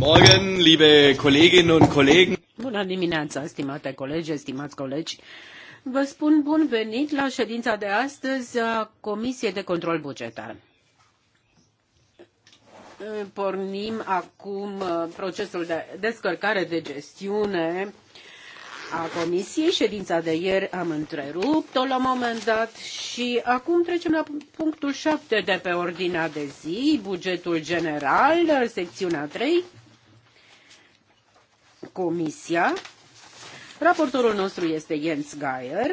Morgen, liebe Kolleginnen und Kollegen. Bună dimineața, stimate colegi, stimați colegi. Vă spun bun venit la ședința de astăzi a Comisiei de Control Bugetar. Pornim acum uh, procesul de descărcare de gestiune a Comisiei. Ședința de ieri am întrerupt-o la un moment dat și acum trecem la punctul 7 de pe ordinea de zi, bugetul general, secțiunea 3. Comisia. Raportorul nostru este Jens Geier.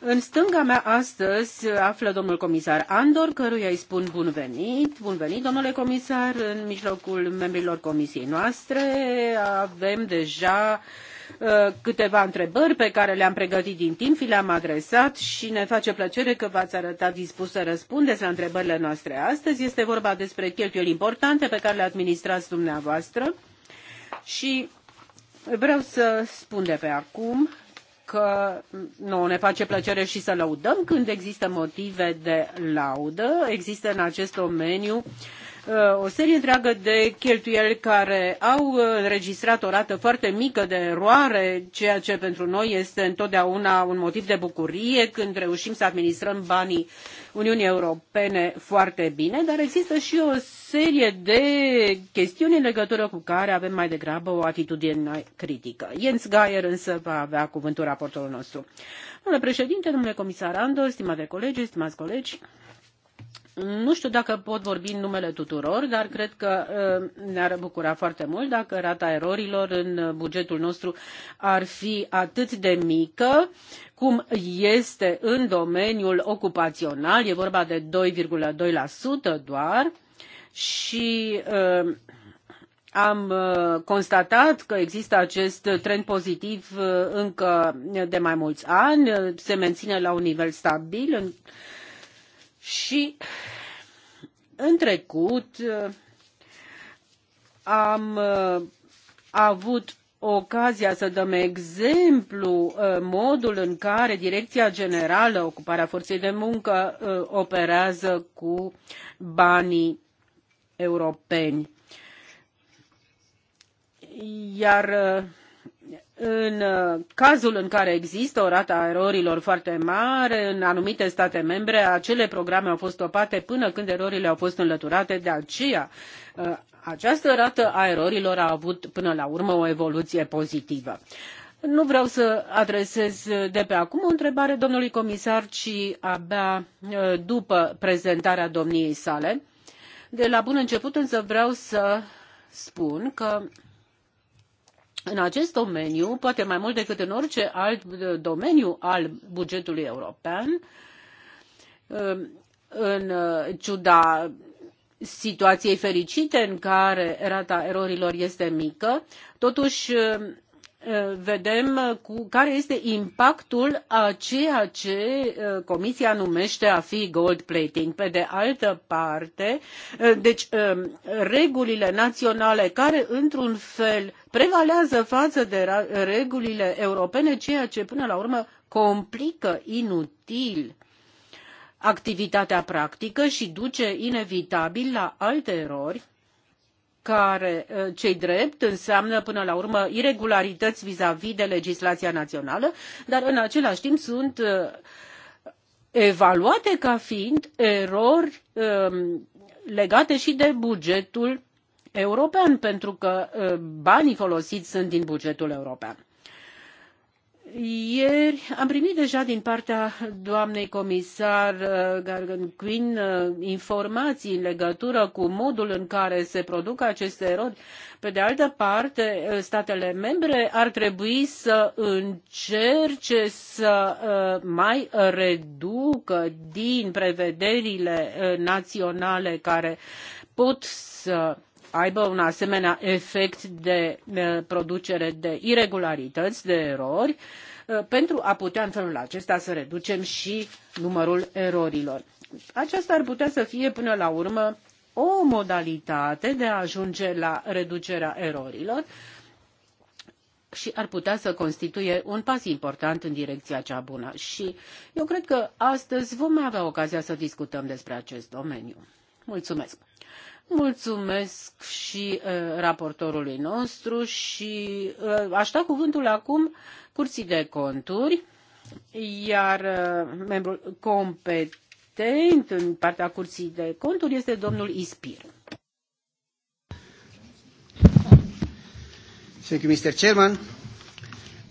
În stânga mea astăzi află domnul comisar Andor, căruia îi spun bun venit. Bun venit, domnule comisar, în mijlocul membrilor comisiei noastre. Avem deja uh, câteva întrebări pe care le-am pregătit din timp, fi le-am adresat și ne face plăcere că v-ați arătat dispus să răspundeți la întrebările noastre astăzi. Este vorba despre cheltuieli importante pe care le administrați dumneavoastră și vreau să spun de pe acum că nouă ne face plăcere și să lăudăm când există motive de laudă. Există în acest domeniu uh, Uh, o serie întreagă de cheltuieli care au uh, înregistrat o rată foarte mică de eroare, ceea ce pentru noi este întotdeauna un motiv de bucurie când reușim să administrăm banii Uniunii Europene foarte bine, dar există și o serie de chestiuni în legătură cu care avem mai degrabă o atitudine critică. Jens Geier însă va avea cuvântul raportorul nostru. Domnule președinte, domnule comisar Andor, stimate colegi, stimați colegi, nu știu dacă pot vorbi în numele tuturor, dar cred că uh, ne-ar bucura foarte mult dacă rata erorilor în bugetul nostru ar fi atât de mică cum este în domeniul ocupațional, e vorba de 2,2% doar și uh, am uh, constatat că există acest trend pozitiv încă de mai mulți ani, se menține la un nivel stabil în și în trecut uh, am uh, avut ocazia să dăm exemplu uh, modul în care Direcția Generală Ocuparea Forței de Muncă operează cu banii europeni. Iar în uh, cazul în care există o rată a erorilor foarte mare în anumite state membre, acele programe au fost stopate până când erorile au fost înlăturate, de aceea uh, această rată a erorilor a avut până la urmă o evoluție pozitivă. Nu vreau să adresez de pe acum o întrebare domnului comisar, ci abia uh, după prezentarea domniei sale. De la bun început însă vreau să spun că în acest domeniu, poate mai mult decât în orice alt domeniu al bugetului european, um, în uh, ciuda situației fericite în care rata erorilor este mică, totuși uh, uh, vedem cu care este impactul a ceea ce comisia numește a fi gold plating. Pe de altă parte, deci um, regulile naționale care într-un fel prevalează față de regulile europene, ceea ce până la urmă complică inutil activitatea practică și duce inevitabil la alte erori care ă, ce drept înseamnă până la urmă iregularități vizavi de legislația națională dar în același timp sunt ă, evaluate ca fiind erori ă, legate și de bugetul european, pentru că banii folosiți sunt din bugetul european. Ieri am primit deja din partea doamnei comisar Gargan Quinn informații în legătură cu modul în care se produc aceste erori. Pe de altă parte, statele membre ar trebui să încerce să mai reducă din prevederile naționale care pot să aibă un asemenea efect de producere de iregularități, de erori, uh, pentru a putea în felul acesta să reducem și numărul erorilor. Aceasta ar putea să fie până la urmă o modalitate de a ajunge la reducerea erorilor și ar putea să constituie un pas important în direcția cea bună. Și eu cred că astăzi vom avea ocazia să discutăm despre acest domeniu. Mulțumesc! Mulțumesc și uh, raportorului nostru și uh, aș da cuvântul acum curții de conturi, iar uh, membrul competent în partea curții de conturi este domnul Ispir. Thank you, Mr. Chairman.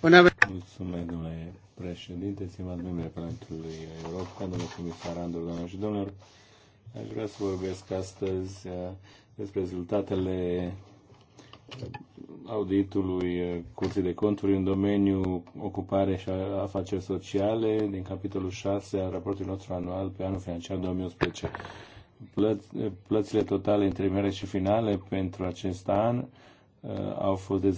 Mulțumesc, domnule președinte, stimați membri Parlamentului European, domnule comisar Andor, doamnelor și domnilor. Aș vrea să vorbesc astăzi uh, despre rezultatele auditului uh, Curții de Conturi în domeniul ocupare și afaceri sociale din capitolul 6 al raportului nostru anual pe anul financiar 2011. Uh, plățile totale intermediare și finale pentru acest an au fost de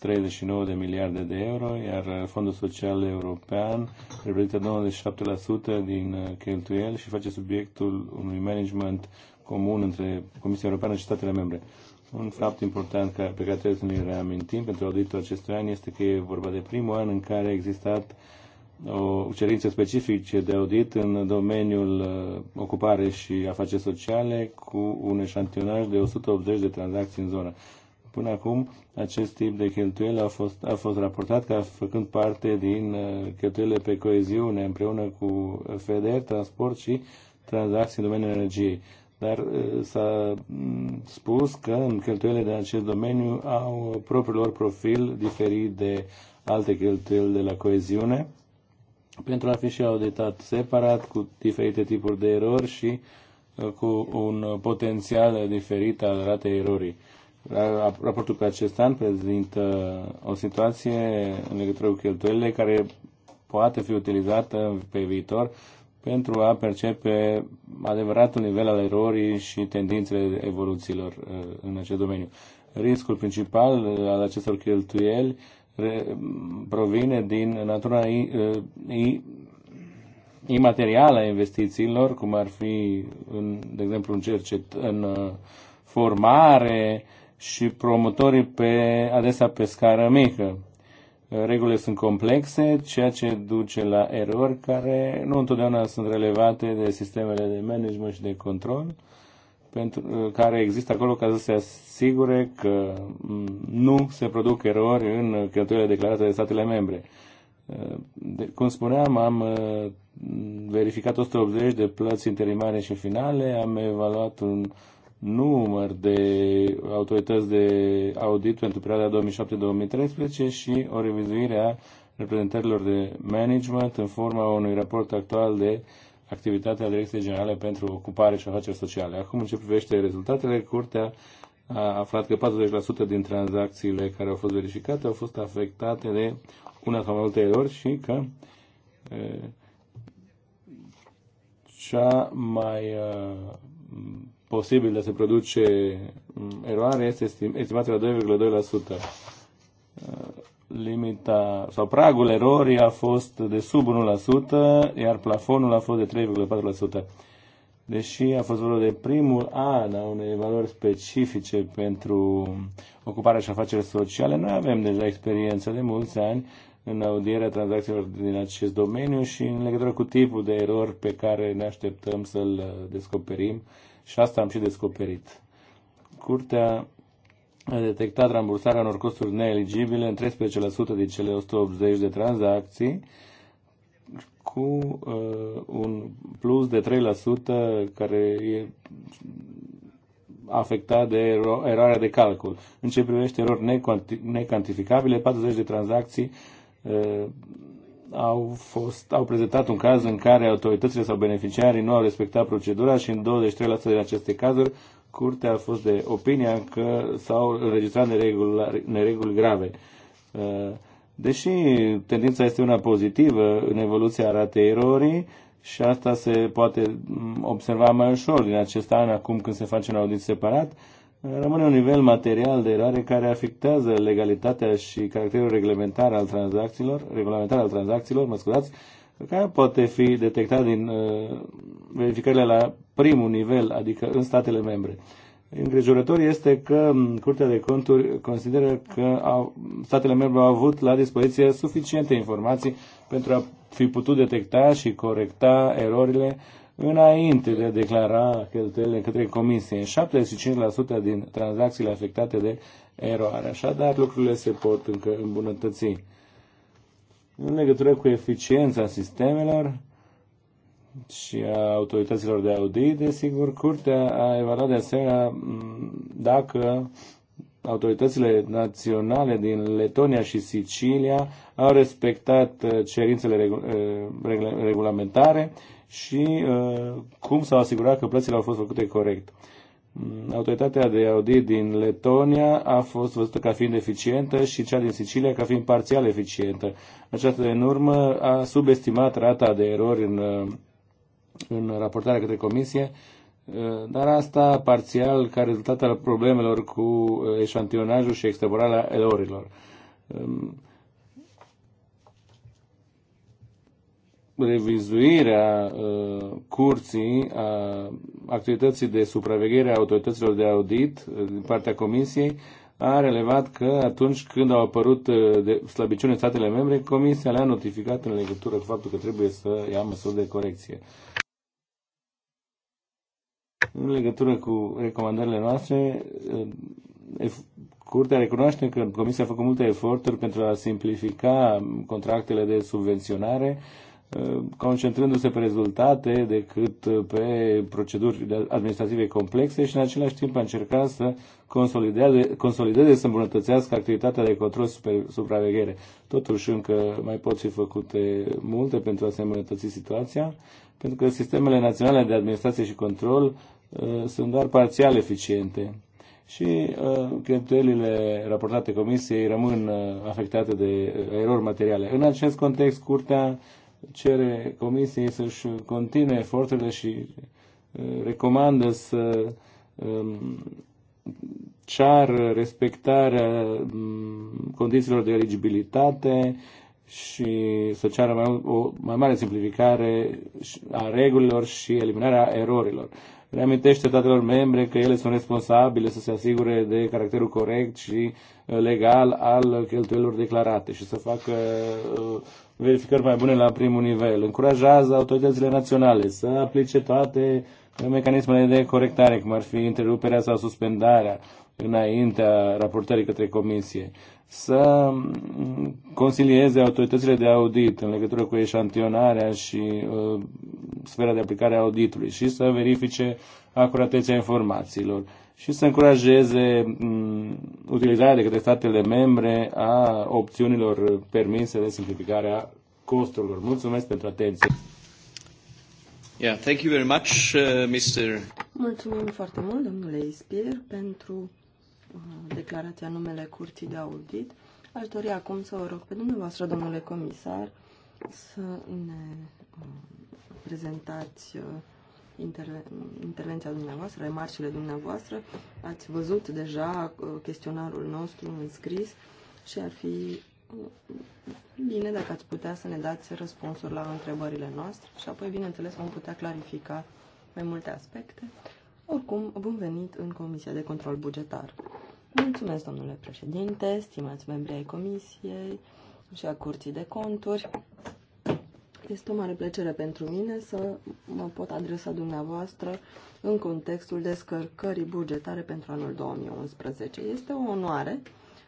39 de miliarde de euro, iar Fondul Social European reprezintă 97% din uh, cheltuieli și face subiectul unui management comun între Comisia Europeană și statele membre. Un fapt important pe care trebuie să ne reamintim pentru auditul acestui an este că e vorba de primul an în care a existat o cerință specifică de audit în domeniul uh, ocupare și afaceri sociale cu un eșantionaj de 180 de tranzacții în zonă. Până acum, acest tip de cheltuieli a fost, a fost raportat ca făcând parte din uh, cheltuielile pe coeziune, împreună cu FEDER, transport și tranzacții în domeniul energiei. Dar uh, s-a mm, spus că în cheltuielile de acest domeniu au propriul lor profil diferit de alte cheltuieli de la coeziune, pentru a fi și auditat separat, cu diferite tipuri de erori și uh, cu un potențial diferit al ratei erorii. Raportul pe acest an prezintă o situație în legătură cu cheltuielile care poate fi utilizată pe viitor pentru a percepe adevăratul nivel al erorii și tendințele evoluțiilor uh, în acest domeniu. Riscul principal uh, al acestor cheltuieli provine din natura uh, imaterială a investițiilor, cum ar fi, în, de exemplu, în, cercet, în formare, și promotorii pe adesea pe scară mică. Regulile sunt complexe, ceea ce duce la erori care nu întotdeauna sunt relevate de sistemele de management și de control pentru, care există acolo ca să se asigure că nu se produc erori în cheltuielile declarate de statele membre. De, cum spuneam, am uh, verificat 180 de plăți interimare și finale, am evaluat un număr de autorități de audit pentru perioada 2007-2013 și o revizuire a reprezentărilor de management în forma unui raport actual de activitatea Direcției Generale pentru Ocupare și Afaceri Sociale. Acum, în ce privește rezultatele, Curtea a aflat că 40% din tranzacțiile care au fost verificate au fost afectate de una sau mai multe erori și că e, cea mai uh, posibil de a se produce mm, eroare este estimată la 2,2%. Uh, limita sau pragul erorii a fost de sub 1%, iar plafonul a fost de 3,4%. Deși a fost vorba de primul an a unei valori specifice pentru ocuparea și afaceri sociale, noi avem deja experiență de mulți ani în audierea tranzacțiilor din acest domeniu și în legătură cu tipul de erori pe care ne așteptăm să-l descoperim și asta am și descoperit. Curtea a detectat rambursarea unor costuri neeligibile în 13% din cele 180 de tranzacții, cu uh, un plus de 3% care e afectat de ero- eroarea de calcul. În ce privește erori necantificabile, 40 de tranzacții uh, au, fost, au prezentat un caz în care autoritățile sau beneficiarii nu au respectat procedura și în 23% din aceste cazuri curtea a fost de opinia că s-au înregistrat nereguli, nereguli grave. Uh, deși tendința este una pozitivă în evoluția ratei erorii și asta se poate mm, observa mai ușor din acest an, acum când se face un audit separat, rămâne un nivel material de eroare care afectează legalitatea și caracterul reglementar al tranzacțiilor, regulamentar al tranzacțiilor, mă scuzați, care poate fi detectat din uh, verificările la primul nivel, adică în statele membre. Îngrijorător este că Curtea de Conturi consideră că au, statele membre au avut la dispoziție suficiente informații pentru a fi putut detecta și corecta erorile înainte de a declara cheltuielile către comisie. 75% din tranzacțiile afectate de eroare. Așadar, lucrurile se pot încă îmbunătăți. În legătură cu eficiența sistemelor și a autorităților de audit, desigur, Curtea a evaluat de asemenea dacă autoritățile naționale din Letonia și Sicilia au respectat uh, cerințele uh, regulamentare și uh, cum s-a asigurat că plățile au fost făcute corect. Mm, autoritatea de audit din Letonia a fost văzută ca fiind eficientă și cea din Sicilia ca fiind parțial eficientă. Această în urmă a subestimat rata de erori în, uh, în raportarea către comisie, uh, dar asta parțial ca rezultat al problemelor cu eșantionajul și extraborarea erorilor. Um, revizuirea uh, curții a activității de supraveghere a autorităților de audit uh, din partea Comisiei a relevat că atunci când au apărut uh, de slăbiciune statele membre, Comisia le-a notificat în legătură cu faptul că trebuie să ia măsuri de corecție. În legătură cu recomandările noastre, uh, Curtea recunoaște că Comisia a făcut multe eforturi pentru a simplifica contractele de subvenționare concentrându-se pe rezultate decât pe proceduri administrative complexe și în același timp a încercat să consolideze, consolideze să îmbunătățească activitatea de control și supraveghere. Totuși încă mai pot fi făcute multe pentru a se îmbunătăți situația, pentru că sistemele naționale de administrație și control uh, sunt doar parțial eficiente și uh, cheltuielile raportate comisiei rămân uh, afectate de uh, erori materiale. În acest context, Curtea cere Comisiei să-și continue eforturile și uh, recomandă să um, cear respectarea um, condițiilor de eligibilitate și să ceară mai, o mai mare simplificare a regulilor și eliminarea erorilor. Reamintește statelor membre că ele sunt responsabile să se asigure de caracterul corect și uh, legal al cheltuielor declarate și să facă uh, verificări mai bune la primul nivel. Încurajează autoritățile naționale să aplice toate mecanismele de corectare, cum ar fi întreruperea sau suspendarea înaintea raportării către comisie, să consilieze autoritățile de audit în legătură cu eșantionarea și uh, sfera de aplicare a auditului și să verifice acuratețea informațiilor și să încurajeze mm, utilizarea de către statele membre a opțiunilor permise de simplificare a costurilor. Mulțumesc pentru atenție. Yeah, thank you very much, uh, Mr. Mulțumim foarte mult, domnule Ispir, pentru uh, declarația numele Curții de Audit. Aș dori acum să o rog pe dumneavoastră, domnule comisar, să ne uh, prezentați uh, intervenția dumneavoastră, remarcile dumneavoastră. Ați văzut deja uh, chestionarul nostru înscris și ar fi uh, bine dacă ați putea să ne dați răspunsuri la întrebările noastre și apoi, bineînțeles, vom putea clarifica mai multe aspecte. Oricum, bun venit în Comisia de Control Bugetar. Mulțumesc, domnule președinte, stimați membri ai Comisiei și a Curții de Conturi. Este o mare plăcere pentru mine să mă pot adresa dumneavoastră în contextul descărcării bugetare pentru anul 2011. Este o onoare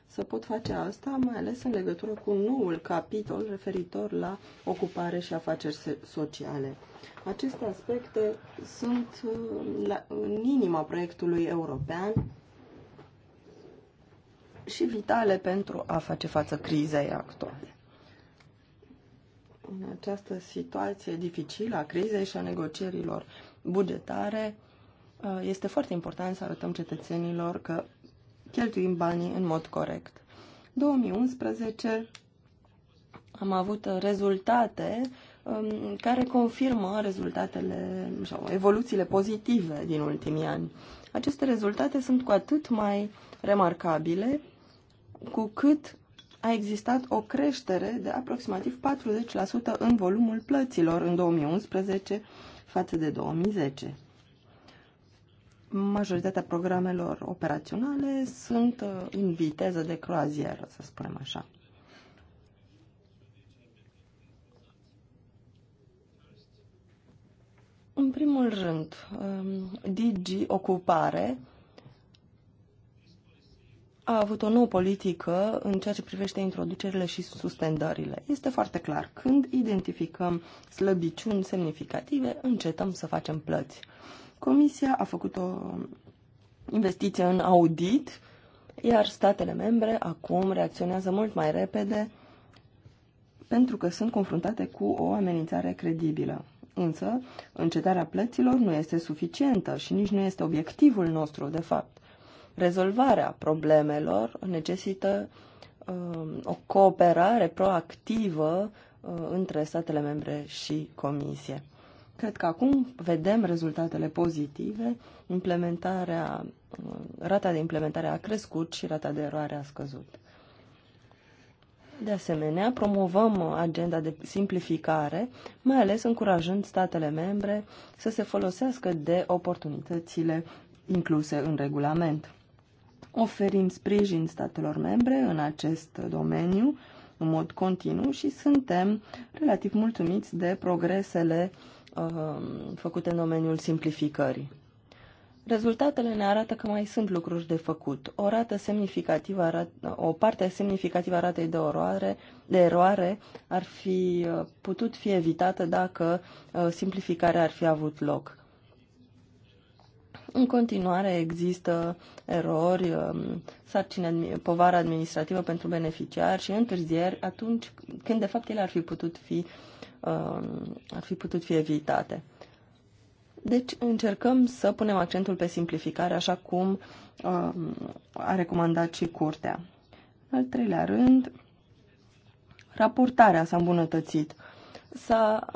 să pot face asta, mai ales în legătură cu noul capitol referitor la ocupare și afaceri sociale. Aceste aspecte sunt uh, la, în inima proiectului european și vitale pentru a face față crizei actuale în această situație dificilă a crizei și a negocierilor bugetare, uh, este foarte important să arătăm cetățenilor că cheltuim banii în mod corect. 2011 am avut rezultate um, care confirmă rezultatele sau evoluțiile pozitive din ultimii ani. Aceste rezultate sunt cu atât mai remarcabile cu cât a existat o creștere de aproximativ 40% în volumul plăților în 2011 față de 2010. Majoritatea programelor operaționale sunt uh, în viteză de croazieră, să spunem așa. În primul rând, um, Digi Ocupare a avut o nouă politică în ceea ce privește introducerile și suspendările. Este foarte clar, când identificăm slăbiciuni semnificative, încetăm să facem plăți. Comisia a făcut o investiție în audit, iar statele membre acum reacționează mult mai repede pentru că sunt confruntate cu o amenințare credibilă. Însă, încetarea plăților nu este suficientă și nici nu este obiectivul nostru, de fapt. Rezolvarea problemelor necesită um, o cooperare proactivă uh, între statele membre și Comisie. Cred că acum vedem rezultatele pozitive, implementarea, uh, rata de implementare a crescut și rata de eroare a scăzut. De asemenea, promovăm agenda de simplificare, mai ales încurajând statele membre să se folosească de oportunitățile incluse în regulament oferim sprijin statelor membre în acest domeniu în mod continuu și suntem relativ mulțumiți de progresele uh, făcute în domeniul simplificării. Rezultatele ne arată că mai sunt lucruri de făcut. O, rată semnificativă, o parte semnificativă a ratei de oroare, de eroare ar fi uh, putut fi evitată dacă uh, simplificarea ar fi avut loc. În continuare există erori, um, sarcine, povară administrativă pentru beneficiar și întârzieri atunci când de fapt ele ar fi putut fi, um, ar fi, putut fi evitate. Deci încercăm să punem accentul pe simplificare așa cum um, a recomandat și curtea. Al treilea rând, raportarea s-a îmbunătățit s-a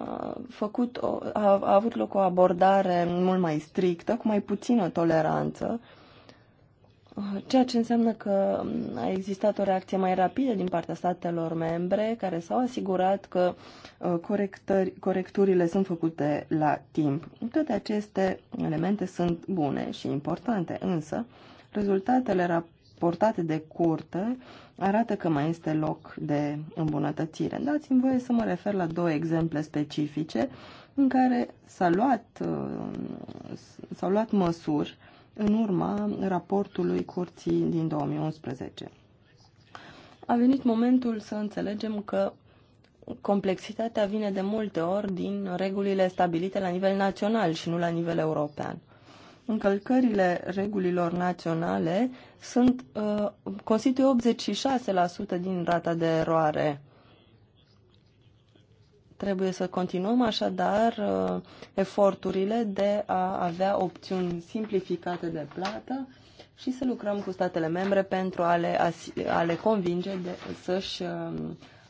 făcut o, a, a avut loc o abordare mult mai strictă, cu mai puțină toleranță, ceea ce înseamnă că a existat o reacție mai rapidă din partea statelor membre care s-au asigurat că corecturile sunt făcute la timp. Toate aceste elemente sunt bune și importante, însă rezultatele portate de curte arată că mai este loc de îmbunătățire. Dați-mi voie să mă refer la două exemple specifice în care s-au luat, uh, s-au luat măsuri în urma raportului curții din 2011. A venit momentul să înțelegem că complexitatea vine de multe ori din regulile stabilite la nivel național și nu la nivel european încălcările regulilor naționale sunt, uh, constituie 86% din rata de eroare. Trebuie să continuăm așadar uh, eforturile de a avea opțiuni simplificate de plată și să lucrăm cu statele membre pentru a le, a le convinge să-și uh,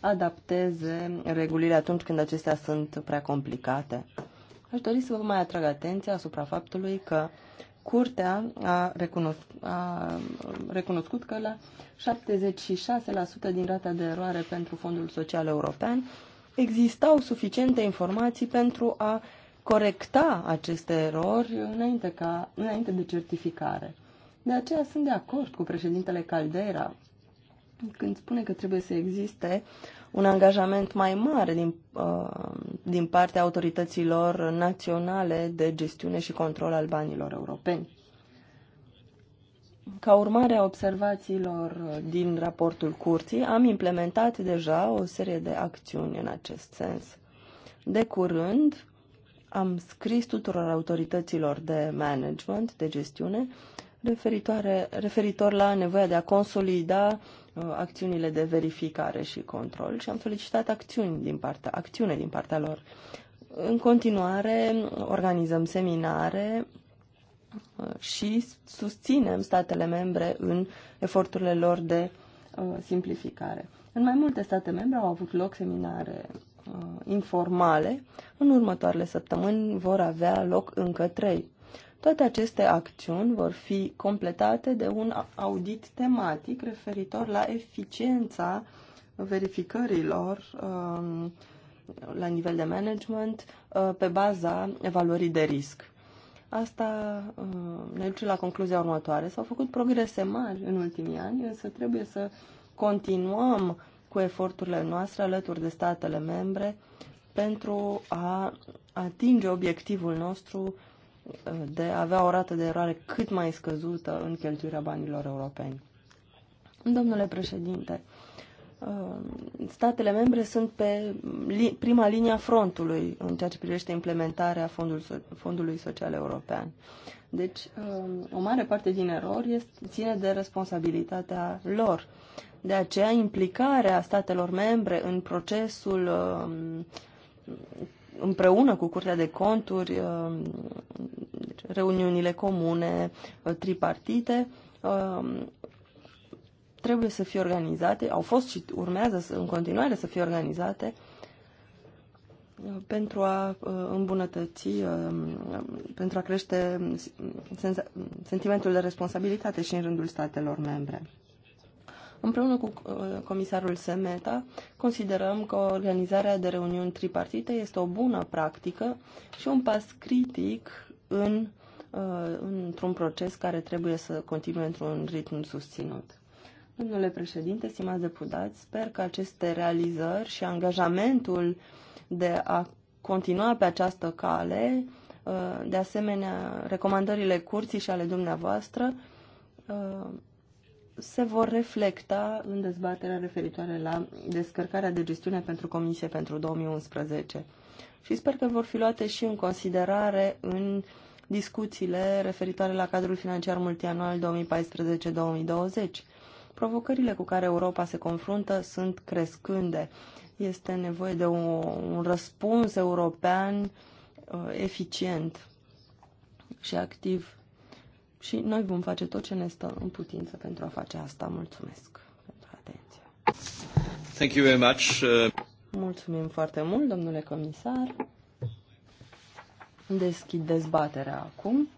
adapteze regulile atunci când acestea sunt prea complicate. Aș dori să vă mai atrag atenția asupra faptului că Curtea a, recunosc- a recunoscut că la 76% din rata de eroare pentru Fondul Social European existau suficiente informații pentru a corecta aceste erori înainte, ca, înainte de certificare. De aceea sunt de acord cu președintele Caldera când spune că trebuie să existe un angajament mai mare din, uh, din partea autorităților naționale de gestiune și control al banilor europeni. Ca urmare a observațiilor din raportul curții, am implementat deja o serie de acțiuni în acest sens. De curând, am scris tuturor autorităților de management, de gestiune, referitoare, referitor la nevoia de a consolida Uh, acțiunile de verificare și control și am solicitat acțiuni din partea, acțiune din partea lor. În continuare, organizăm seminare uh, și susținem statele membre în eforturile lor de uh, simplificare. În mai multe state membre au avut loc seminare informale. În următoarele săptămâni vor avea loc încă trei. Toate aceste acțiuni vor fi completate de un audit tematic referitor la eficiența verificărilor um, la nivel de management uh, pe baza evaluării de risc. Asta uh, ne duce la concluzia următoare. S-au făcut progrese mari în ultimii ani, însă trebuie să continuăm cu eforturile noastre alături de statele membre pentru a atinge obiectivul nostru de a avea o rată de eroare cât mai scăzută în cheltuirea banilor europeni. Domnule președinte, uh, statele membre sunt pe li prima linie a frontului în ceea ce privește implementarea fondul, Fondului Social European. Deci, uh, o mare parte din erori este, ține de responsabilitatea lor. De aceea, implicarea statelor membre în procesul uh, împreună cu Curtea de Conturi, uh, deci reuniunile comune, uh, tripartite, uh, trebuie să fie organizate, au fost și urmează în continuare să fie organizate pentru a îmbunătăți, pentru a crește sentimentul de responsabilitate și în rândul statelor membre. Împreună cu uh, comisarul Semeta, considerăm că organizarea de reuniuni tripartite este o bună practică și un pas critic în, uh, într-un proces care trebuie să continue într-un ritm susținut. Domnule președinte, stimați deputați, sper că aceste realizări și angajamentul de a continua pe această cale, uh, de asemenea recomandările curții și ale dumneavoastră, se vor reflecta în dezbaterea referitoare la descărcarea de gestiune pentru Comisie pentru 2011 și sper că vor fi luate și în considerare în discuțiile referitoare la cadrul financiar multianual 2014-2020. Provocările cu care Europa se confruntă sunt crescânde. Este nevoie de un, răspuns european uh, eficient și activ și noi vom face tot ce ne stă în putință pentru a face asta. Mulțumesc pentru atenție. Thank you very much. Uh, Mulțumim foarte mult, domnule comisar. Deschid dezbaterea acum.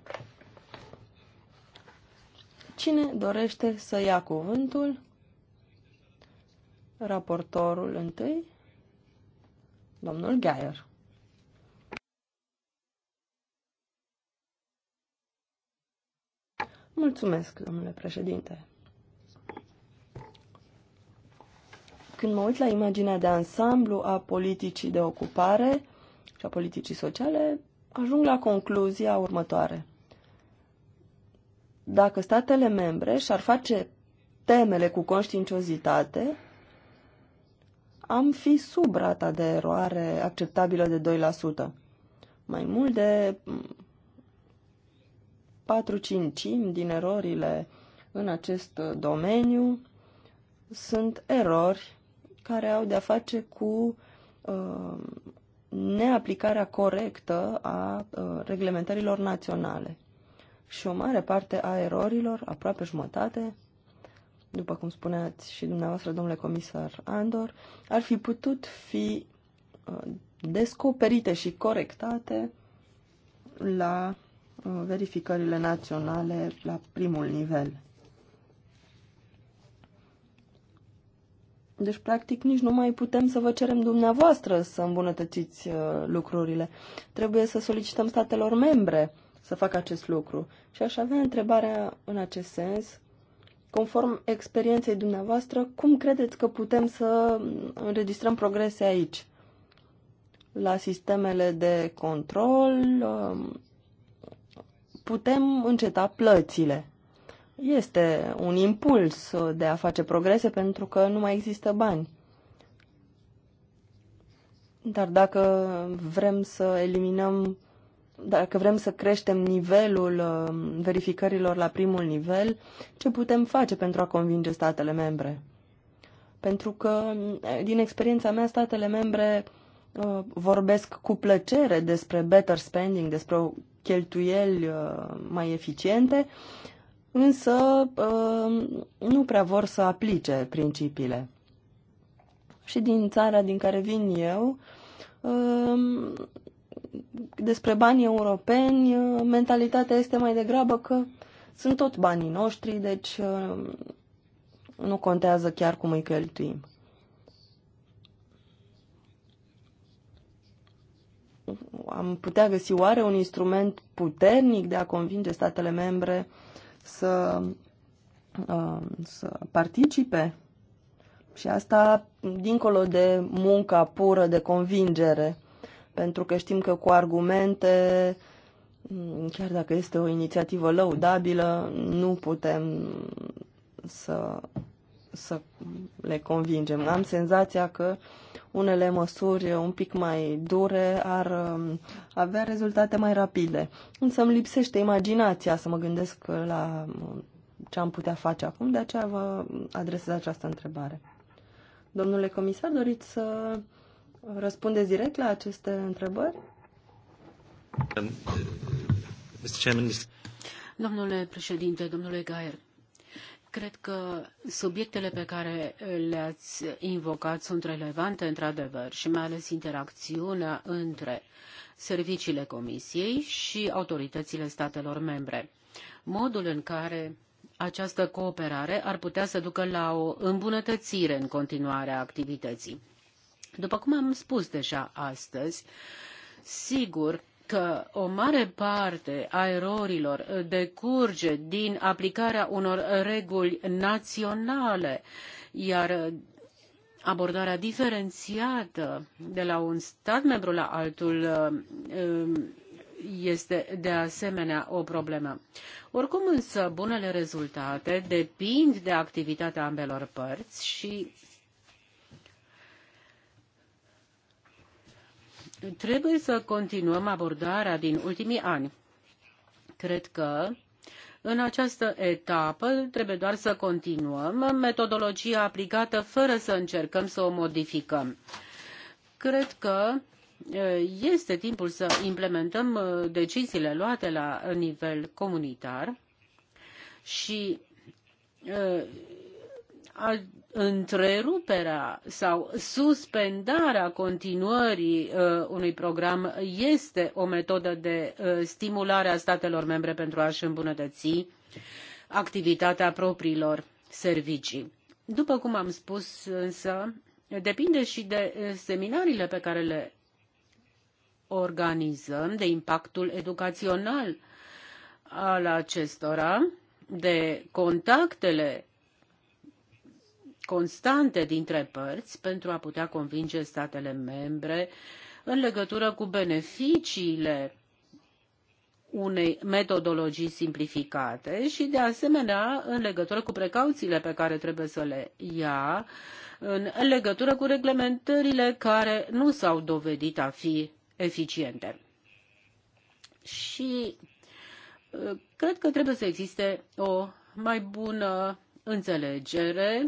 Cine dorește să ia cuvântul? Raportorul întâi, domnul Geier. Mulțumesc, domnule președinte. Când mă uit la imaginea de ansamblu a politicii de ocupare și a politicii sociale, ajung la concluzia următoare. Dacă statele membre și-ar face temele cu conștiinciozitate, am fi sub rata de eroare acceptabilă de 2%. Mai mult de 4 5 din erorile în acest domeniu sunt erori care au de-a face cu uh, neaplicarea corectă a uh, reglementărilor naționale. Și o mare parte a erorilor, aproape jumătate, după cum spuneați și dumneavoastră, domnule comisar Andor, ar fi putut fi uh, descoperite și corectate la Uh, verificările naționale la primul nivel. Deci, practic, nici nu mai putem să vă cerem dumneavoastră să îmbunătățiți uh, lucrurile. Trebuie să solicităm statelor membre să facă acest lucru. Și aș avea întrebarea în acest sens, conform experienței dumneavoastră, cum credeți că putem să înregistrăm progrese aici? La sistemele de control, um, putem înceta plățile. Este un impuls de a face progrese pentru că nu mai există bani. Dar dacă vrem să eliminăm, dacă vrem să creștem nivelul um, verificărilor la primul nivel, ce putem face pentru a convinge statele membre? Pentru că, din experiența mea, statele membre Uh, vorbesc cu plăcere despre better spending, despre cheltuieli uh, mai eficiente, însă uh, nu prea vor să aplice principiile. Și din țara din care vin eu, um, despre bani europeni, mentalitatea este mai degrabă că sunt tot banii noștri, deci nu contează chiar cum îi cheltuim. am putea găsi oare un instrument puternic de a convinge statele membre să, um, să participe? Și asta dincolo de munca pură de convingere, pentru că știm că cu argumente, mm, chiar dacă este o inițiativă lăudabilă, nu putem să să le convingem. Am senzația că unele măsuri un pic mai dure ar um, avea rezultate mai rapide. Însă îmi lipsește imaginația să mă gândesc la um, ce am putea face acum, de aceea vă adresez această întrebare. Domnule comisar, doriți să răspundeți direct la aceste întrebări? Um, uh, domnule președinte, domnule Gaier, Cred că subiectele pe care le-ați invocat sunt relevante într-adevăr și mai ales interacțiunea între serviciile Comisiei și autoritățile statelor membre. Modul în care această cooperare ar putea să ducă la o îmbunătățire în continuarea activității. După cum am spus deja astăzi, sigur, că o mare parte a erorilor uh, decurge din aplicarea unor uh, reguli naționale, iar uh, abordarea diferențiată de la un stat membru la altul um, este de asemenea o problemă. Oricum însă, bunele rezultate depind de activitatea ambelor părți și trebuie să continuăm abordarea din ultimii ani. Cred că în această etapă trebuie doar să continuăm metodologia aplicată fără să încercăm să o modificăm. Cred că este timpul să implementăm deciziile luate la nivel comunitar și întreruperea sau suspendarea continuării uh, unui program este o metodă de uh, stimulare a statelor membre pentru a-și îmbunătăți activitatea propriilor servicii. După cum am spus însă, depinde și de uh, seminariile pe care le organizăm, de impactul educațional al acestora, de contactele constante dintre părți pentru a putea convinge statele membre în legătură cu beneficiile unei metodologii simplificate și, de asemenea, în legătură cu precauțiile pe care trebuie să le ia, în legătură cu reglementările care nu s-au dovedit a fi eficiente. Și uh, cred că trebuie să existe o mai bună înțelegere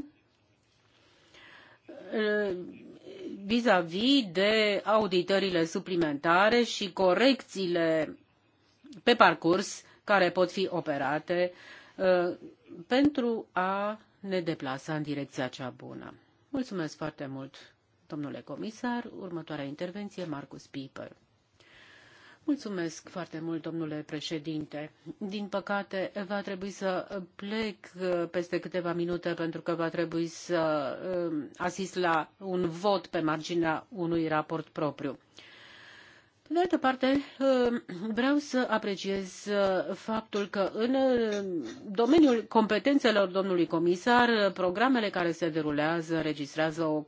Uh, vis-a-vis de auditările suplimentare și corecțiile pe parcurs care pot fi operate uh, pentru a ne deplasa în direcția cea bună. Mulțumesc foarte mult, domnule comisar. Următoarea intervenție, Marcus Piper. Mulțumesc foarte mult, domnule președinte. Din păcate, va trebui să plec uh, peste câteva minute pentru că va trebui să um, asist la un vot pe marginea unui raport propriu. Pe de altă parte, um, vreau să apreciez uh, faptul că în uh, domeniul competențelor domnului comisar, programele care se derulează înregistrează o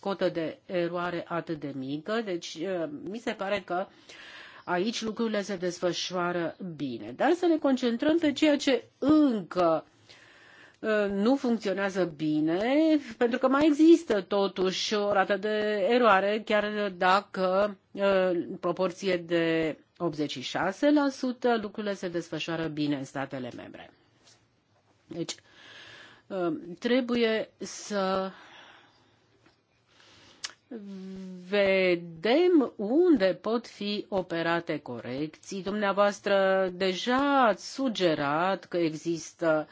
cotă de eroare atât de mică, deci mi se pare că Aici lucrurile se desfășoară bine, dar să ne concentrăm pe ceea ce încă uh, nu funcționează bine, pentru că mai există totuși o rată de eroare, chiar dacă uh, în proporție de 86% lucrurile se desfășoară bine în statele membre. Deci, uh, trebuie să vedem unde pot fi operate corecții. Dumneavoastră deja ați sugerat că există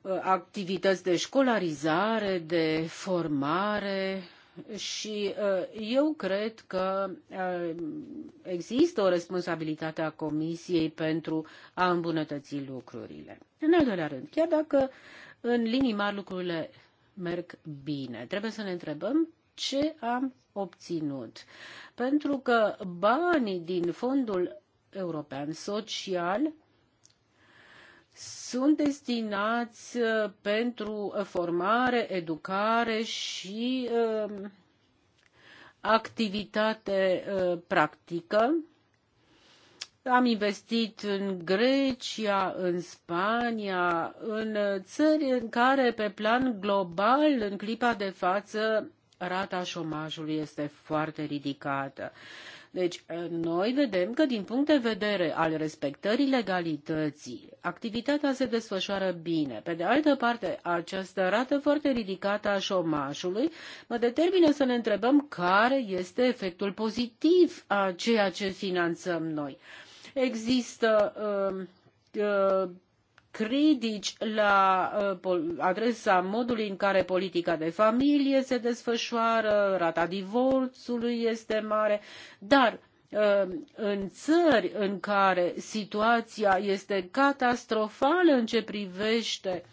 uh, activități de școlarizare, de formare și uh, eu cred că uh, există o responsabilitate a Comisiei pentru a îmbunătăți lucrurile. În al doilea rând, chiar dacă în linii mari lucrurile merg bine, trebuie să ne întrebăm ce am obținut. Pentru că banii din Fondul European Social sunt destinați uh, pentru formare, educare și um, activitate uh, practică. Am investit în Grecia, în Spania, în uh, țări în care, pe plan global, în clipa de față, rata șomajului este foarte ridicată. Deci, noi vedem că, din punct de vedere al respectării legalității, activitatea se desfășoară bine. Pe de altă parte, această rată foarte ridicată a șomajului mă determină să ne întrebăm care este efectul pozitiv a ceea ce finanțăm noi. Există uh, uh, critici la uh, adresa modului în care politica de familie se desfășoară, rata divorțului este mare, dar uh, în țări în care situația este catastrofală în ce privește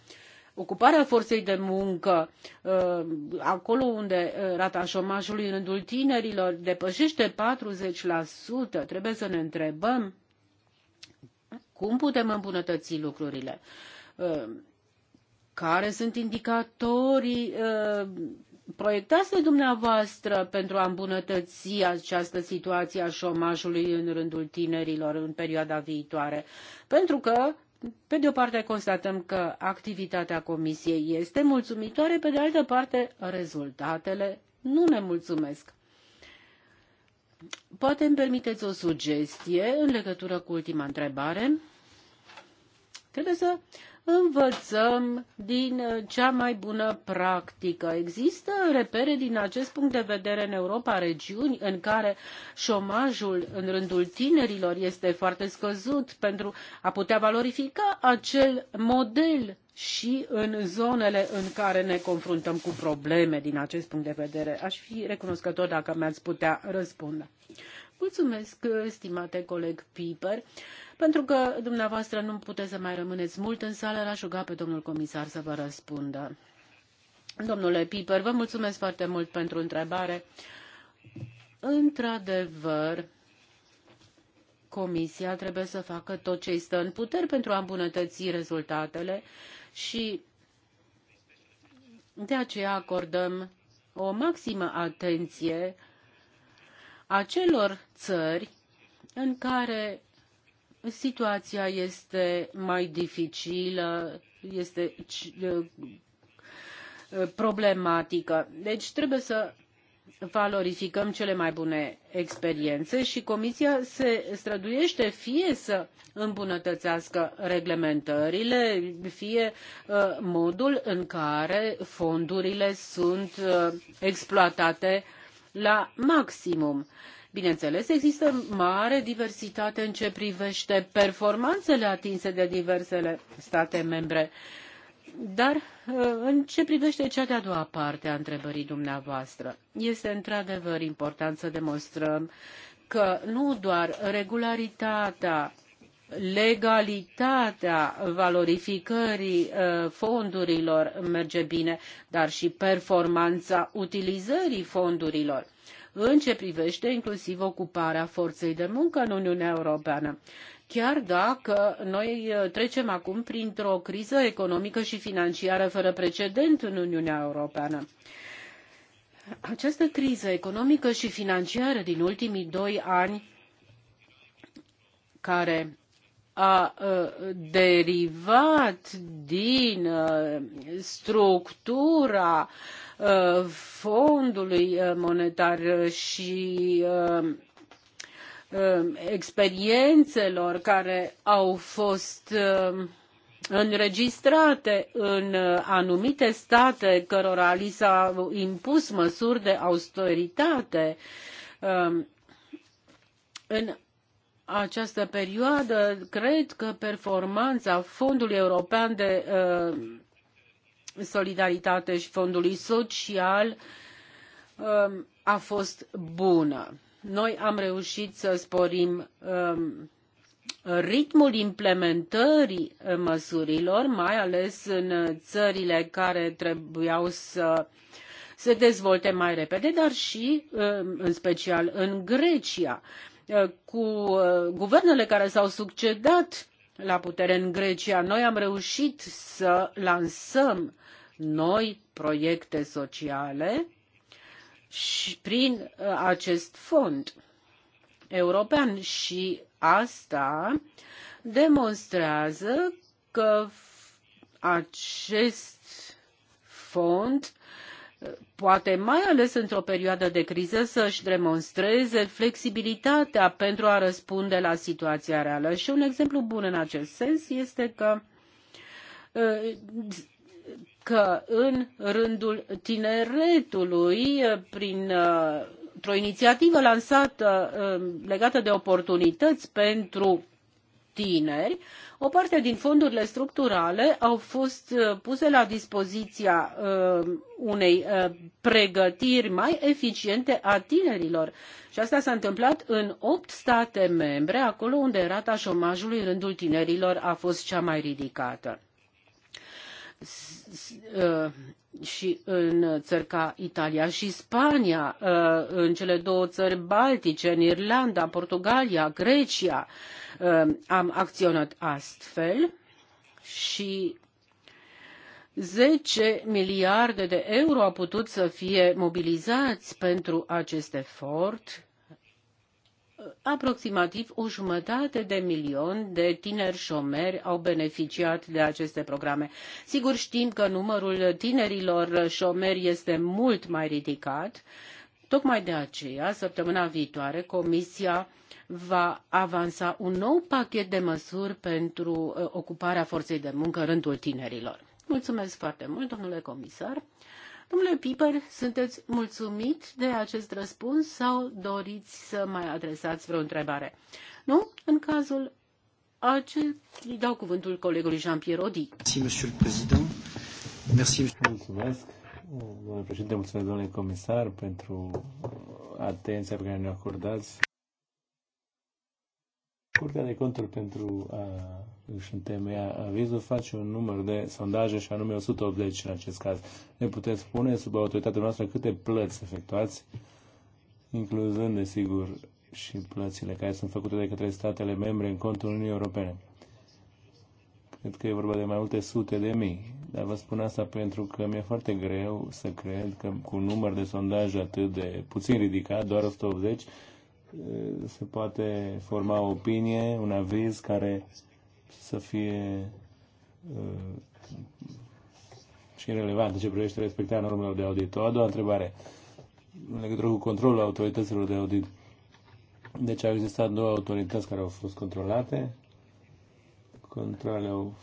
ocuparea forței de muncă, uh, acolo unde rata șomajului în rândul tinerilor depășește 40%, trebuie să ne întrebăm cum putem îmbunătăți lucrurile, uh, care sunt indicatorii uh, proiectați de dumneavoastră pentru a îmbunătăți această situație a șomajului în rândul tinerilor în perioada viitoare? Pentru că, pe de o parte, constatăm că activitatea Comisiei este mulțumitoare, pe de altă parte, rezultatele nu ne mulțumesc. Poate îmi permiteți o sugestie în legătură cu ultima întrebare. Trebuie să învățăm din uh, cea mai bună practică. Există repere din acest punct de vedere în Europa regiuni în care șomajul în rândul tinerilor este foarte scăzut pentru a putea valorifica acel model și în zonele în care ne confruntăm cu probleme din acest punct de vedere. Aș fi recunoscător dacă mi-ați putea răspunde. Mulțumesc, stimate coleg Piper, pentru că dumneavoastră nu puteți să mai rămâneți mult în sală, l-aș ruga pe domnul comisar să vă răspundă. Domnule Piper, vă mulțumesc foarte mult pentru întrebare. Într-adevăr, Comisia trebuie să facă tot ce stă în puteri pentru a îmbunătăți rezultatele și de aceea acordăm o maximă atenție uh, acelor țări în care situația este mai dificilă, este problematică. Deci trebuie să valorificăm cele mai bune experiențe și comisia se străduiește fie să îmbunătățească reglementările fie modul în care fondurile sunt exploatate la maximum. Bineînțeles, există mare diversitate în ce privește performanțele atinse de diversele state membre. Dar uh, în ce privește cea de-a doua parte a întrebării dumneavoastră, este într-adevăr important să demonstrăm că nu doar regularitatea legalitatea valorificării uh, fondurilor merge bine, dar și performanța utilizării fondurilor în ce privește inclusiv ocuparea forței de muncă în Uniunea Europeană. Chiar dacă noi uh, trecem acum printr-o criză economică și financiară fără precedent în Uniunea Europeană. Această criză economică și financiară din ultimii doi ani, care a derivat din structura fondului monetar și experiențelor care au fost înregistrate în anumite state cărora li s au impus măsuri de austeritate în această perioadă, cred că performanța Fondului European de uh, Solidaritate și Fondului Social um, a fost bună. Noi am reușit să sporim um, ritmul implementării uh, măsurilor, mai ales în țările care trebuiau să se dezvolte mai repede, dar și um, în special în Grecia. Eh, cu eh, guvernele care s-au succedat la putere în Grecia, noi am reușit să lansăm noi proiecte sociale și prin eh, acest fond european și asta demonstrează că acest fond poate mai ales într-o perioadă de criză, să-și demonstreze flexibilitatea pentru a răspunde la situația reală. Și un exemplu bun în acest sens este că că în rândul tineretului, prin o inițiativă lansată legată de oportunități pentru tineri, o parte din fondurile structurale au fost uh, puse la dispoziția uh, unei uh, pregătiri mai eficiente a tinerilor. Și asta s-a întâmplat în opt state membre, acolo unde rata șomajului în rândul tinerilor a fost cea mai ridicată. Uh, și în țări ca Italia și Spania, uh, în cele două țări baltice, în Irlanda, Portugalia, Grecia, uh, am acționat astfel și 10 miliarde de euro au putut să fie mobilizați pentru acest efort aproximativ o jumătate de milion de tineri șomeri au beneficiat de aceste programe. Sigur știm că numărul tinerilor șomeri este mult mai ridicat. Tocmai de aceea, săptămâna viitoare, Comisia va avansa un nou pachet de măsuri pentru uh, ocuparea forței de muncă în rândul tinerilor. Mulțumesc foarte mult, domnule comisar. Domnule Piper, sunteți mulțumit de acest răspuns sau doriți să mai adresați vreo întrebare? Nu? În cazul acest, îi dau cuvântul colegului Jean-Pierre Odi. Mulțumesc, domnule președinte, mulțumesc, domnule comisar, pentru atenția pe care ne-o acordați. Curtea de conturi pentru a uh, își întemeia avizul, face un număr de sondaje și anume 180 în acest caz. Ne puteți spune sub autoritatea noastră câte plăți efectuați, incluzând, desigur, și plățile care sunt făcute de către statele membre în contul Uniunii Europene. Cred că e vorba de mai multe sute de mii, dar vă spun asta pentru că mi-e foarte greu să cred că cu un număr de sondaje atât de puțin ridicat, doar 180, se poate forma o opinie, un aviz care să fie uh, și relevant în ce privește respectarea normelor de audit. O a doua întrebare, în legătură cu controlul autorităților de audit. Deci au existat două autorități care au fost controlate. Controlele au...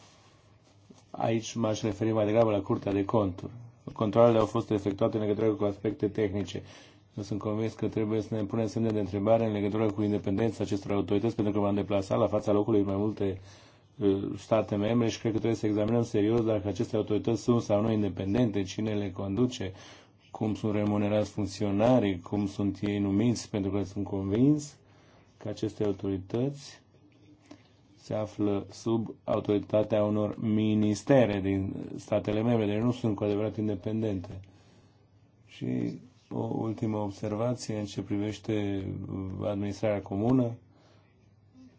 Aici m-aș referi mai degrabă la Curtea de Conturi. Controlele au fost efectuate în legătură cu aspecte tehnice. Eu sunt convins că trebuie să ne punem semne de întrebare în legătură cu independența acestor autorități, pentru că m-am deplasat la fața locului mai multe Uh, state membre și cred că trebuie să examinăm serios dacă aceste autorități sunt sau nu independente, cine le conduce, cum sunt remunerați funcționarii, cum sunt ei numiți, pentru că sunt convins că aceste autorități se află sub autoritatea unor ministere din statele membre, deci nu sunt cu adevărat independente. Și o ultimă observație în ce privește administrarea comună.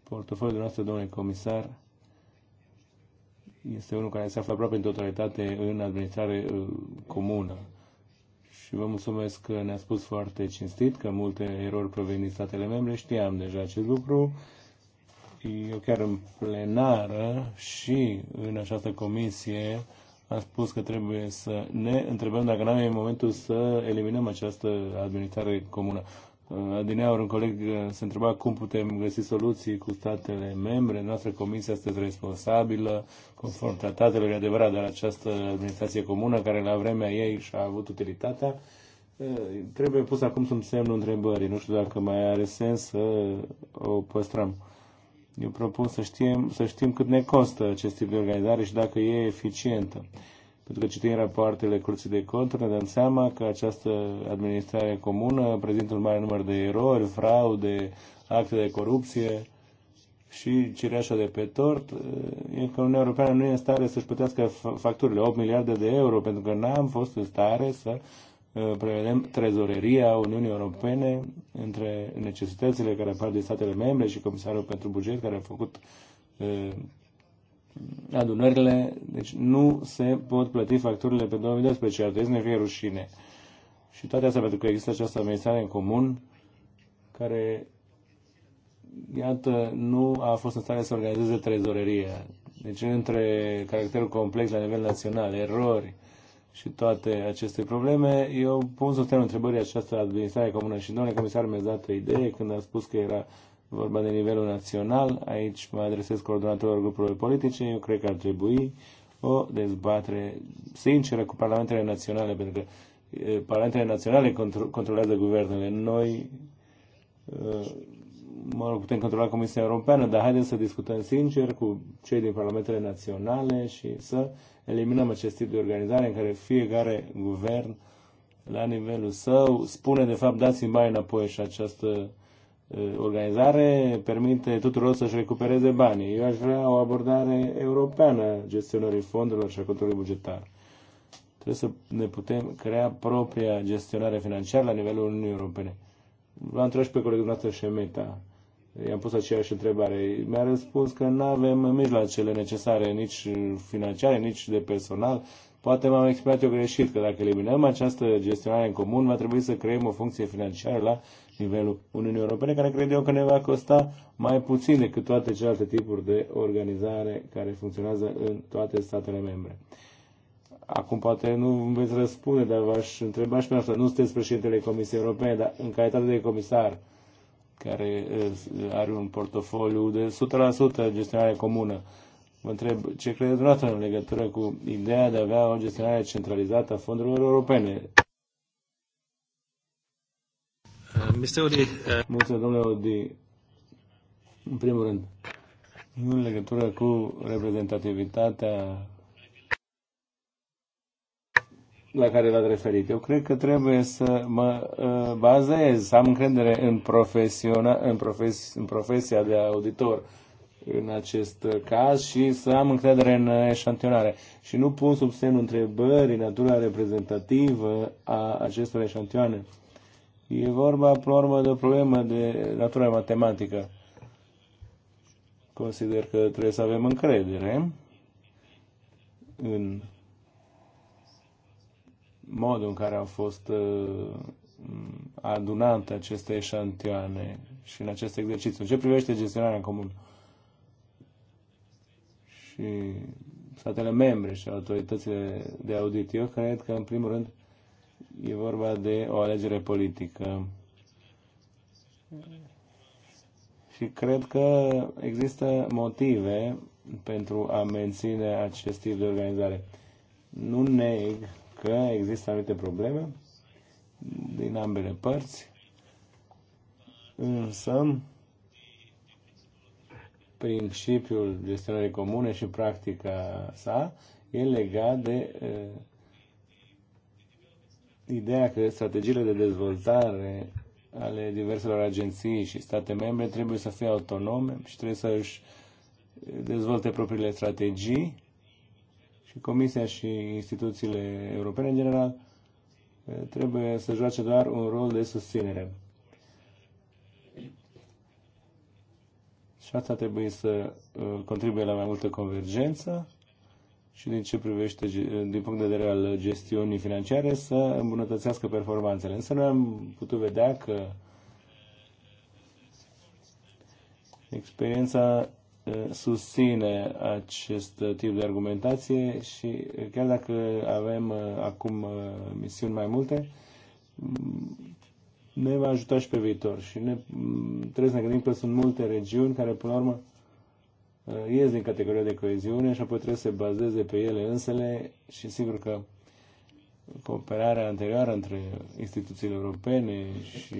Portofoliul noastră, domnule comisar, este unul care se află aproape în totalitate în administrare uh, comună. Și vă mulțumesc că ne-a spus foarte cinstit că multe erori provin din statele membre. Știam deja acest lucru. Eu chiar în plenară și în această comisie am spus că trebuie să ne întrebăm dacă nu am în momentul să eliminăm această administrare comună. Adineaur, un coleg uh, se întreba cum putem găsi soluții cu statele membre. Noastră comisie este responsabilă, conform tratatelor, e adevărat, dar această administrație comună, care la vremea ei și-a avut utilitatea, uh, trebuie pus acum sub semnul întrebării. Nu știu dacă mai are sens să o păstrăm. Eu propun să știm, să știm cât ne costă acest tip de organizare și dacă e eficientă pentru că citim rapoartele Curții de Conturi, ne dăm seama că această administrare comună prezintă un mare număr de erori, fraude, acte de corupție și cireașa de pe tort e că Uniunea Europeană nu e în stare să-și plătească facturile, 8 miliarde de euro, pentru că n-am fost în stare să uh, prevedem trezoreria Uniunii Europene între necesitățile care apar din statele membre și Comisarul pentru Buget, care a făcut uh, adunările, deci nu se pot plăti facturile pe 2012, ar trebui să ne fie rușine. Și toate astea pentru că există această administrare în comun care, iată, nu a fost în stare să organizeze trezoreria. Deci între caracterul complex la nivel național, erori și toate aceste probleme, eu pun sub întrebări întrebării această administrare comună și domnule comisar mi-a dat o idee când a spus că era vorba de nivelul național, aici mă adresez coordonatorilor grupurilor politice, eu cred că ar trebui o dezbatere sinceră cu parlamentele naționale, pentru că parlamentele naționale contro- controlează guvernele. Noi mă rog, putem controla Comisia Europeană, dar haideți să discutăm sincer cu cei din parlamentele naționale și să eliminăm acest tip de organizare în care fiecare guvern la nivelul său spune de fapt dați-mi bani înapoi și această organizare permite tuturor să-și recupereze banii. Eu aș vrea o abordare europeană a gestionării fondurilor și a controlului bugetar. Trebuie să ne putem crea propria gestionare financiară la nivelul Uniunii Europene. L-am întrebat și pe colegul noastră Șemeta. I-am pus aceeași întrebare. Mi-a răspuns că nu avem mijloacele necesare, nici financiare, nici de personal. Poate m-am exprimat eu greșit, că dacă eliminăm această gestionare în comun, va trebui să creăm o funcție financiară la nivelul Uniunii Europene, care cred eu că ne va costa mai puțin decât toate celelalte tipuri de organizare care funcționează în toate statele membre. Acum poate nu veți răspunde, dar v-aș întreba și pe asta. Nu sunteți președintele Comisiei Europene, dar în calitate de comisar, care are un portofoliu de 100% gestionare comună, vă întreb ce credeți dumneavoastră în legătură cu ideea de a avea o gestionare centralizată a fondurilor europene? Mr. Odi. Uh, Mulțumesc, domnule Odi. În primul rând, în legătură cu reprezentativitatea la care v-ați referit. Eu cred că trebuie să mă uh, bazez, să am încredere în, profesiona, în, profes, în profesia de auditor în acest caz și să am încredere în eșantionare. Și nu pun sub semnul întrebării natura reprezentativă a acestor eșantioane. E vorba, pe urmă, de o problemă de natură matematică. Consider că trebuie să avem încredere în modul în care au fost uh, adunate aceste eșantioane și în acest exercițiu. În ce privește gestionarea comună și statele membre și autoritățile de audit, eu cred că, în primul rând, e vorba de o alegere politică. Și cred că există motive pentru a menține acest tip de organizare. Nu neg că există anumite probleme din ambele părți, însă principiul gestionării comune și practica sa e legat de eh, ideea că strategiile de dezvoltare ale diverselor agenții și state membre trebuie să fie autonome și trebuie să își dezvolte propriile strategii și Comisia și instituțiile europene în general trebuie să joace doar un rol de susținere. Și asta trebuie să uh, contribuie la mai multă convergență și din ce privește, din punct de vedere al gestiunii financiare, să îmbunătățească performanțele. Însă noi am putut vedea că experiența susține acest tip de argumentație și chiar dacă avem acum misiuni mai multe, ne va ajuta și pe viitor. Și ne, trebuie să ne gândim că sunt multe regiuni care, până la urmă, Uh, ies din categoria de coeziune și apoi trebuie să se bazeze pe ele însele și sigur că cooperarea anterioară între instituțiile europene și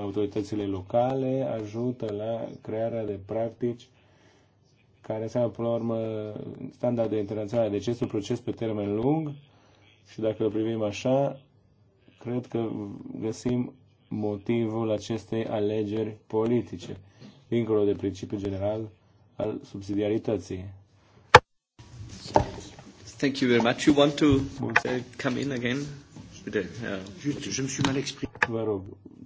autoritățile locale ajută la crearea de practici care înseamnă, până la urmă, standarde internaționale. Deci este un proces pe termen lung și dacă îl privim așa, cred că găsim motivul acestei alegeri politice, dincolo de principiul general al subsidiarității. Thank you very much. You want to uh, come in again? Vă rog,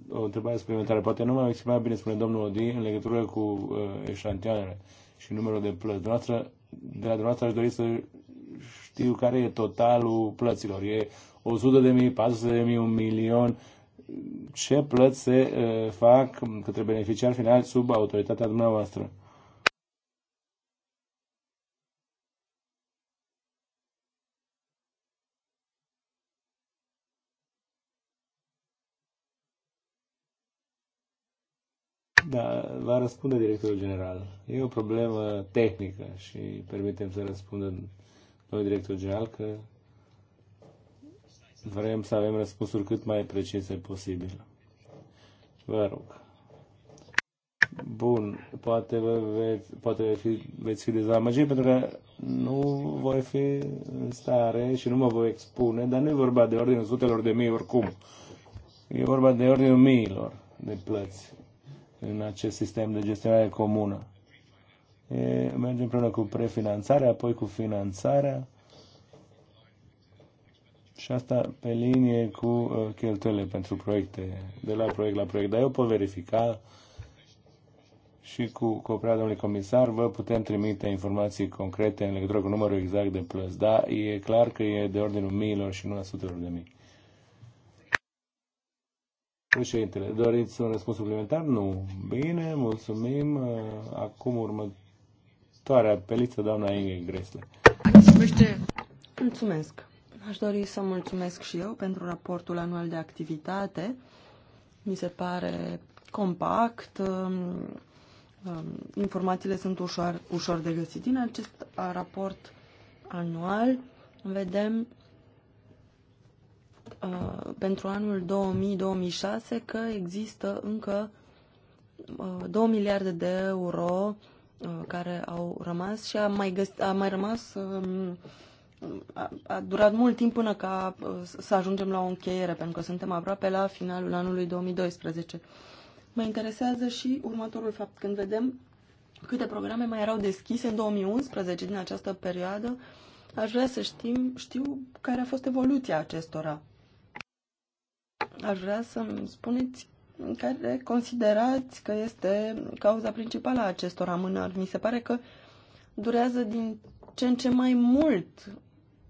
o întrebare suplimentară. Poate nu m-am exprimat bine, spune domnul Odi, în legătură cu uh, eșantioanele și numărul de plăți. Dumneavoastră, de la dumneavoastră aș dori să știu care e totalul plăților. E 100 de mii, 400 de mii, un milion. Ce plăți se uh, fac către beneficiar final sub autoritatea dumneavoastră? va răspunde directorul general. E o problemă tehnică și permitem să răspundă noi directorul general că vrem să avem răspunsuri cât mai precise posibil. Vă rog. Bun, poate, vă veți, poate fi, veți fi dezamăgit pentru că nu voi fi în stare și nu mă voi expune, dar nu e vorba de ordinul sutelor de mii oricum. E vorba de ordinul miilor de plăți în acest sistem de gestionare comună. E, mergem împreună cu prefinanțarea, apoi cu finanțarea și asta pe linie cu uh, cheltuielile pentru proiecte, de la proiect la proiect. Dar eu pot verifica și cu cooperarea domnului comisar, vă putem trimite informații concrete în legătură cu numărul exact de plăți. Da, e clar că e de ordinul miilor și nu a sutelor de mii. Președintele, doriți un răspuns suplimentar? Nu. Bine, mulțumim. Uh, acum următoarea pe listă, doamna Inge Gresle. Mulțumesc. Aș dori să mulțumesc și eu pentru raportul anual de activitate. Mi se pare compact, um, um, informațiile sunt ușor, ușor de găsit. Din acest raport anual vedem uh, pentru anul 2000-2006 că există încă uh, 2 miliarde de euro uh, care au rămas și a mai, găs- a mai rămas. Uh, a, a durat mult timp până ca uh, să ajungem la o încheiere, pentru că suntem aproape la finalul anului 2012. Mă interesează și următorul fapt. Când vedem câte programe mai erau deschise în 2011 din această perioadă, aș vrea să știm, știu care a fost evoluția acestora. Aș vrea să-mi spuneți care considerați că este cauza principală a acestor amânări. Mi se pare că durează din ce în ce mai mult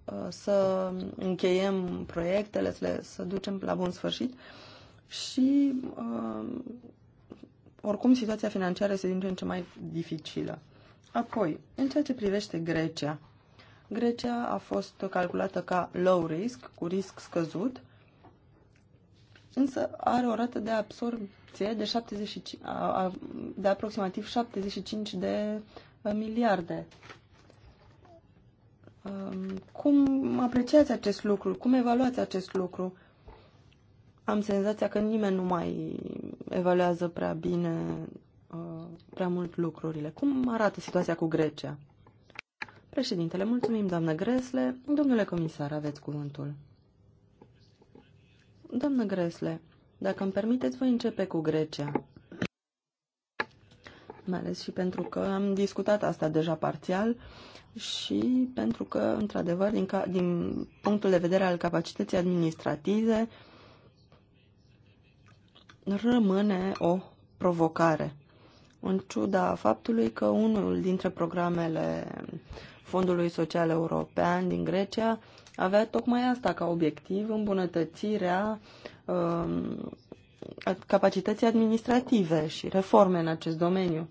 uh, să încheiem proiectele, să, le, să ducem la bun sfârșit și uh, oricum situația financiară este din ce în ce mai dificilă. Apoi, în ceea ce privește Grecia, Grecia a fost calculată ca low risk, cu risc scăzut, însă are o rată de absorbție de, 75, de aproximativ 75 de miliarde. Um, cum apreciați acest lucru? Cum evaluați acest lucru? Am senzația că nimeni nu mai evaluează prea bine uh, prea mult lucrurile. Cum arată situația cu Grecia? Președintele, mulțumim, doamnă Gresle. Domnule comisar, aveți cuvântul. Doamnă Gresle, dacă îmi permiteți, voi începe cu Grecia. Mai ales și pentru că am discutat asta deja parțial și pentru că, într-adevăr, din, din punctul de vedere al capacității administrative, rămâne o provocare. În ciuda faptului că unul dintre programele Fondului Social European din Grecia avea tocmai asta ca obiectiv, îmbunătățirea um, capacității administrative și reforme în acest domeniu.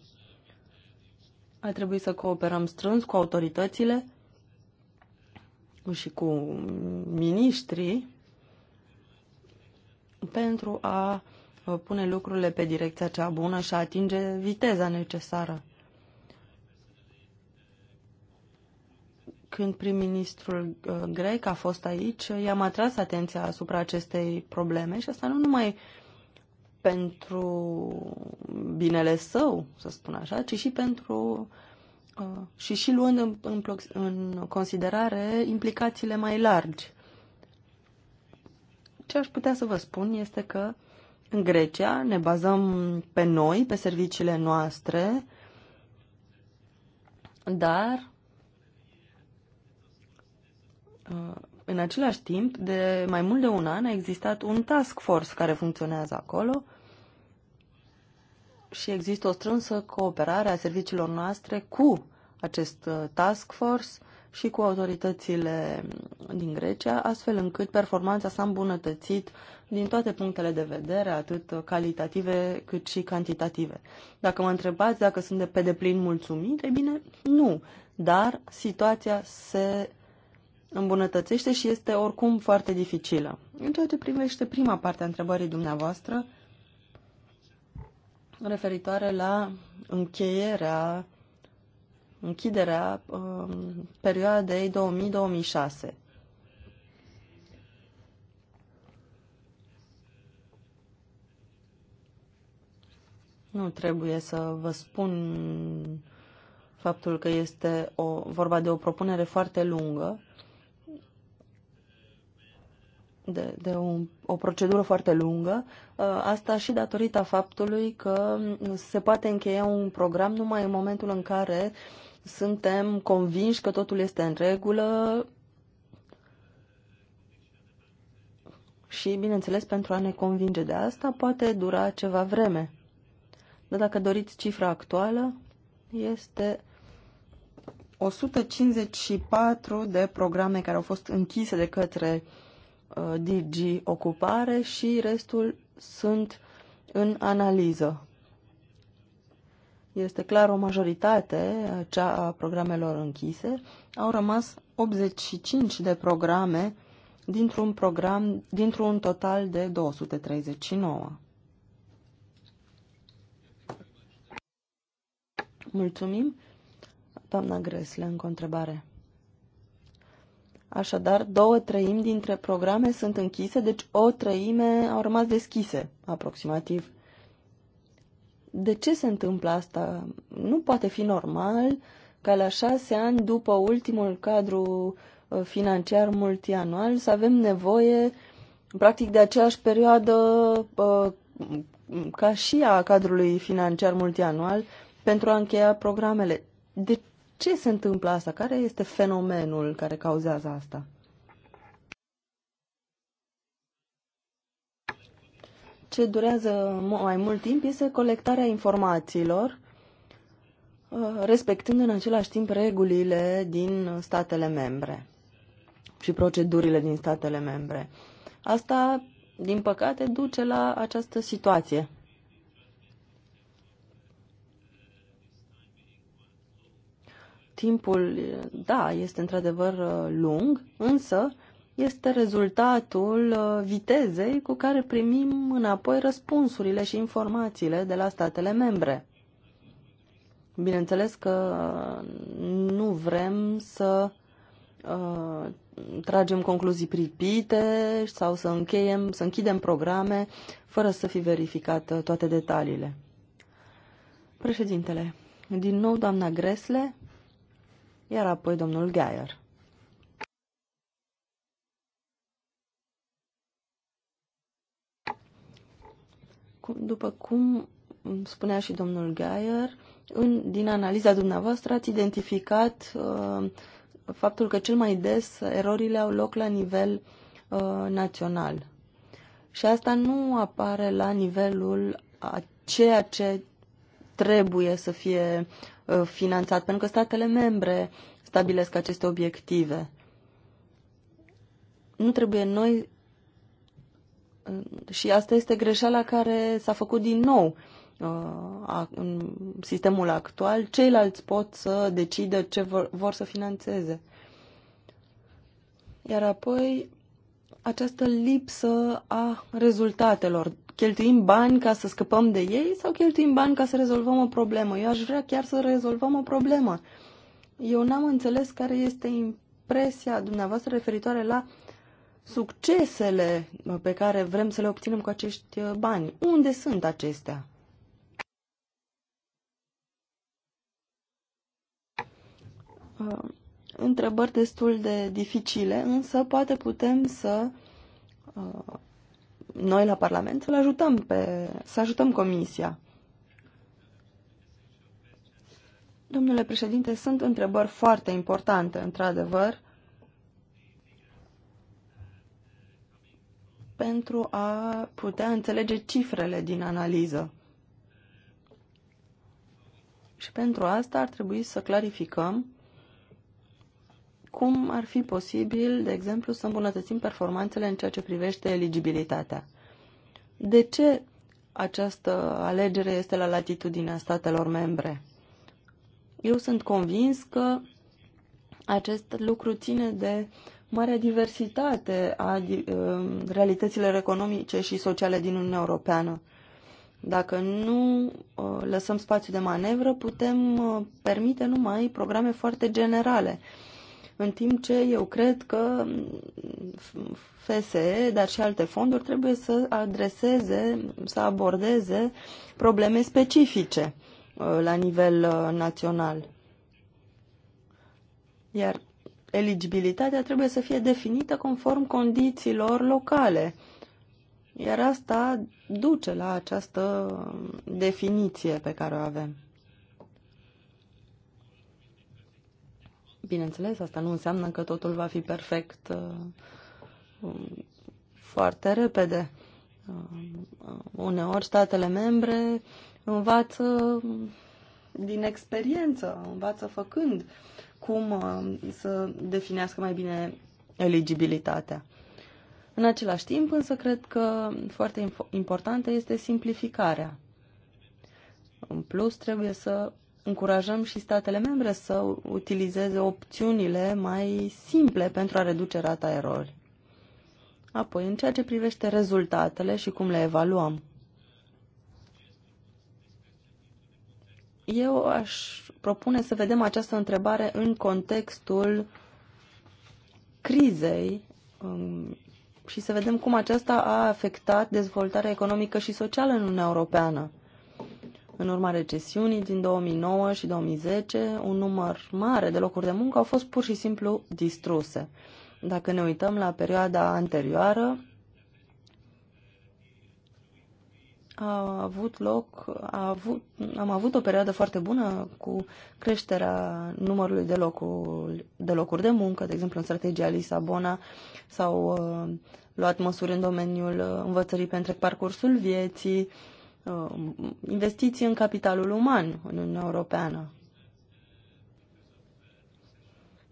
A trebuit să cooperăm strâns cu autoritățile și cu miniștrii pentru a uh, pune lucrurile pe direcția cea bună și a atinge viteza necesară. Când prim-ministrul uh, grec a fost aici, i-am atras atenția asupra acestei probleme și asta nu numai pentru binele său, să spun așa, ci și pentru uh, și și luând în, în, în considerare implicațiile mai largi. Ce aș putea să vă spun este că în Grecia ne bazăm pe noi, pe serviciile noastre, dar Uh, în același timp, de mai mult de un an a existat un task force care funcționează acolo și există o strânsă cooperare a serviciilor noastre cu acest uh, task force și cu autoritățile din Grecia, astfel încât performanța s-a îmbunătățit din toate punctele de vedere, atât calitative cât și cantitative. Dacă mă întrebați dacă sunt de pe deplin mulțumit, e bine, nu, dar situația se îmbunătățește și este oricum foarte dificilă. În ceea ce privește prima parte a întrebării dumneavoastră, referitoare la încheierea, închiderea um, perioadei 2000-2006. Nu trebuie să vă spun faptul că este o, vorba de o propunere foarte lungă de, de o, o procedură foarte lungă, uh, asta și datorită faptului că se poate încheia un program numai în momentul în care suntem convinși că totul este în regulă și, bineînțeles, pentru a ne convinge de asta poate dura ceva vreme. Dar dacă doriți cifra actuală, este 154 de programe care au fost închise de către uh, Uh, DG Ocupare și restul sunt în analiză. Este clar o majoritate, uh, cea a programelor închise. Au rămas 85 de programe dintr-un program, dintr-un total de 239. Mulțumim. Doamna Gresle, încă o întrebare. Așadar, două treimi dintre programe sunt închise, deci o treime au rămas deschise, aproximativ. De ce se întâmplă asta? Nu poate fi normal ca la șase ani după ultimul cadru uh, financiar multianual să avem nevoie practic de aceeași perioadă uh, ca și a cadrului financiar multianual pentru a încheia programele. De ce se întâmplă asta? Care este fenomenul care cauzează asta? Ce durează mai mult timp este colectarea informațiilor, uh, respectând în același timp regulile din statele membre și procedurile din statele membre. Asta, din păcate, duce la această situație. timpul, da, este într-adevăr uh, lung, însă este rezultatul uh, vitezei cu care primim înapoi răspunsurile și informațiile de la statele membre. Bineînțeles că uh, nu vrem să tragem concluzii pripite sau să, încheiem, să închidem programe fără să fi verificat toate detaliile. Președintele, din nou doamna Gresle, iar apoi domnul Geier. După cum spunea și domnul Geier, în, din analiza dumneavoastră ați identificat uh, faptul că cel mai des erorile au loc la nivel uh, național. Și asta nu apare la nivelul a ceea ce trebuie să fie uh, finanțat, pentru că statele membre stabilesc aceste obiective. Nu trebuie noi uh, și asta este greșeala care s-a făcut din nou uh, în sistemul actual. Ceilalți pot să decidă ce vor, vor să financeze. Iar apoi această lipsă a rezultatelor Cheltuim bani ca să scăpăm de ei sau cheltuim bani ca să rezolvăm o problemă? Eu aș vrea chiar să rezolvăm o problemă. Eu n-am înțeles care este impresia dumneavoastră referitoare la succesele pe care vrem să le obținem cu acești uh, bani. Unde sunt acestea? Uh, întrebări destul de dificile, însă poate putem să uh, noi la Parlament să ajutăm pe, să ajutăm Comisia. Domnule președinte, sunt întrebări foarte importante, într-adevăr, pentru a putea înțelege cifrele din analiză. Și pentru asta ar trebui să clarificăm cum ar fi posibil, de exemplu, să îmbunătățim performanțele în ceea ce privește eligibilitatea. De ce această alegere este la latitudinea statelor membre? Eu sunt convins că acest lucru ține de marea diversitate a ă, realităților economice și sociale din Uniunea Europeană. Dacă nu ă, lăsăm spațiu de manevră, putem ă, permite numai programe foarte generale în timp ce eu cred că FSE, dar și alte fonduri, trebuie să adreseze, să abordeze probleme specifice uh, la nivel uh, național. Iar eligibilitatea trebuie să fie definită conform condițiilor locale. Iar asta duce la această definiție pe care o avem. Bineînțeles, asta nu înseamnă că totul va fi perfect uh, foarte repede. Uh, uneori statele membre învață din experiență, învață făcând cum uh, să definească mai bine eligibilitatea. În același timp, însă, cred că foarte importantă este simplificarea. În plus, trebuie să încurajăm și statele membre să utilizeze opțiunile mai simple pentru a reduce rata erorii. Apoi, în ceea ce privește rezultatele și cum le evaluăm, eu aș propune să vedem această întrebare în contextul crizei um, și să vedem cum aceasta a afectat dezvoltarea economică și socială în Uniunea Europeană. În urma recesiunii din 2009 și 2010, un număr mare de locuri de muncă au fost pur și simplu distruse. Dacă ne uităm la perioada anterioară, a avut loc, a avut, am avut o perioadă foarte bună cu creșterea numărului de locuri de, locuri de muncă, de exemplu în strategia Lisabona s-au uh, luat măsuri în domeniul uh, învățării pentru parcursul vieții, uh, Uh, investiții în capitalul uman în Uniunea Europeană.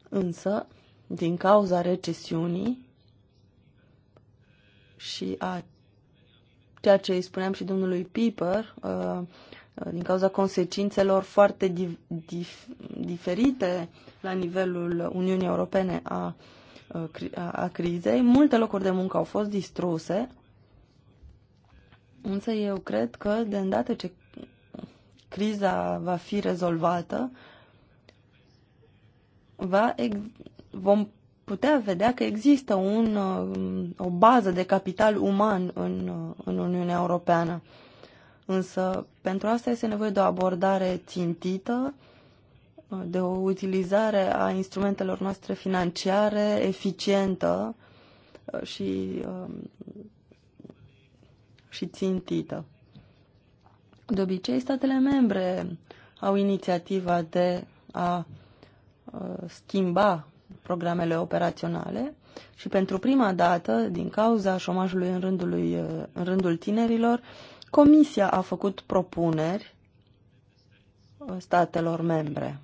Însă, din cauza recesiunii și a ceea ce îi spuneam și domnului Piper, uh, uh, din cauza consecințelor foarte dif- diferite la nivelul Uniunii Europene a, a, a crizei, multe locuri de muncă au fost distruse Însă eu cred că de îndată ce criza va fi rezolvată, va vom putea vedea că există un, uh, o bază de capital uman în, uh, în Uniunea Europeană. Însă, pentru asta este nevoie de o abordare țintită, uh, de o utilizare a instrumentelor noastre financiare eficientă și și țintită. De obicei, statele membre au inițiativa de a uh, schimba programele operaționale și pentru prima dată, din cauza șomajului în, rândului, uh, în rândul tinerilor, Comisia a făcut propuneri uh, statelor membre.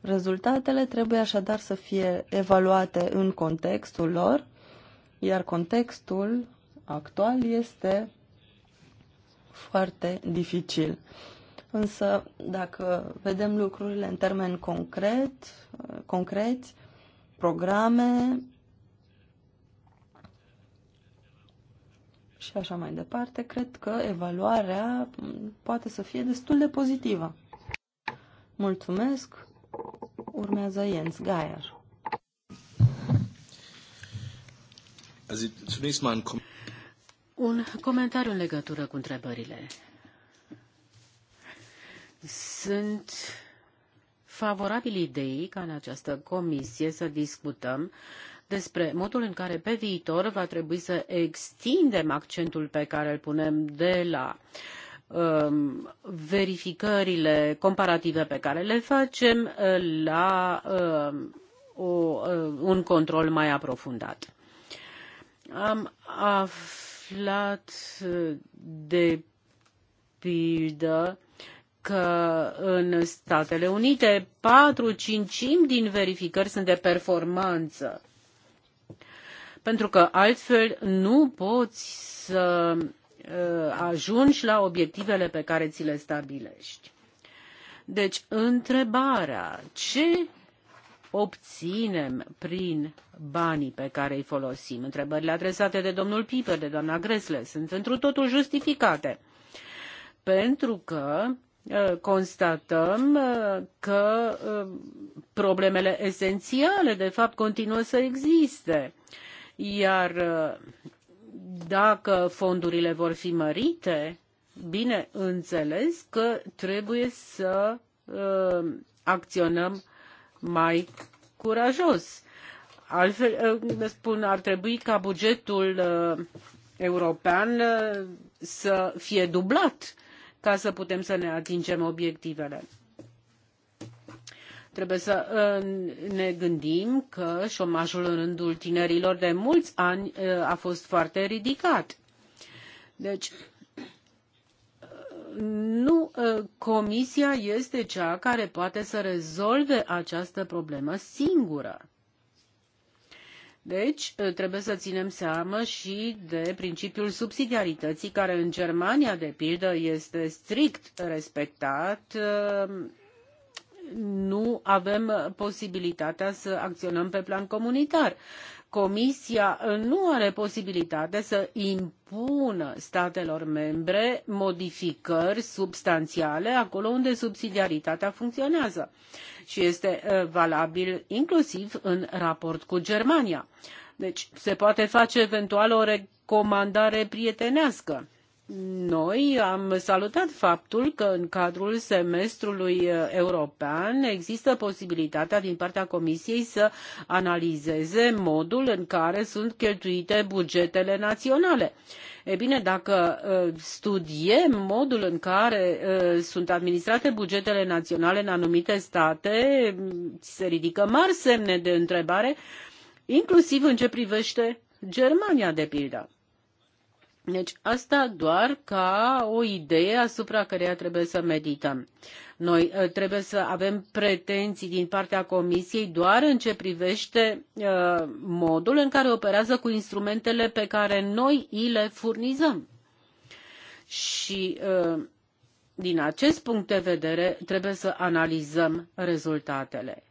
Rezultatele trebuie așadar să fie evaluate în contextul lor, iar contextul actual este foarte dificil. Însă, dacă vedem lucrurile în termeni concret, concreți, programe și așa mai departe, cred că evaluarea poate să fie destul de pozitivă. Mulțumesc. Urmează Jens Geier. Also zunächst mal ein un comentariu în legătură cu întrebările. Sunt favorabil ideii ca în această comisie să discutăm despre modul în care pe viitor va trebui să extindem accentul pe care îl punem de la um, verificările comparative pe care le facem uh, la um, o, um, un control mai aprofundat. Am af- aflat de pildă că în Statele Unite 4 cincimi din verificări sunt de performanță. Pentru că altfel nu poți să uh, ajungi la obiectivele pe care ți le stabilești. Deci, întrebarea, ce obținem prin banii pe care îi folosim. Întrebările adresate de domnul Piper, de doamna Gresle, sunt întru totul justificate. Pentru că uh, constatăm uh, că uh, problemele esențiale, de fapt, continuă să existe. Iar dacă fondurile vor fi mărite, bineînțeles că trebuie să acționăm mai curajos. Altfel, eh, spun, ar trebui ca bugetul eh, european eh, să fie dublat ca să putem să ne atingem obiectivele. Trebuie să ne gândim că șomajul în rândul tinerilor de mulți ani a fost foarte ridicat. Deci, nu ă, comisia este cea care poate să rezolve această problemă singură. Deci, ă, trebuie să ținem seama și de principiul subsidiarității, care în Germania, de pildă, este strict respectat. Ă, nu avem posibilitatea să acționăm pe plan comunitar. Comisia uh, nu are posibilitate să impună statelor membre modificări substanțiale acolo unde subsidiaritatea funcționează și este uh, valabil inclusiv în raport cu Germania. Deci se poate face eventual o recomandare prietenească noi am salutat faptul că în cadrul semestrului european există posibilitatea din partea Comisiei să analizeze modul în care sunt cheltuite bugetele naționale. ei bine, dacă uh, studiem modul în care uh, sunt administrate bugetele naționale în anumite state, se ridică mari semne de întrebare, inclusiv în ce privește Germania, de pildă deci asta doar ca o idee asupra căreia trebuie să medităm. Noi uh, trebuie să avem pretenții din partea Comisiei doar în ce privește uh, modul în care operează cu instrumentele pe care noi îi le furnizăm. Și uh, din acest punct de vedere trebuie să analizăm rezultatele.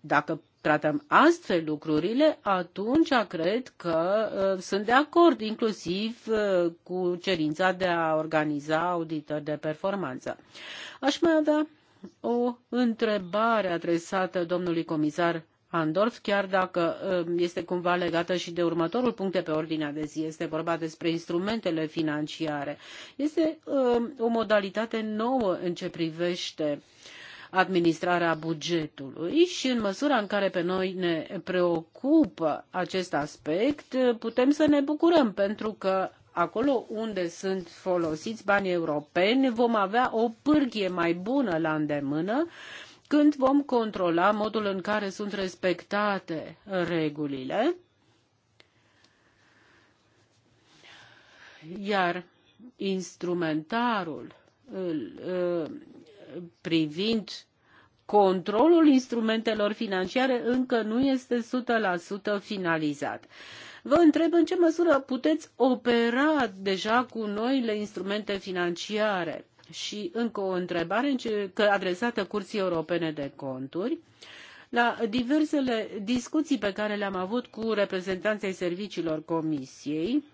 Dacă tratăm astfel lucrurile, atunci cred că uh, sunt de acord, inclusiv uh, cu cerința de a organiza auditări de performanță. Aș mai avea o întrebare adresată domnului comisar Andorf, chiar dacă uh, este cumva legată și de următorul punct de pe ordinea de zi, este vorba despre instrumentele financiare. Este o modalitate nouă în ce privește uh, administrarea bugetului și în măsura în care pe noi ne preocupă acest aspect, putem să ne bucurăm pentru că acolo unde sunt folosiți banii europeni vom avea o pârghie mai bună la îndemână când vom controla modul în care sunt respectate regulile. Iar instrumentarul privind controlul instrumentelor financiare încă nu este 100% finalizat. Vă întreb în ce măsură puteți opera deja cu noile instrumente financiare și încă o întrebare adresată Curții Europene de Conturi. La diversele discuții pe care le-am avut cu reprezentanții serviciilor Comisiei,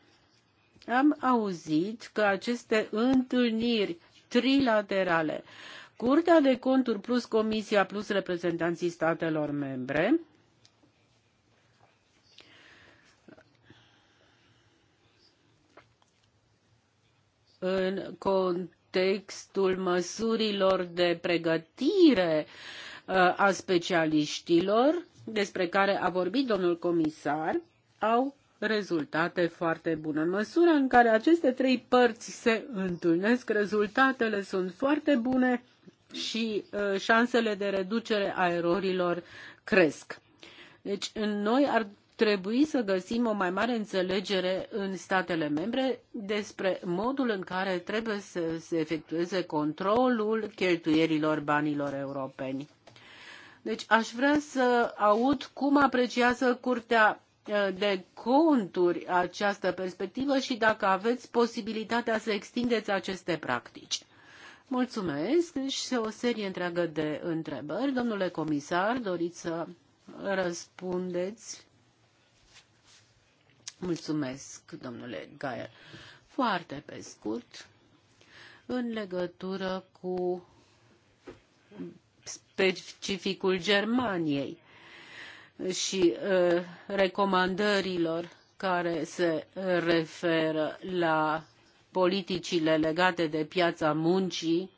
am auzit că aceste întâlniri trilaterale uh, Curtea de conturi plus Comisia plus reprezentanții statelor membre în contextul măsurilor de pregătire uh, a specialiștilor despre care a vorbit domnul comisar au rezultate foarte bune. În măsura în care aceste trei părți se întâlnesc, rezultatele sunt foarte bune și uh, șansele de reducere a erorilor cresc. Deci noi ar trebui să găsim o mai mare înțelegere în statele membre despre modul în care trebuie să se efectueze controlul cheltuierilor banilor europeni. Deci aș vrea să aud cum apreciază Curtea uh, de conturi această perspectivă și dacă aveți posibilitatea să extindeți aceste practici. Mulțumesc și o serie întreagă de întrebări. Domnule comisar, doriți să răspundeți? Mulțumesc, domnule Gaier. Foarte pe scurt, în legătură cu specificul Germaniei și uh, recomandărilor care se referă la politicile legate de piața muncii.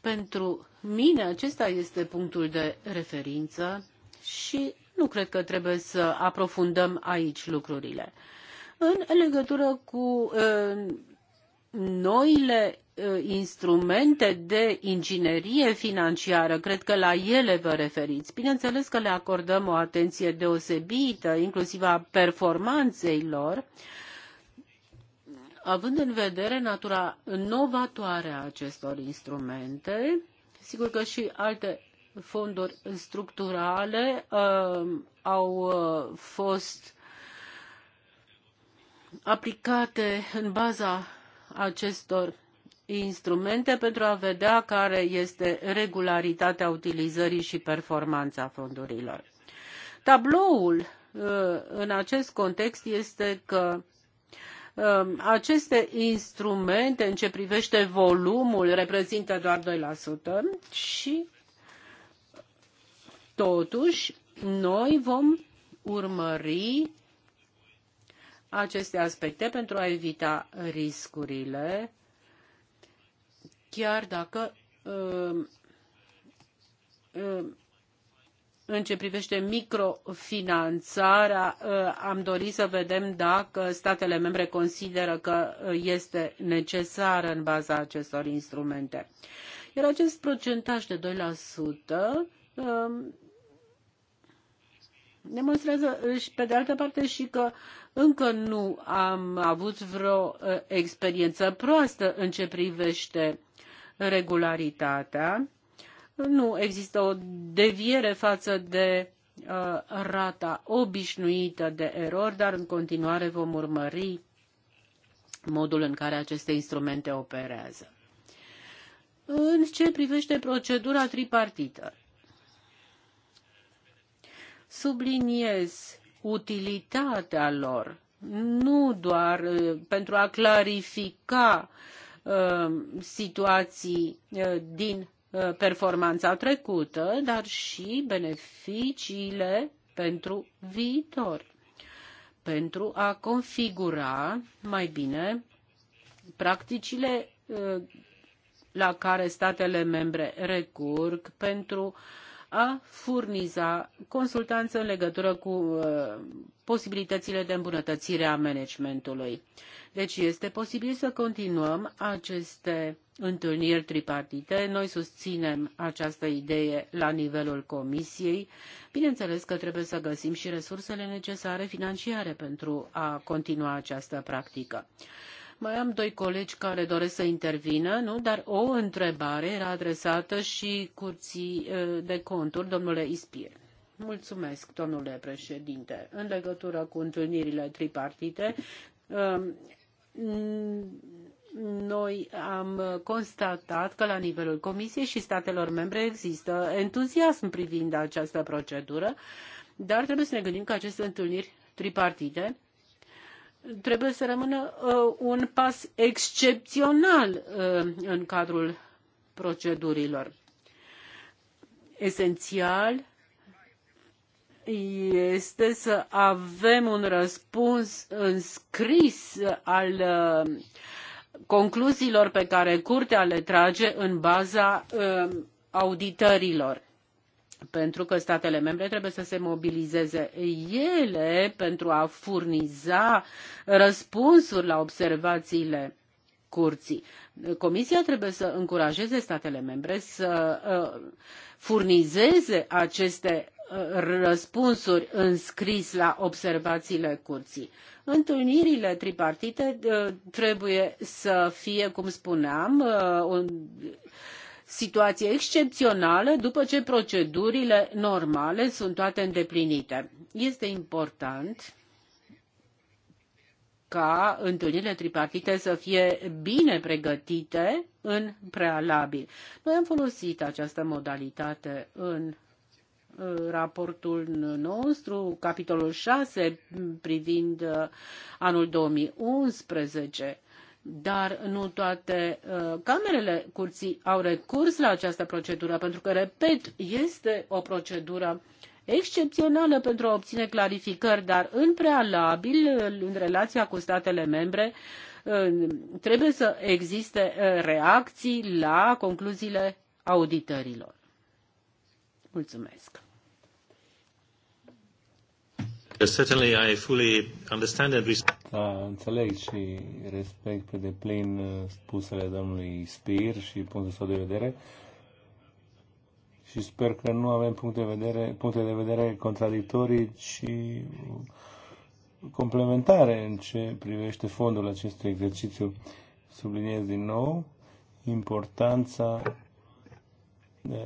Pentru mine acesta este punctul de referință și nu cred că trebuie să aprofundăm aici lucrurile. În legătură cu uh, noile uh, instrumente de inginerie financiară, cred că la ele vă referiți. Bineînțeles că le acordăm o atenție deosebită, inclusiv a performanței lor, Având în vedere natura novatoare a acestor instrumente, sigur că și alte fonduri structurale uh, au uh, fost aplicate în baza acestor instrumente pentru a vedea care este regularitatea utilizării și performanța fondurilor. Tabloul uh, în acest context este că Um, aceste instrumente, în ce privește volumul, reprezintă doar 2% și totuși noi vom urmări aceste aspecte pentru a evita riscurile, chiar dacă uh, uh, în ce privește microfinanțarea, eh, am dorit să vedem dacă statele membre consideră că eh, este necesară în baza acestor instrumente. Iar acest procentaj de 2% eh, demonstrează și pe de altă parte și că încă nu am avut vreo experiență proastă în ce privește regularitatea nu există o deviere față de uh, rata obișnuită de erori, dar în continuare vom urmări modul în care aceste instrumente operează. În ce privește procedura tripartită, subliniez utilitatea lor, nu doar uh, pentru a clarifica uh, situații uh, din Uh, performanța trecută, dar și beneficiile pentru viitor, pentru a configura mai bine practicile uh, la care statele membre recurg pentru uh, a furniza consultanță în legătură cu uh, posibilitățile de îmbunătățire a managementului. Deci este posibil să continuăm aceste întâlniri tripartite. Noi susținem această idee la nivelul Comisiei. Bineînțeles că trebuie să găsim și resursele necesare financiare pentru a continua această practică. Mai am doi colegi care doresc să intervină, nu? dar o întrebare era adresată și curții ă, de conturi, domnule Ispir. Mulțumesc, domnule președinte. În legătură cu întâlnirile tripartite, ă, noi am constatat că la nivelul Comisiei și statelor membre există entuziasm privind această procedură, dar trebuie să ne gândim că aceste întâlniri tripartite trebuie să rămână uh, un pas excepțional uh, în cadrul procedurilor. Esențial este să avem un răspuns înscris al uh, concluziilor pe care curtea le trage în baza auditărilor pentru că statele membre trebuie să se mobilizeze ele pentru a furniza răspunsuri la observațiile curții. Comisia trebuie să încurajeze statele membre să uh, furnizeze aceste uh, răspunsuri în scris la observațiile curții. Întâlnirile tripartite uh, trebuie să fie, cum spuneam, situație excepțională după ce procedurile normale sunt toate îndeplinite. Este important ca întâlnirile tripartite să fie bine pregătite în prealabil. Noi am folosit această modalitate în raportul nostru, capitolul 6, privind uh, anul 2011 dar nu toate uh, camerele curții au recurs la această procedură, pentru că, repet, este o procedură excepțională pentru a obține clarificări, dar în prealabil, în relația cu statele membre, uh, trebuie să existe uh, reacții la concluziile auditărilor. Mulțumesc! Uh, certainly I fully understand and respect. Da, înțeleg și respect pe deplin uh, spusele domnului Spir și punctul său de vedere și sper că nu avem puncte de vedere, puncte de vedere contradictorii, ci uh, complementare în ce privește fondul acestui exercițiu. Subliniez din nou importanța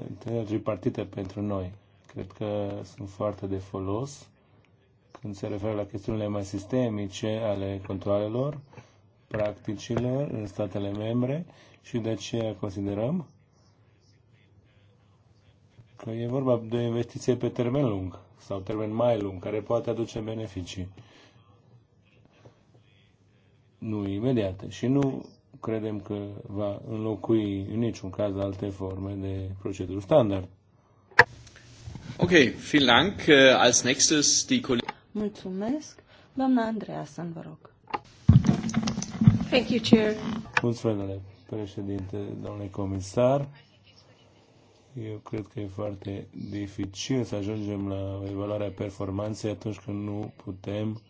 întâlnirii pentru noi. Cred că sunt foarte de folos când se referă la chestiunile mai sistemice ale controlelor, practicile în statele membre și de aceea considerăm că e vorba de o investiție pe termen lung sau termen mai lung, care poate aduce beneficii. Nu imediate și nu credem că va înlocui în niciun caz alte forme de proceduri standard. Ok, vielen Dank. Äh, als nächstes die Mulțumesc. Doamna să vă rog. Thank you, Chair. Mulțumesc, domnule președinte, domnule comisar. Eu cred că e foarte dificil să ajungem la evaluarea performanței atunci când nu putem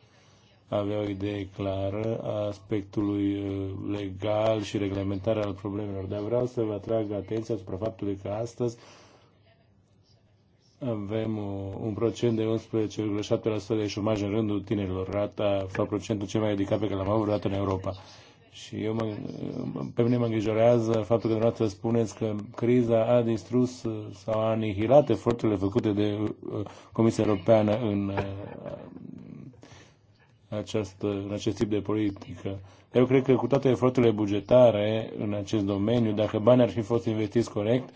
avea o idee clară a aspectului uh, legal și reglementar al problemelor. Dar vreau să vă atrag atenția asupra faptului că astăzi avem uh, un procent de 11,7% de șomaj în rândul tinerilor, rata sau procentul cel mai ridicat pe care l-am avut vreodată în Europa. Și eu mă, pe mine mă îngrijorează faptul că dumneavoastră spuneți că criza a distrus uh, sau a anihilat eforturile făcute de uh, Comisia Europeană în, această, în acest tip de politică. Eu cred că cu toate eforturile bugetare în acest domeniu, dacă banii ar fi fost investiți corect,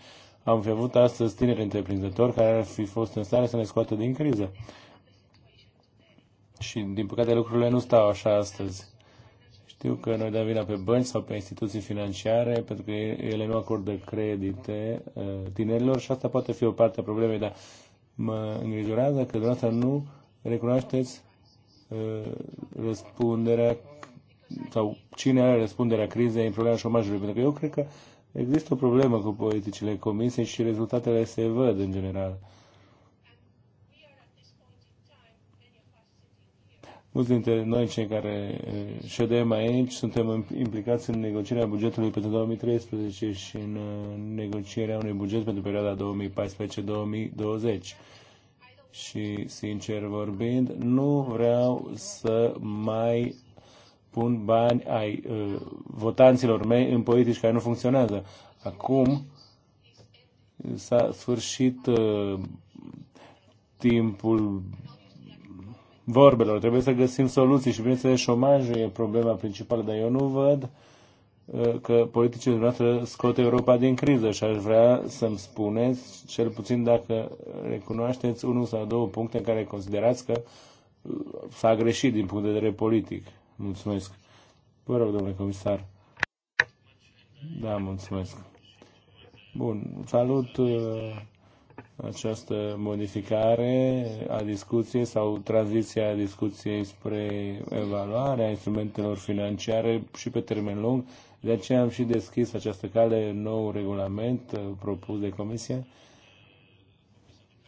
am fi avut astăzi tineri întreprinzători care ar fi fost în stare să ne scoată din criză. Și, din păcate, lucrurile nu stau așa astăzi. Știu că noi dăm vina pe bănci sau pe instituții financiare pentru că ele nu acordă credite uh, tinerilor și asta poate fi o parte a problemei, dar mă îngrijorează că dumneavoastră nu recunoașteți uh, răspunderea sau cine are răspunderea crizei în problema șomajului. Pentru că eu cred că Există o problemă cu politicile comise și rezultatele se văd în general. Mulți dintre noi, cei care eh, ședem aici, suntem implicați în negocierea bugetului pentru 2013 și în eh, negocierea unui buget pentru perioada 2014-2020. Și, sincer vorbind, nu vreau să mai pun bani ai uh, votanților mei în politici care nu funcționează. Acum s-a sfârșit uh, timpul vorbelor. Trebuie să găsim soluții și bineînțeles șomajul e problema principală, dar eu nu văd uh, că politicile noastre scot Europa din criză și aș vrea să-mi spuneți, cel puțin dacă recunoașteți unul sau două puncte în care considerați că uh, s-a greșit din punct de vedere politic. Mulțumesc. Vă rog, domnule comisar. Da, mulțumesc. Bun, salut uh, această modificare a discuției sau tranziția discuției spre evaluarea instrumentelor financiare și pe termen lung. De aceea am și deschis această cale nou regulament uh, propus de Comisie.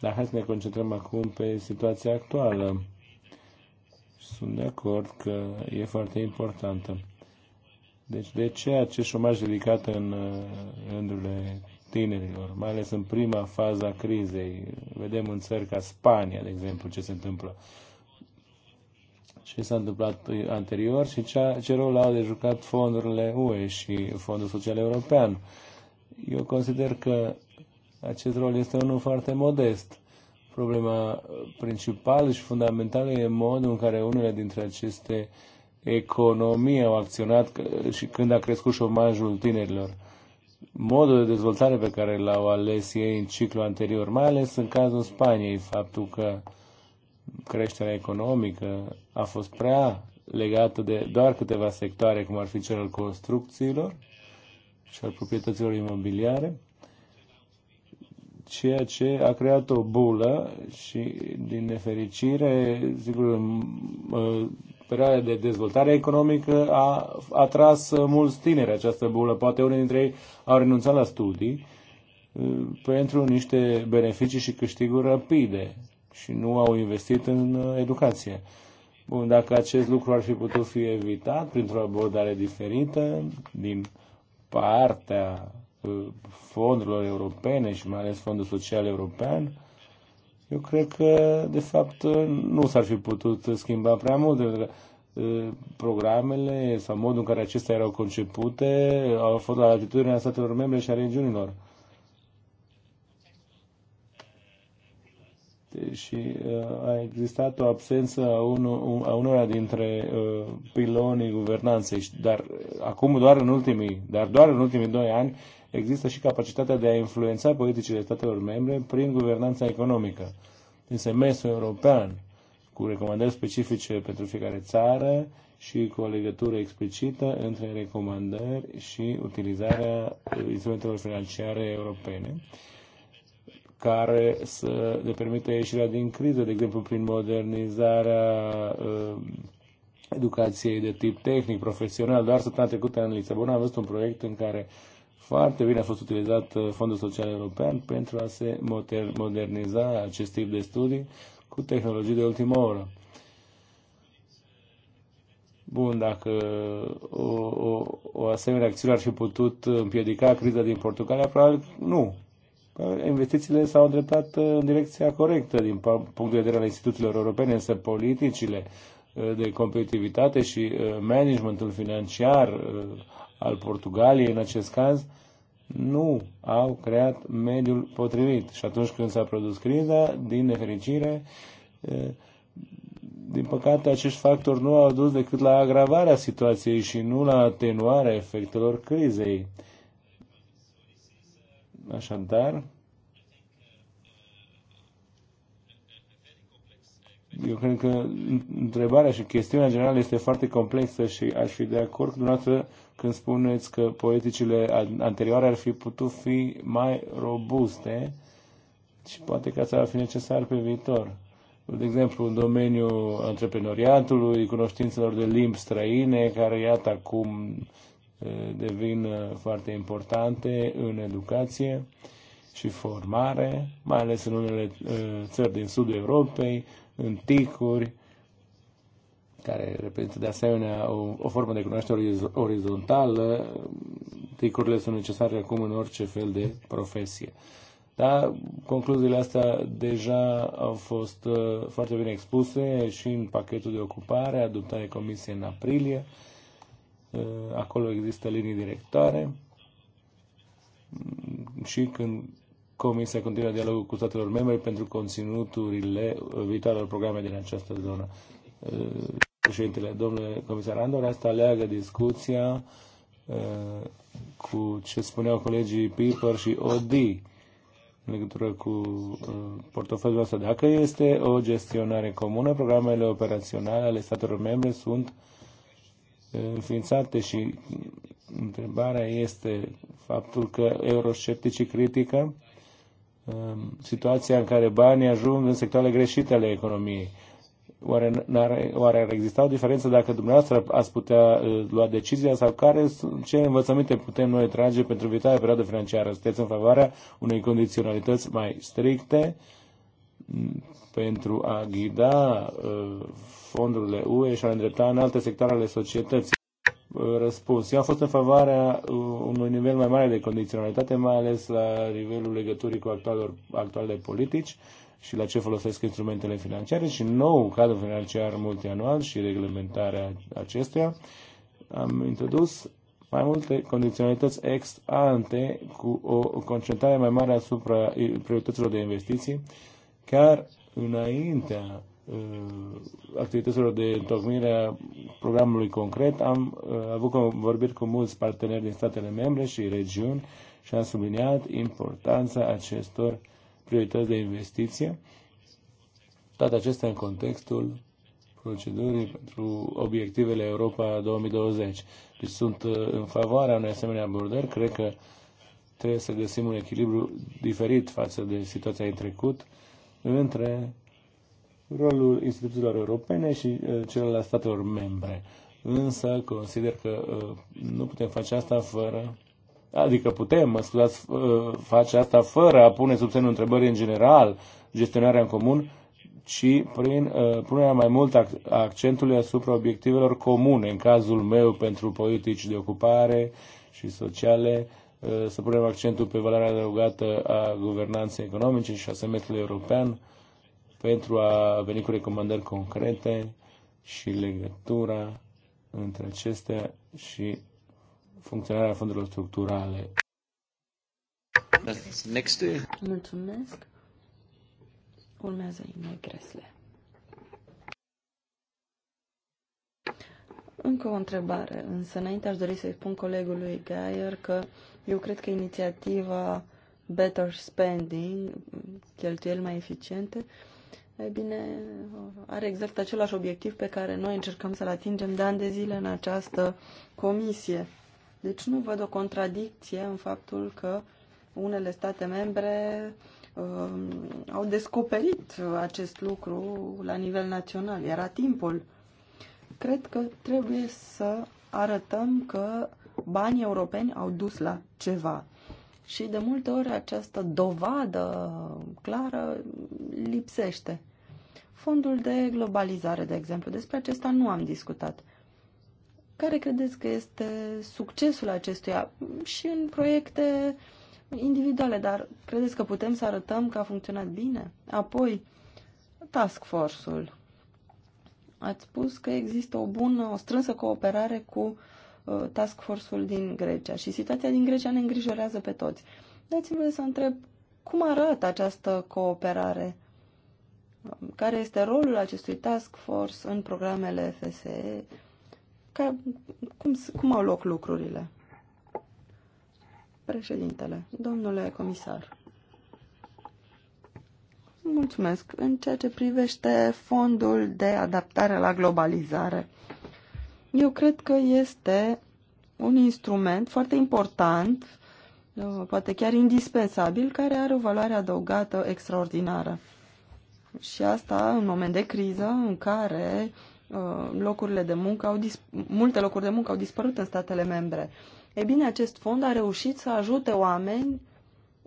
Dar hai să ne concentrăm acum pe situația actuală sunt de acord că e foarte importantă. Deci de ce acest șomaj ridicat în rândurile tinerilor, mai ales în prima fază a crizei? Vedem în țări ca Spania, de exemplu, ce se întâmplă. Ce s-a întâmplat anterior și ce, ce rol au de jucat fondurile UE și Fondul Social European. Eu consider că acest rol este unul foarte modest Problema uh, principală și fundamentală e modul în care unele dintre aceste economii au acționat și când a crescut șomajul tinerilor. Modul de dezvoltare pe care l-au ales ei în ciclu anterior, mai ales în cazul Spaniei, faptul că creșterea economică a fost prea legată de doar câteva sectoare, cum ar fi cel al construcțiilor și al proprietăților imobiliare, ceea ce a creat o bulă și, din nefericire, sigur, perioada de dezvoltare economică a atras mulți tineri această bulă. Poate unii dintre ei au renunțat la studii uh, pentru niște beneficii și câștiguri rapide și nu au investit în uh, educație. Bun, dacă acest lucru ar fi putut fi evitat printr-o abordare diferită din partea fondurilor europene și mai ales Fondul Social European, eu cred că, de fapt, nu s-ar fi putut schimba prea mult. Pentru că programele sau modul în care acestea erau concepute au fost la latitudinea statelor membre și a regiunilor. și uh, a existat o absență a, unu, a unora dintre uh, pilonii guvernanței, dar acum doar în ultimii, dar doar în ultimii doi ani există și capacitatea de a influența politicile statelor membre prin guvernanța economică, din semestrul european, cu recomandări specifice pentru fiecare țară și cu o legătură explicită între recomandări și utilizarea instrumentelor financiare europene care să le permită ieșirea din criză, de exemplu prin modernizarea uh, educației de tip tehnic, profesional. Doar săptămâna trecută în Lisabona am văzut un proiect în care foarte bine a fost utilizat uh, Fondul Social European pentru a se moderniza acest tip de studii cu tehnologii de ultimă oră. Bun, dacă o, o, o asemenea acțiune ar fi putut împiedica criza din Portugalia, probabil nu. Investițiile s-au îndreptat uh, în direcția corectă din punct de vedere al instituțiilor europene, însă politicile uh, de competitivitate și managementul financiar al Portugaliei în acest caz, nu au creat mediul potrivit. Și atunci când s-a produs criza, din nefericire, din păcate, acești factori nu au dus decât la agravarea situației și nu la atenuarea efectelor crizei. Așadar, eu cred că întrebarea și chestiunea generală este foarte complexă și aș fi de acord cu dumneavoastră când spuneți că politicile anterioare ar fi putut fi mai robuste și poate că asta ar fi necesar pe viitor. De exemplu, în domeniul antreprenoriatului, cunoștințelor de limbi străine, care iată acum devin foarte importante în educație și formare, mai ales în unele țări din sudul Europei, în ticuri, care reprezintă de asemenea o, o formă de cunoaștere orizontală. Ticurile sunt necesare acum în orice fel de profesie. Da, concluziile astea deja au fost uh, foarte bine expuse și în pachetul de ocupare adoptat de Comisie în aprilie. Uh, acolo există linii directoare mm, și când Comisia continuă dialogul cu statelor membre pentru conținuturile viitoarelor programe din această zonă. Uh, președintele. Domnule comisar Andor, asta leagă discuția uh, cu ce spuneau colegii Piper și Odi în legătură cu uh, portofelul ăsta. Dacă este o gestionare comună, programele operaționale ale statelor membre sunt eh, înființate și întrebarea este faptul că eurosceptici critică situația în care banii ajung în sectoarele greșite ale economiei. Oare, -ar, oare ar exista o diferență dacă dumneavoastră ați putea uh, lua decizia sau care, ce învățăminte putem noi trage pentru viitoarea perioadă financiară? Sunteți în favoarea unei condiționalități mai stricte mm, pentru a ghida uh, fondurile UE și a îndrepta în alte sectoare ale societății? Uh, răspuns. Eu am fost în favoarea uh, unui nivel mai mare de condiționalitate, mai ales la nivelul legăturii cu actualor, actualele politici, și la ce folosesc instrumentele financiare și nou cadru financiar multianual și reglementarea acestuia, am introdus mai multe condiționalități ex ante cu o concentrare mai mare asupra priorităților de investiții, chiar înaintea uh, activităților de întocmire a programului concret. Am uh, avut vorbiri cu mulți parteneri din statele membre și regiuni și am subliniat importanța acestor priorități de investiție, toate acestea în contextul procedurii pentru obiectivele Europa 2020. Deci sunt uh, în favoarea unei asemenea abordări. Cred că trebuie să găsim un echilibru diferit față de situația în trecut între rolul instituțiilor europene și uh, celălalt statelor membre. Însă consider că uh, nu putem face asta fără Adică putem, mă scuzați, uh, face asta fără a pune sub semnul întrebării în general gestionarea în comun, ci prin uh, punerea mai mult accentului asupra obiectivelor comune, în cazul meu pentru politici de ocupare și sociale, uh, să punem accentul pe valoarea adăugată a guvernanței economice și a semestrului european pentru a veni cu recomandări concrete și legătura între acestea și funcționarea fondurilor structurale. Next. Mulțumesc. Urmează Ina Gresle. Încă o întrebare, însă înainte aș dori să-i spun colegului Gaier că eu cred că inițiativa Better Spending, cheltuieli mai eficiente, e bine, are exact același obiectiv pe care noi încercăm să-l atingem de ani de zile în această comisie. Deci nu văd o contradicție în faptul că unele state membre uh, au descoperit uh, acest lucru la nivel național. Era timpul. Cred că trebuie să arătăm că banii europeni au dus la ceva. Și de multe ori această dovadă clară lipsește. Fondul de globalizare, de exemplu, despre acesta nu am discutat. Care credeți că este succesul acestuia și în proiecte individuale, dar credeți că putem să arătăm că a funcționat bine? Apoi, task force-ul. Ați spus că există o bună, o strânsă cooperare cu uh, task force-ul din Grecia și situația din Grecia ne îngrijorează pe toți. Dați-mi voie să întreb cum arată această cooperare? Care este rolul acestui task force în programele FSE? ca, cum, cum au loc lucrurile? Președintele, domnule comisar, mulțumesc. În ceea ce privește fondul de adaptare la globalizare, eu cred că este un instrument foarte important, uh, poate chiar indispensabil, care are o valoare adăugată extraordinară. Și asta în moment de criză în care Uh, locurile de muncă au multe locuri de muncă au dispărut în statele membre. E bine, acest fond a reușit să ajute oameni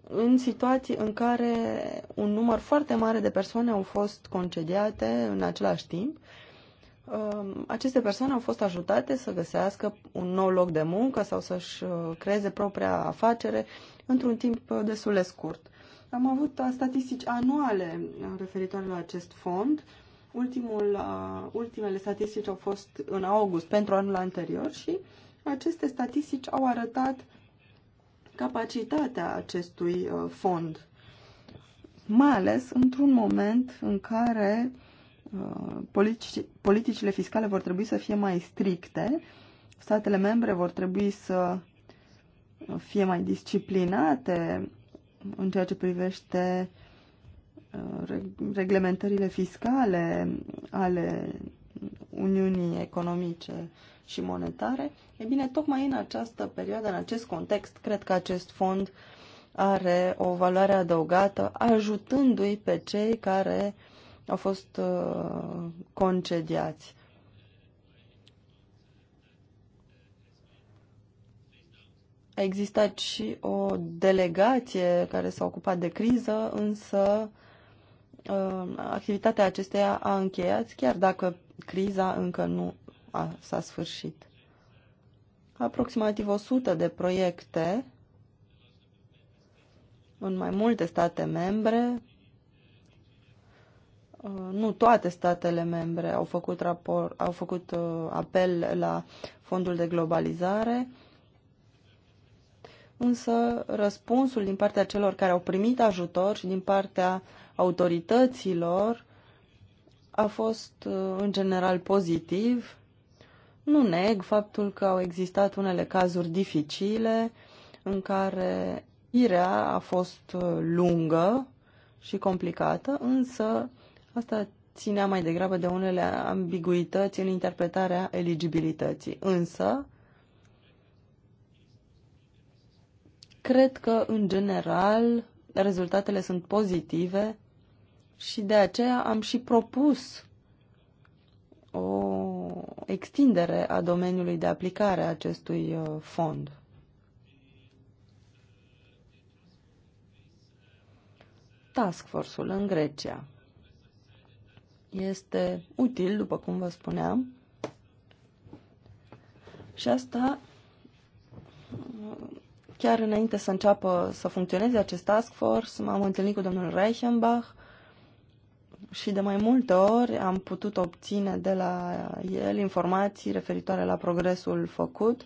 în situații în care un număr foarte mare de persoane au fost concediate în același timp. Uh, aceste persoane au fost ajutate să găsească un nou loc de muncă sau să-și uh, creeze propria afacere într-un timp destul de scurt. Am avut statistici anuale referitoare la acest fond Ultimul, uh, ultimele statistici au fost în august pentru anul anterior și aceste statistici au arătat capacitatea acestui uh, fond, mai ales într-un moment în care uh, politici, politicile fiscale vor trebui să fie mai stricte, statele membre vor trebui să fie mai disciplinate în ceea ce privește reglementările fiscale ale Uniunii Economice și Monetare, e bine, tocmai în această perioadă, în acest context, cred că acest fond are o valoare adăugată, ajutându-i pe cei care au fost uh, concediați. A existat și o delegație care s-a ocupat de criză, însă uh, Uh, activitatea acesteia a încheiat, chiar dacă criza încă nu a, s-a sfârșit. Aproximativ 100 de proiecte în mai multe state membre. Uh, nu toate statele membre au făcut, raport au făcut uh, apel la fondul de globalizare, însă răspunsul din partea celor care au primit ajutor și din partea autorităților a fost uh, în general pozitiv. Nu neg faptul că au existat unele cazuri dificile în care irea a fost uh, lungă și complicată, însă asta ținea mai degrabă de unele ambiguități în interpretarea eligibilității. Însă, cred că, în general, rezultatele sunt pozitive și de aceea am și propus o extindere a domeniului de aplicare a acestui uh, fond. Task Force-ul în Grecia este util, după cum vă spuneam, și asta uh, Chiar înainte să înceapă să funcționeze acest task force, m-am întâlnit cu domnul Reichenbach și de mai multe ori am putut obține de la el informații referitoare la progresul făcut.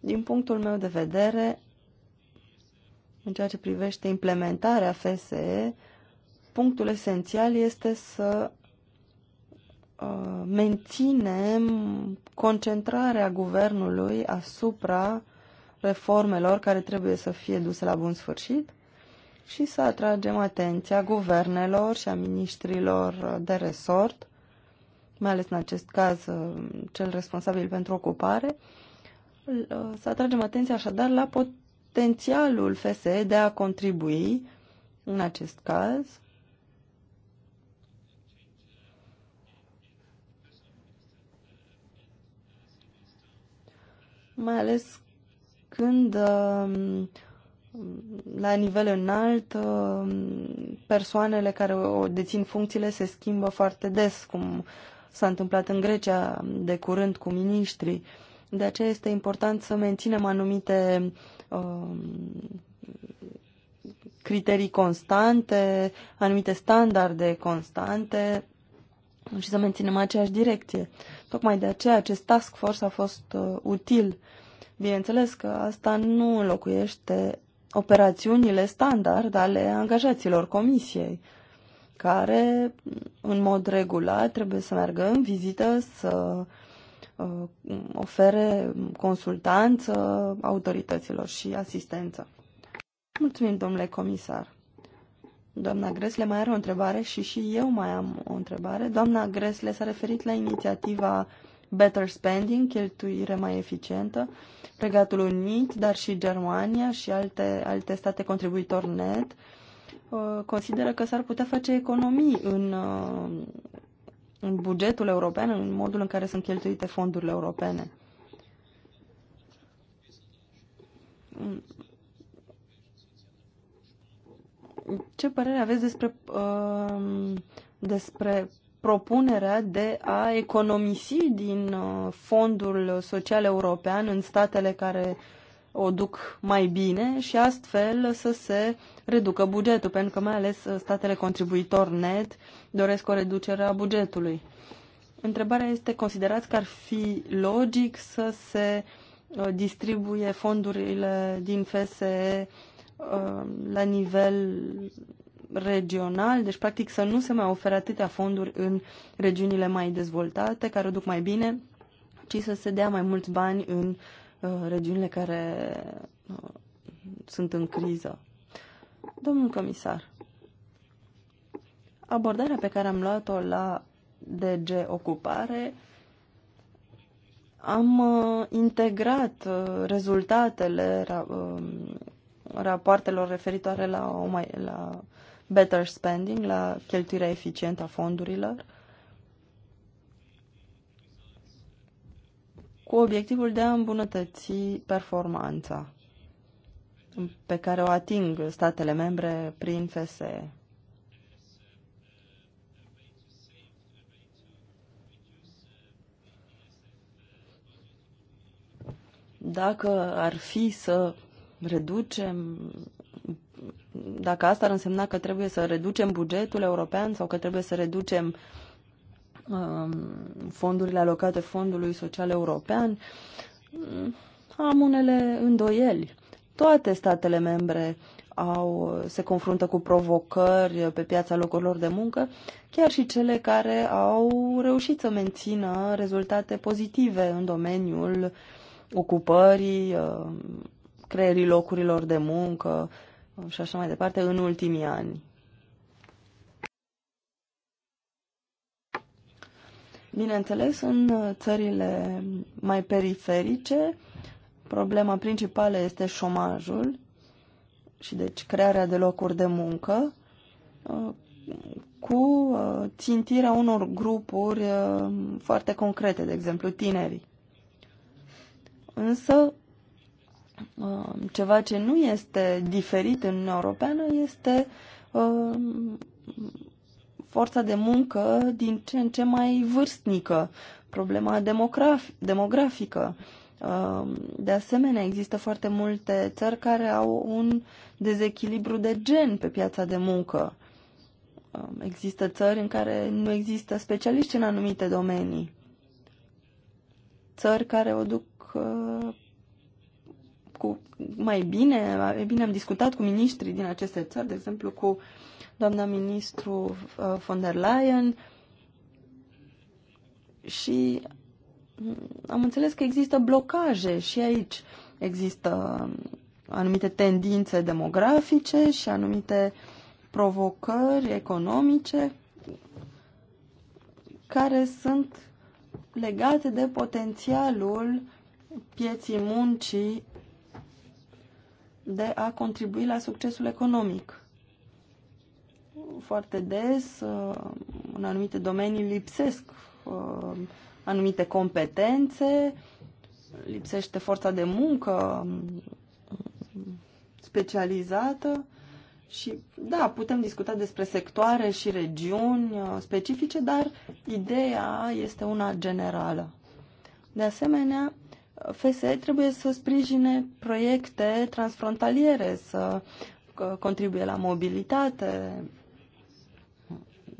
Din punctul meu de vedere, în ceea ce privește implementarea FSE, punctul esențial este să uh, menținem concentrarea guvernului asupra reformelor care trebuie să fie duse la bun sfârșit și să atragem atenția guvernelor și a ministrilor de resort, mai ales în acest caz uh, cel responsabil pentru ocupare, uh, să atragem atenția așadar la potențialul FSE de a contribui în acest caz mai ales când um, la nivel înalt um, persoanele care o dețin funcțiile se schimbă foarte des, cum s-a întâmplat în Grecia de curând cu miniștrii. De aceea este important să menținem anumite um, criterii constante, anumite standarde constante și să menținem aceeași direcție. Tocmai de aceea acest task force a fost uh, util uh, Bineînțeles că asta nu înlocuiește operațiunile standard ale angajaților comisiei, care, în mod regulat, trebuie să meargă în vizită, să uh, ofere consultanță autorităților și asistență. Mulțumim, domnule comisar. Doamna Gresle mai are o întrebare și și eu mai am o întrebare. Doamna Gresle s-a referit la inițiativa Better Spending, cheltuire mai eficientă, Regatul Unit, dar și Germania și alte, alte state contribuitor net, uh, consideră că s-ar putea face economii în, uh, în bugetul european, în modul în care sunt cheltuite fondurile europene. Ce părere aveți despre, uh, despre propunerea de a economisi din uh, fondul social european în statele care o duc mai bine și astfel să se reducă bugetul, pentru că mai ales uh, statele contribuitor net doresc o reducere a bugetului. Întrebarea este, considerați că ar fi logic să se uh, distribuie fondurile din FSE la nivel regional, deci practic să nu se mai ofere atâtea fonduri în regiunile mai dezvoltate, care o duc mai bine, ci să se dea mai mulți bani în uh, regiunile care uh, sunt în criză. Domnul comisar, abordarea pe care am luat-o la DG Ocupare am uh, integrat rezultatele um, rapoartelor referitoare la, o mai, la better spending, la cheltuirea eficientă a fondurilor, cu obiectivul de a îmbunătăți performanța pe care o ating statele membre prin FSE. Dacă ar fi să reducem dacă asta ar însemna că trebuie să reducem bugetul european sau că trebuie să reducem um, fondurile alocate Fondului Social European, mm, am unele îndoieli. Toate statele membre au, se confruntă cu provocări pe piața locurilor de muncă, chiar și cele care au reușit să mențină rezultate pozitive în domeniul ocupării, uh, creierii locurilor de muncă, și așa mai departe în ultimii ani. Bineînțeles, în țările mai periferice, problema principală este șomajul și deci crearea de locuri de muncă uh, cu uh, țintirea unor grupuri uh, foarte concrete, de exemplu tinerii. Însă Um, ceva ce nu este diferit în Uniunea Europeană este um, forța de muncă din ce în ce mai vârstnică, problema demograf- demografică. Um, de asemenea, există foarte multe țări care au un dezechilibru de gen pe piața de muncă. Există țări în care nu există specialiști în anumite domenii. Țări care o duc uh, cu mai bine. Mai bine am discutat cu miniștrii din aceste țări, de exemplu cu doamna ministru uh, von der Leyen și mm, am înțeles că există blocaje și aici. Există um, anumite tendințe demografice și anumite provocări economice care sunt legate de potențialul pieții muncii de a contribui la succesul economic. Foarte des, uh, în anumite domenii, lipsesc uh, anumite competențe, lipsește forța de muncă um, specializată și, da, putem discuta despre sectoare și regiuni uh, specifice, dar ideea este una generală. De asemenea, FSE trebuie să sprijine proiecte transfrontaliere, să uh, contribuie la mobilitate,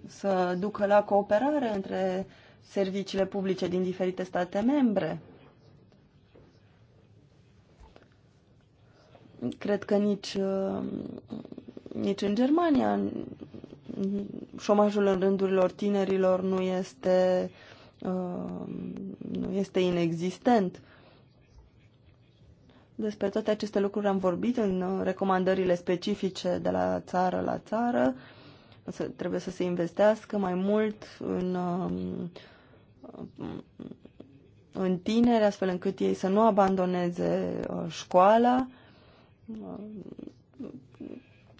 să ducă la cooperare între serviciile publice din diferite state membre. Cred că nici, uh, nici în Germania șomajul în rândurilor tinerilor nu este, uh, nu este inexistent. Despre toate aceste lucruri am vorbit în uh, recomandările specifice de la țară la țară. Să, trebuie să se investească mai mult în, uh, în tineri, astfel încât ei să nu abandoneze uh, școala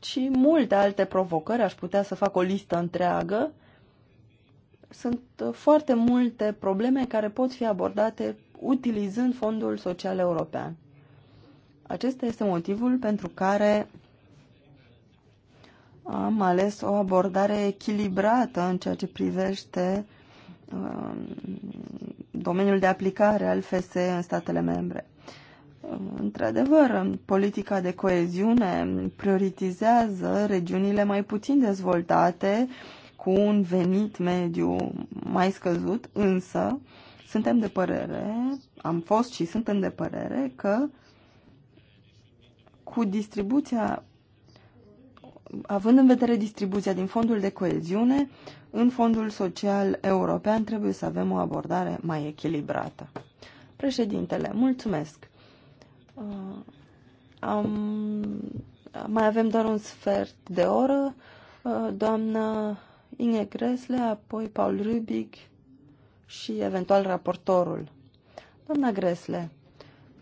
și multe alte provocări. Aș putea să fac o listă întreagă. Sunt foarte multe probleme care pot fi abordate utilizând Fondul Social European. Acesta este motivul pentru care am ales o abordare echilibrată în ceea ce privește um, domeniul de aplicare al FSE în statele membre. Într-adevăr, politica de coeziune prioritizează regiunile mai puțin dezvoltate, cu un venit mediu mai scăzut, însă suntem de părere, am fost și suntem de părere că uh, cu distribuția, având în vedere distribuția din fondul de coeziune, în fondul social european trebuie să avem o abordare mai echilibrată. Președintele, mulțumesc. Uh, am, mai avem doar un sfert de oră. Uh, doamna Inge Gresle, apoi Paul Rubic și eventual raportorul. Doamna Gresle,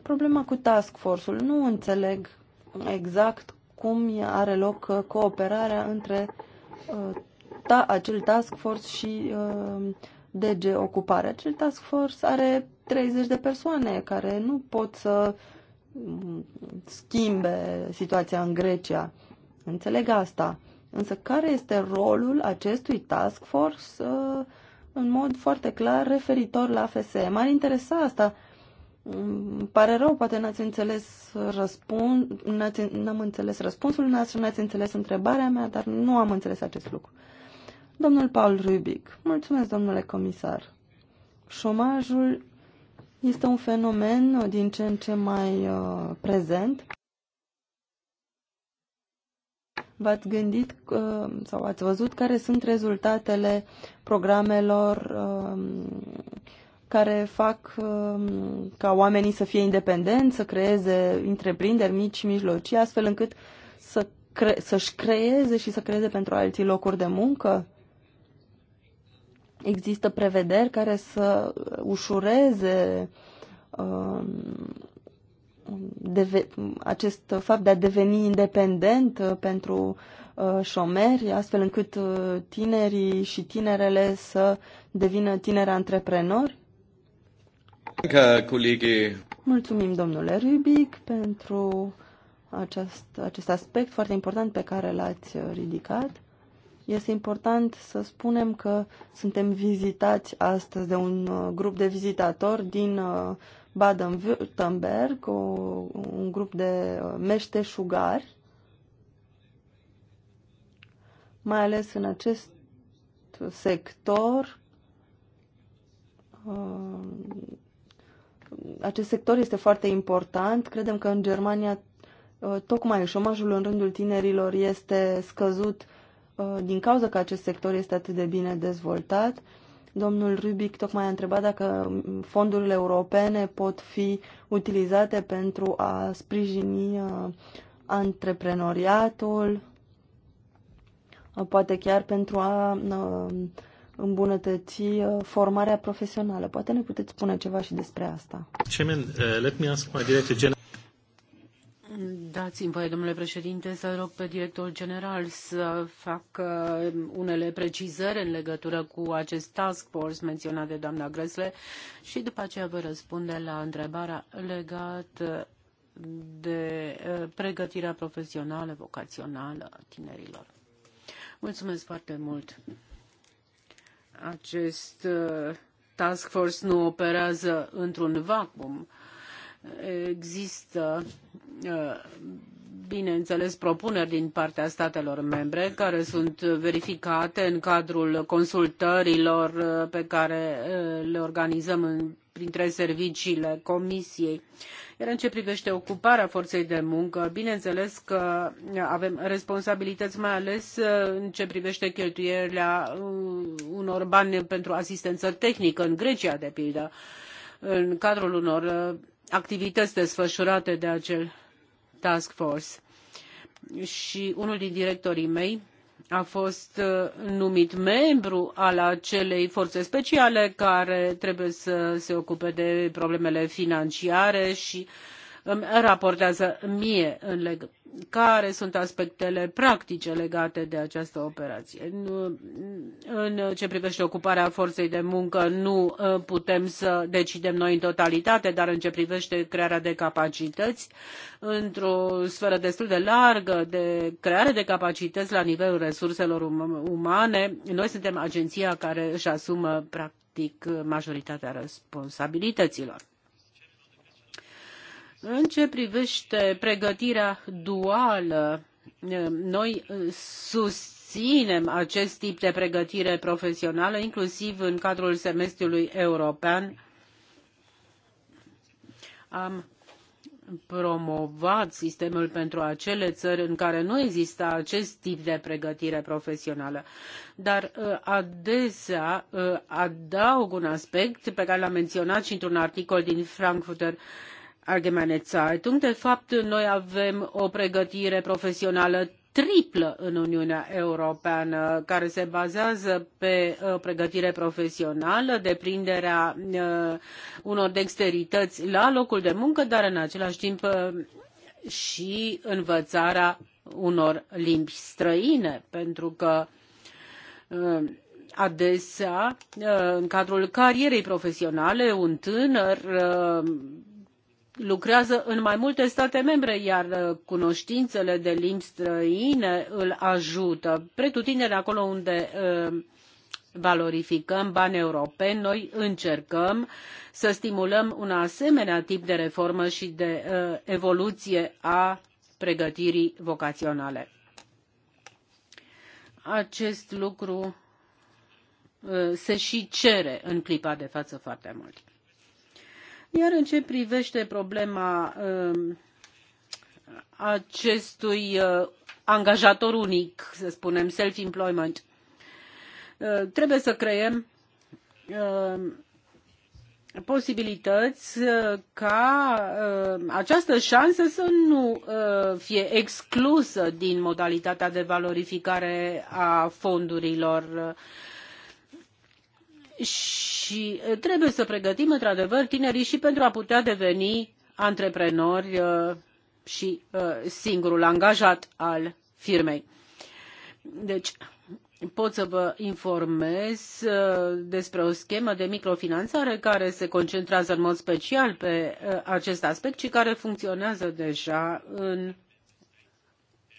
problema cu task force-ul, nu înțeleg exact cum are loc uh, cooperarea între uh, ta, acel task force și uh, DG Ocupare. Acel task force are 30 de persoane care nu pot să mm, schimbe situația în Grecia. Înțeleg asta. Însă care este rolul acestui task force în mod foarte clar referitor la FSE? M-ar interesa asta îmi pare rău, poate n-ați înțeles răspun, n-am înțeles răspunsul noastră, n-ați înțeles întrebarea mea, dar nu am înțeles acest lucru. Domnul Paul Rubic, mulțumesc, domnule comisar. Șomajul este un fenomen din ce în ce mai uh, prezent. V-ați gândit uh, sau ați văzut care sunt rezultatele programelor uh, care fac um, ca oamenii să fie independenți, să creeze întreprinderi mici și mijlocii, astfel încât să cre- să-și creeze și să creeze pentru alții locuri de muncă? Există prevederi care să ușureze uh, deve- acest fapt de a deveni independent uh, pentru uh, șomeri, astfel încât uh, tinerii și tinerele să devină tineri antreprenori? Mulțumim, domnule Rubic, pentru acest, acest aspect foarte important pe care l-ați ridicat. Este important să spunem că suntem vizitați astăzi de un uh, grup de vizitatori din uh, Baden-Württemberg, un grup de uh, meșteșugari, mai ales în acest sector acest sector este foarte important. Credem că în Germania uh, tocmai șomajul în rândul tinerilor este scăzut uh, din cauza că acest sector este atât de bine dezvoltat. Domnul Rubic tocmai a întrebat dacă fondurile europene pot fi utilizate pentru a sprijini uh, antreprenoriatul, poate chiar pentru a îmbunătăți uh, formarea profesională. Poate ne puteți spune ceva și despre asta. Chairman, uh, let me ask my director general. Dați-mi voie, domnule președinte, să rog pe directorul general să facă unele precizări în legătură cu acest task force menționat de doamna Gresle și după aceea vă răspunde la întrebarea legată de uh, pregătirea profesională, vocațională a tinerilor. Mulțumesc foarte mult! acest uh, task force nu operează într-un vacuum. Există, uh, bineînțeles, propuneri din partea statelor membre care sunt verificate în cadrul consultărilor uh, pe care le organizăm în printre serviciile Comisiei. Iar în ceea ce privește ocuparea forței de muncă, bineînțeles că avem responsabilități, mai ales uh, în ceea ce privește cheltuielile uh, unor bani pentru asistență tehnică în Grecia, de pildă, în cadrul unor uh, activități desfășurate de acel task force. Și unul din directorii mei a fost uh, numit membru al acelei forțe speciale care trebuie să se ocupe de problemele financiare și uh, îmi raportează mie care sunt aspectele practice legate de această operație. În ce privește ocuparea forței de muncă, nu ă, putem să decidem noi în totalitate, dar în ce privește crearea de capacități, într-o sferă destul de largă de creare de capacități la nivelul resurselor um-, umane, noi suntem agenția care își asumă practic majoritatea responsabilităților. În ce privește pregătirea duală, noi susținem acest tip de pregătire profesională, inclusiv în cadrul semestrului european. Am promovat sistemul pentru acele țări în care nu exista acest tip de pregătire profesională. Dar adesea adaug un aspect pe care l-am menționat și într-un articol din Frankfurter Allgemeine Zeitung. De fapt, noi avem o pregătire profesională triplă în Uniunea Europeană, care se bazează pe uh, pregătire profesională, deprinderea uh, unor dexterități la locul de muncă, dar în același timp uh, și învățarea unor limbi străine, pentru că adesea, în cadrul carierei profesionale, un tânăr lucrează în mai multe state membre, iar uh, cunoștințele de limbi străine îl ajută. Pretutindeni acolo unde uh, valorificăm bani europeni, noi încercăm să stimulăm un asemenea tip de reformă și de uh, evoluție a pregătirii vocaționale. Acest lucru se și cere în clipa de față foarte mult. Iar în ce privește problema um, acestui uh, angajator unic, să spunem, self-employment, uh, trebuie să creăm um, posibilități uh, ca um, această șansă să nu fie exclusă din modalitatea de valorificare a fondurilor și trebuie să pregătim într-adevăr tinerii și pentru a putea deveni antreprenori și singurul angajat al firmei. Deci, pot să vă informez despre o schemă de microfinanțare care se concentrează în mod special pe acest aspect și care funcționează deja în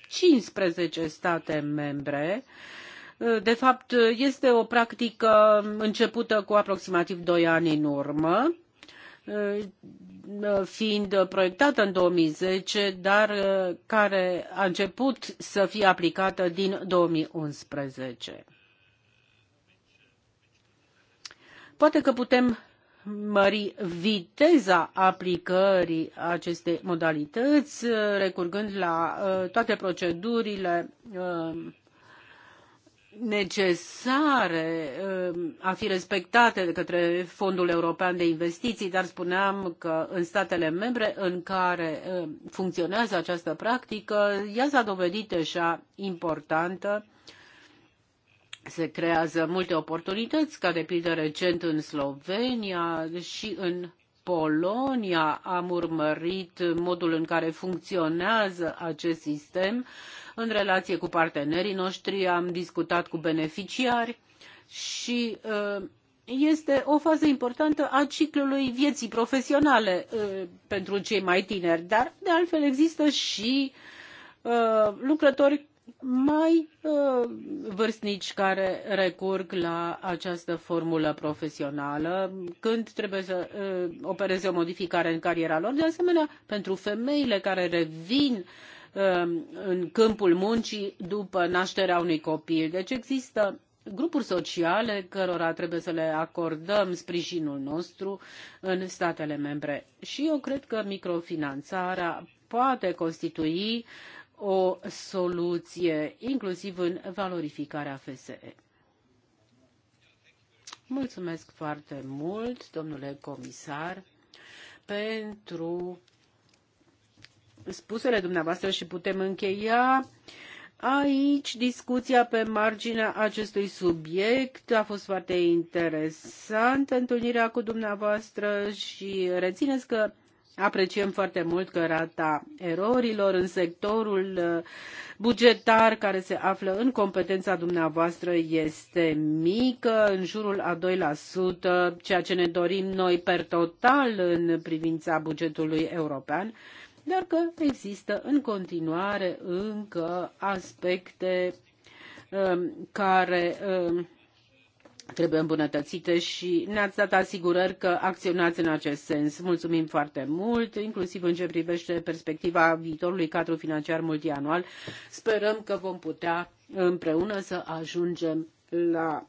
15 state membre. Uh, de fapt, este o practică începută cu aproximativ doi ani în urmă, fiind proiectată în 2010, dar care a început să fie aplicată din 2011. Poate că putem mări viteza aplicării acestei modalități, recurgând la uh, toate procedurile uh, necesare um, a fi respectate de către Fondul European de Investiții, dar spuneam că în statele membre în care um, funcționează această practică, ea s-a dovedit deja importantă. Se creează multe oportunități, ca de pildă recent în Slovenia și în Polonia am urmărit modul în care funcționează acest sistem în relație cu partenerii noștri, am discutat cu beneficiari și uh, este o fază importantă a ciclului vieții profesionale uh, pentru cei mai tineri, dar de altfel există și uh, lucrători mai uh, vârstnici care recurg la această formulă profesională când trebuie să uh, opereze o modificare în cariera lor. De asemenea, pentru femeile care revin uh, în câmpul muncii după nașterea unui copil. Deci există grupuri sociale cărora trebuie să le acordăm sprijinul nostru în statele membre. Și eu cred că microfinanțarea poate constitui o soluție, inclusiv în valorificarea FSE. Mulțumesc foarte mult, domnule comisar, pentru spusele dumneavoastră și putem încheia aici discuția pe marginea acestui subiect. A fost foarte interesantă întâlnirea cu dumneavoastră și rețineți că Apreciem foarte mult că rata erorilor în sectorul uh, bugetar care se află în competența dumneavoastră este mică, în jurul a 2%, ceea ce ne dorim noi per total în privința bugetului european, dar că există în continuare încă aspecte um, care um, trebuie îmbunătățite și ne-ați dat asigurări că acționați în acest sens. Mulțumim foarte mult, inclusiv în ce privește perspectiva viitorului cadru financiar multianual. Sperăm că vom putea împreună să ajungem la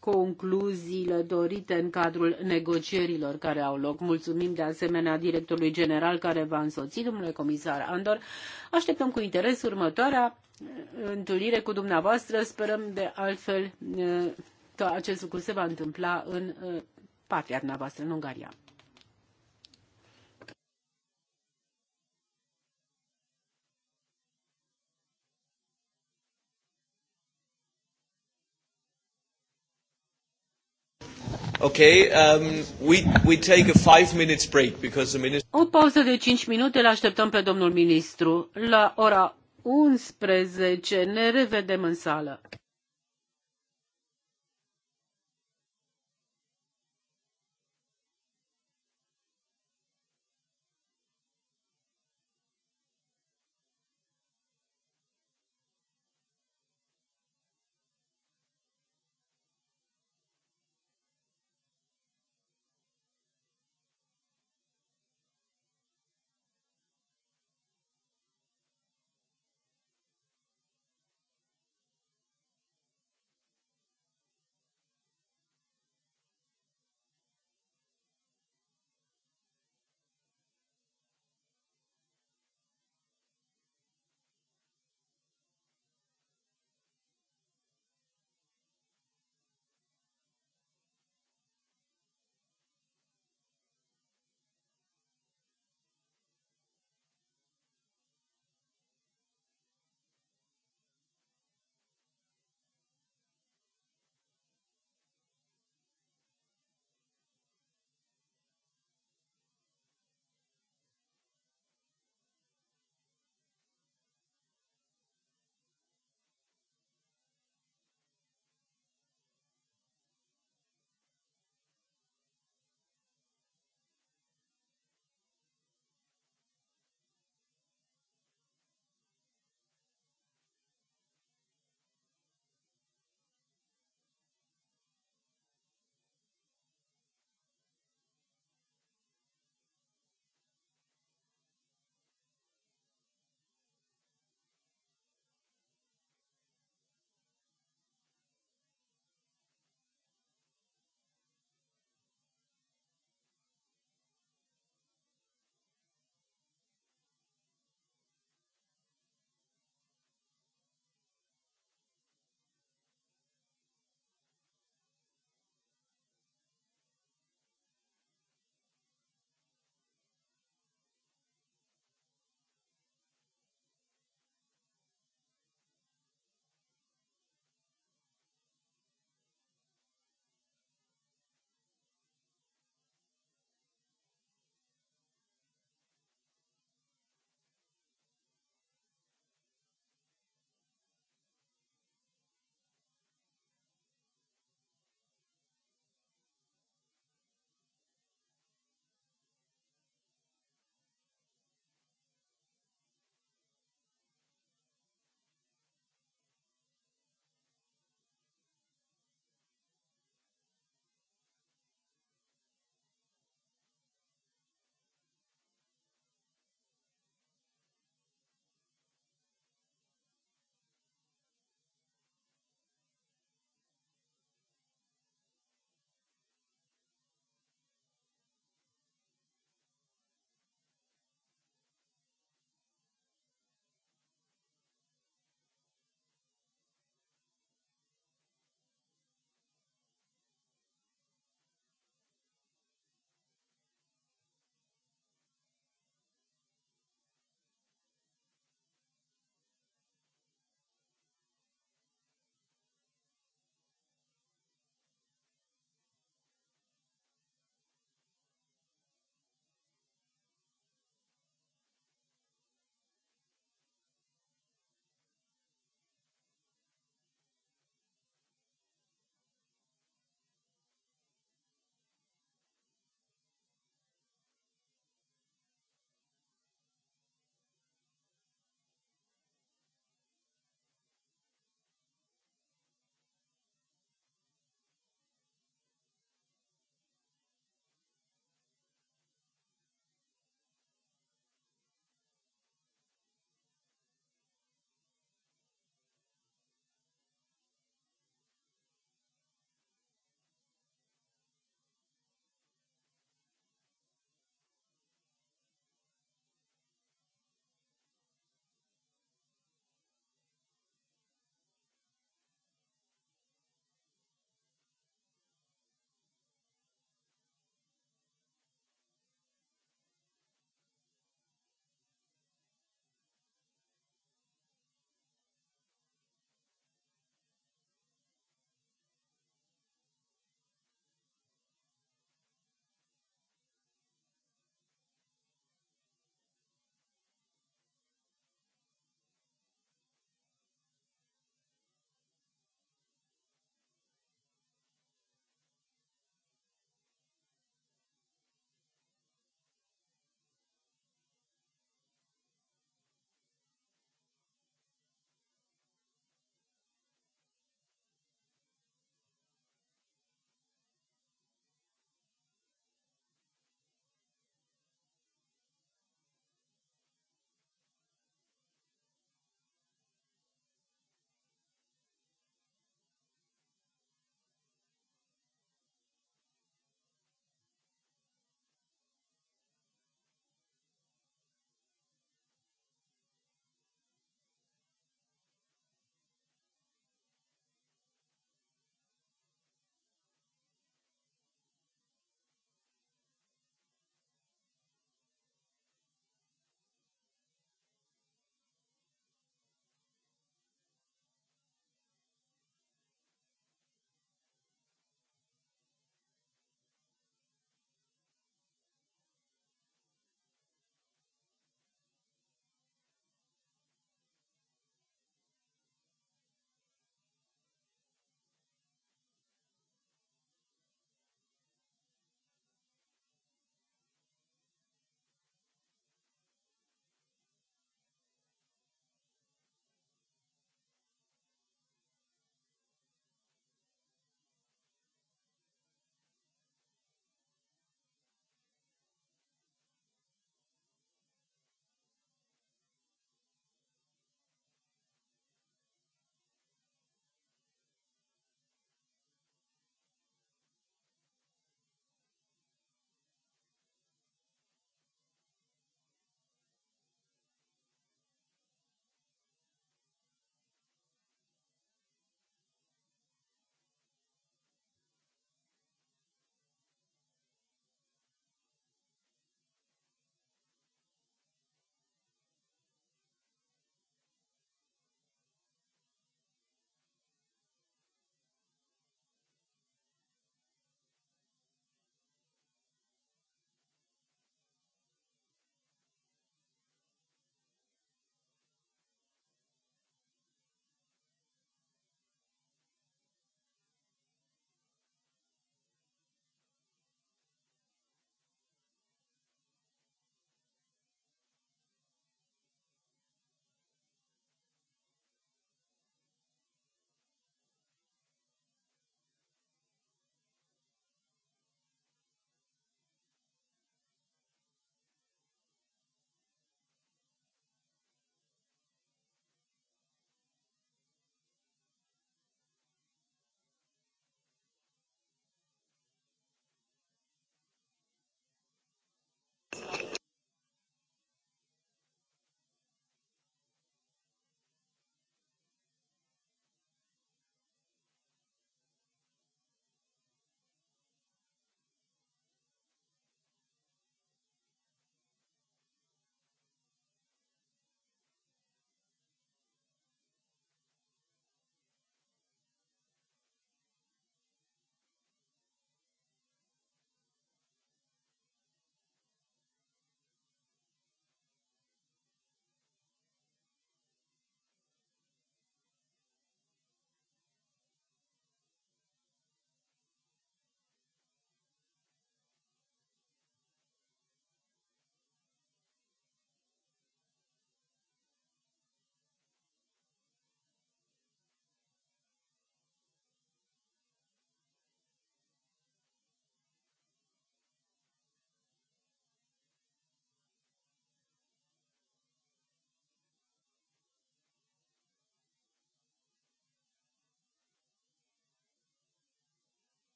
concluziile dorite în cadrul negocierilor care au loc. Mulțumim de asemenea directorului general care va însoți, domnule comisar Andor. Așteptăm cu interes următoarea întâlnire cu dumneavoastră. Sperăm de altfel că acest lucru se va întâmpla în uh, patria dumneavoastră, în Ungaria. Okay, um, we, we take a five minutes break because the minister... O pauză de 5 minute, îl așteptăm pe domnul ministru. La ora 11 ne revedem în sală.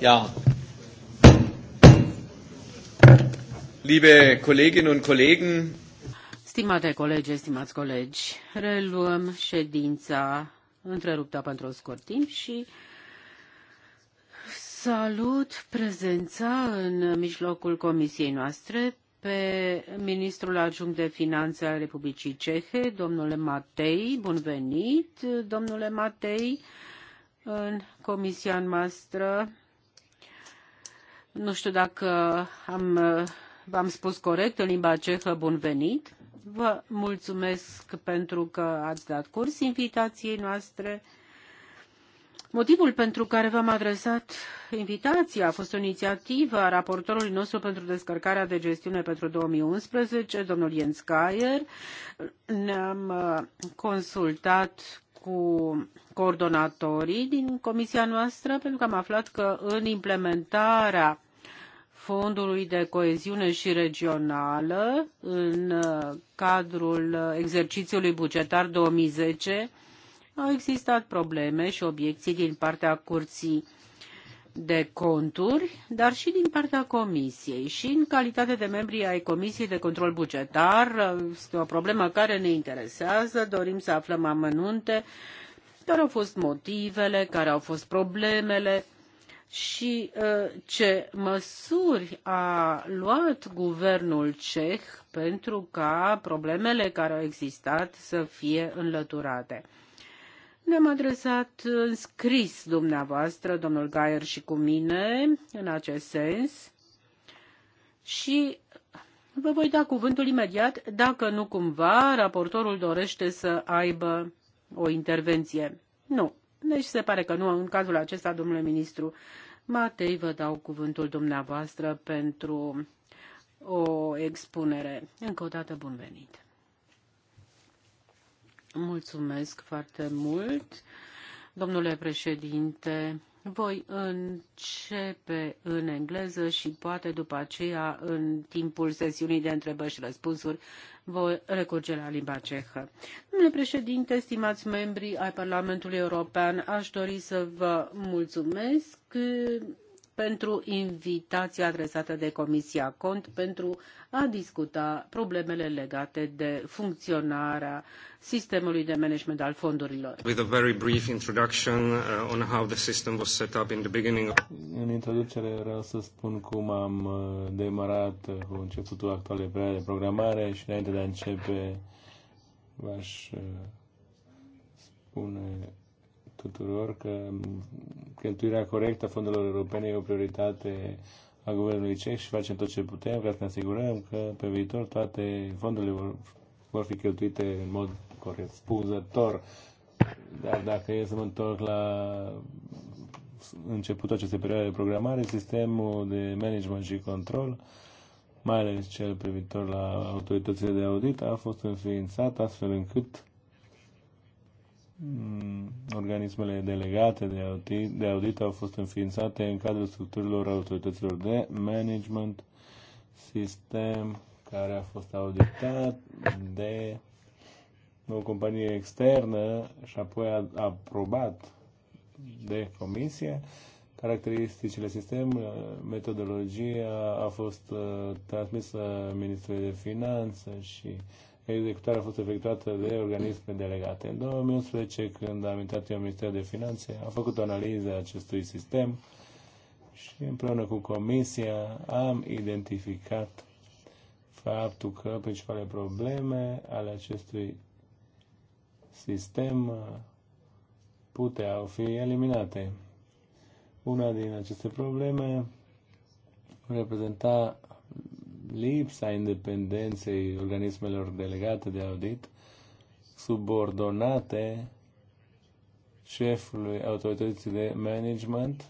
Ja. Liebe Kolleginnen und Kollegen, Stimate colegi, stimați colegi, reluăm ședința întreruptă pentru un scurt timp și salut prezența în mijlocul comisiei noastre pe ministrul adjunct de finanțe al Republicii Cehe, domnule Matei. Bun venit, domnule Matei, în comisia noastră nu știu dacă am, v-am spus corect în limba cehă, bun venit. Vă mulțumesc pentru că ați dat curs invitației noastre Motivul pentru care v-am adresat invitația a fost o inițiativă a raportorului nostru pentru descărcarea de gestiune pentru 2011, domnul Jens Geier. Ne-am uh, consultat cu coordonatorii din comisia noastră pentru că am aflat că în implementarea fondului de coeziune și regională în uh, cadrul uh, exercițiului bugetar 2010 au existat probleme și obiecții din partea curții de conturi, dar și din partea Comisiei. Și în calitate de membri ai Comisiei de Control Bugetar, este o problemă care ne interesează, dorim să aflăm amănunte, care au fost motivele, care au fost problemele și uh, ce măsuri a luat guvernul ceh pentru ca problemele care au existat să fie înlăturate. Le-am adresat în scris dumneavoastră, domnul Gaier și cu mine, în acest sens. Și vă voi da cuvântul imediat, dacă nu cumva raportorul dorește să aibă o intervenție. Nu. Deci se pare că nu, în cazul acesta, domnule ministru Matei, vă dau cuvântul dumneavoastră pentru o expunere. Încă o dată, bun venit! Mulțumesc foarte mult. Domnule președinte, voi începe în engleză și poate după aceea, în timpul sesiunii de întrebări și răspunsuri, voi recurge la limba cehă. Domnule președinte, stimați membri ai Parlamentului European, aș dori să vă mulțumesc pentru invitația adresată de Comisia Cont pentru a discuta problemele legate de funcționarea sistemului de management al fondurilor. With a very brief introduction uh, on how the system was set up in the beginning. În introducere vreau să spun cum am uh, demarat uh, cu începutul actual de programare și înainte de a începe v-aș spune tuturor că cheltuirea corectă a fondurilor europene e o prioritate a guvernului cec și facem tot ce putem vreau să ne asigurăm că pe viitor toate fondurile vor, vor fi cheltuite în mod corespunzător. Dar dacă e să mă întorc la începutul acestei perioade de programare, sistemul de management și control, mai ales cel privitor la autoritățile de audit, a fost înființat astfel încât Mm, organismele delegate de audit, de audit au fost înființate în cadrul structurilor autorităților de management, sistem care a fost auditat de o companie externă și apoi aprobat de comisie. Caracteristicile sistem, metodologia a fost uh, transmisă Ministrului de Finanțe și executarea a fost efectuată de organisme delegate. În 2011, când am intrat eu în Ministerul de Finanțe, am făcut o analiză a acestui sistem și împreună cu Comisia am identificat faptul că principalele probleme ale acestui sistem puteau fi eliminate. Una din aceste probleme reprezenta lipsa independenței organismelor delegate de audit, subordonate șefului autorității de management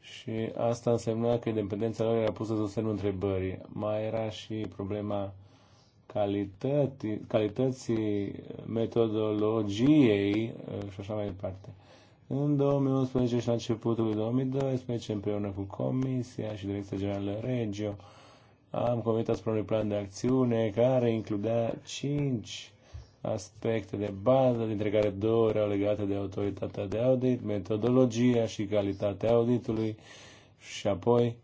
și asta însemna că independența lor era pusă sub semnul întrebării. Mai era și problema calității, calității metodologiei uh, și așa mai departe. În 2011 și la începutul 2012, împreună cu Comisia și Direcția Generală Regio, am comitat asupra unui plan de acțiune care includea cinci aspecte de bază, dintre care două erau legate de autoritatea de audit, metodologia și calitatea auditului și apoi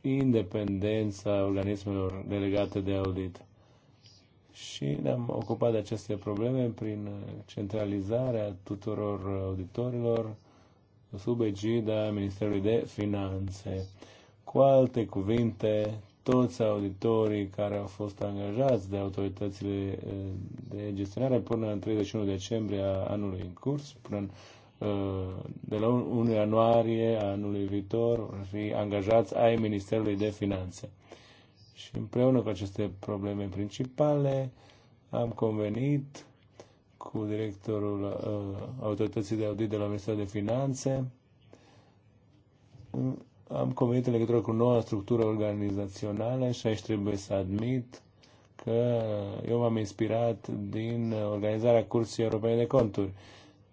independența organismelor delegate de audit și ne-am ocupat de aceste probleme prin centralizarea tuturor auditorilor sub egida Ministerului de Finanțe. Cu alte cuvinte, toți auditorii care au fost angajați de autoritățile eh, de gestionare până în 31 decembrie a anului în curs, până în, eh, de la 1 ianuarie a anului viitor, vor fi angajați ai Ministerului de Finanțe. Și împreună cu aceste probleme principale am convenit cu directorul uh, Autorității de Audit de la Ministerul de Finanțe. Mm, am convenit în legătură cu noua structură organizațională și aici trebuie să admit că eu m-am inspirat din organizarea Cursului Europene de Conturi.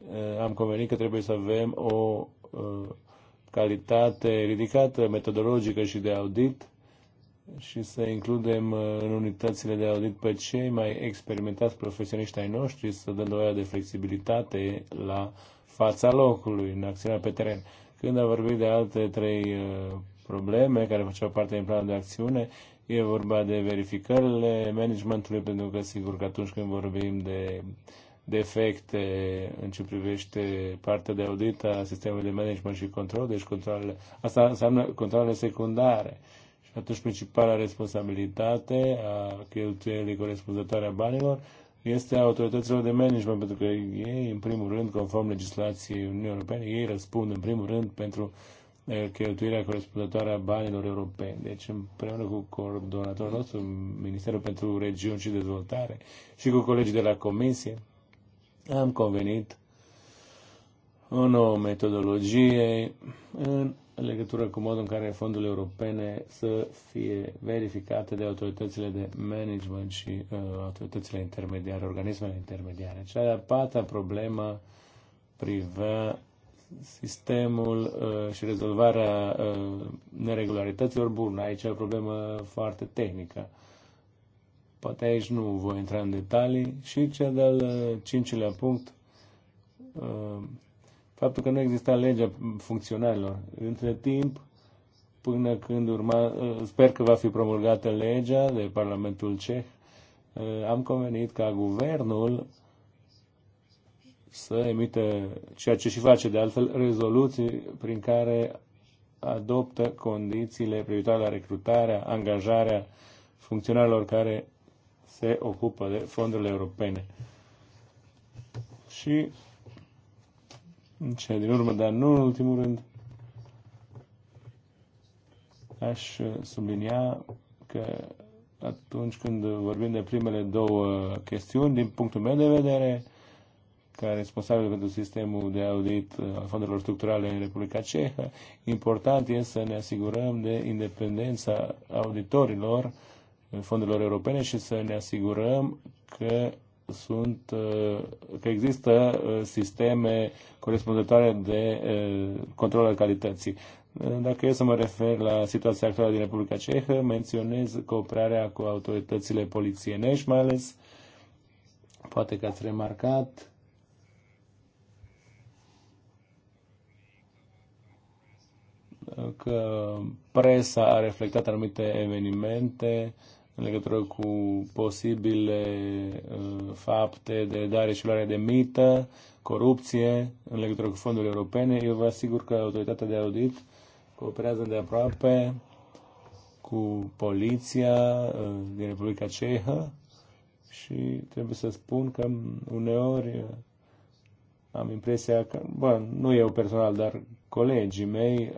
Uh, am convenit că trebuie să avem o uh, calitate ridicată metodologică și de audit și să includem uh, în unitățile de audit pe cei mai experimentați profesioniști ai noștri, să dăm dovadă de flexibilitate la fața locului, în acțiunea pe teren. Când am vorbit de alte trei uh, probleme care făceau parte din planul de acțiune, e vorba de verificările managementului, pentru că sigur că atunci când vorbim de defecte în ce privește partea de audit a sistemului de management și control, deci controlele, asta înseamnă controlele secundare. Uh, atunci principala responsabilitate a cheltuielii corespunzătoare a banilor este a autorităților de management, pentru că ei, în primul rând, conform legislației Uniunii Europene, ei răspund, în primul rând, pentru eh, cheltuirea corespunzătoare a banilor europeni. Deci, împreună cu coordonatorul nostru, Ministerul pentru Regiuni și Dezvoltare, și cu colegii de la Comisie, am convenit o nouă metodologie în în legătură cu modul în care fondurile europene să fie verificate de autoritățile de management și uh, autoritățile intermediare, organismele intermediare. Cea de-a patra problemă privea sistemul uh, și rezolvarea uh, neregularităților. Bun, aici e o problemă foarte tehnică. Poate aici nu voi intra în detalii. Și cel de-al uh, cincilea punct, uh, faptul că nu exista legea funcționarilor. Între timp, până când urma, uh, sper că va fi promulgată legea de Parlamentul Ceh, uh, am convenit ca guvernul să emite ceea ce și face de altfel rezoluții prin care adoptă condițiile privitoare la recrutarea, angajarea funcționarilor care se ocupă de fondurile europene. Și în cea din urmă, dar nu în ultimul rând, aș uh, sublinia că atunci când vorbim de primele două chestiuni, din punctul meu de vedere, ca responsabil pentru sistemul de audit uh, al fondurilor structurale în Republica Cehă, important este să ne asigurăm de independența auditorilor uh, fondurilor europene și să ne asigurăm că sunt, uh, că există uh, sisteme corespunzătoare de uh, control al calității. Dacă eu să mă refer la situația actuală din Republica Cehă, menționez cooperarea cu autoritățile polițienești, mai ales, poate că ați remarcat, că presa a reflectat anumite evenimente uh, în legătură cu posibile uh, fapte de dare și luare de mită, corupție, în legătură cu fondurile europene. Eu vă asigur că autoritatea de audit cooperează de aproape cu poliția uh, din Republica Cehă și trebuie să spun că uneori uh, am impresia că, bă, nu eu personal, dar colegii mei,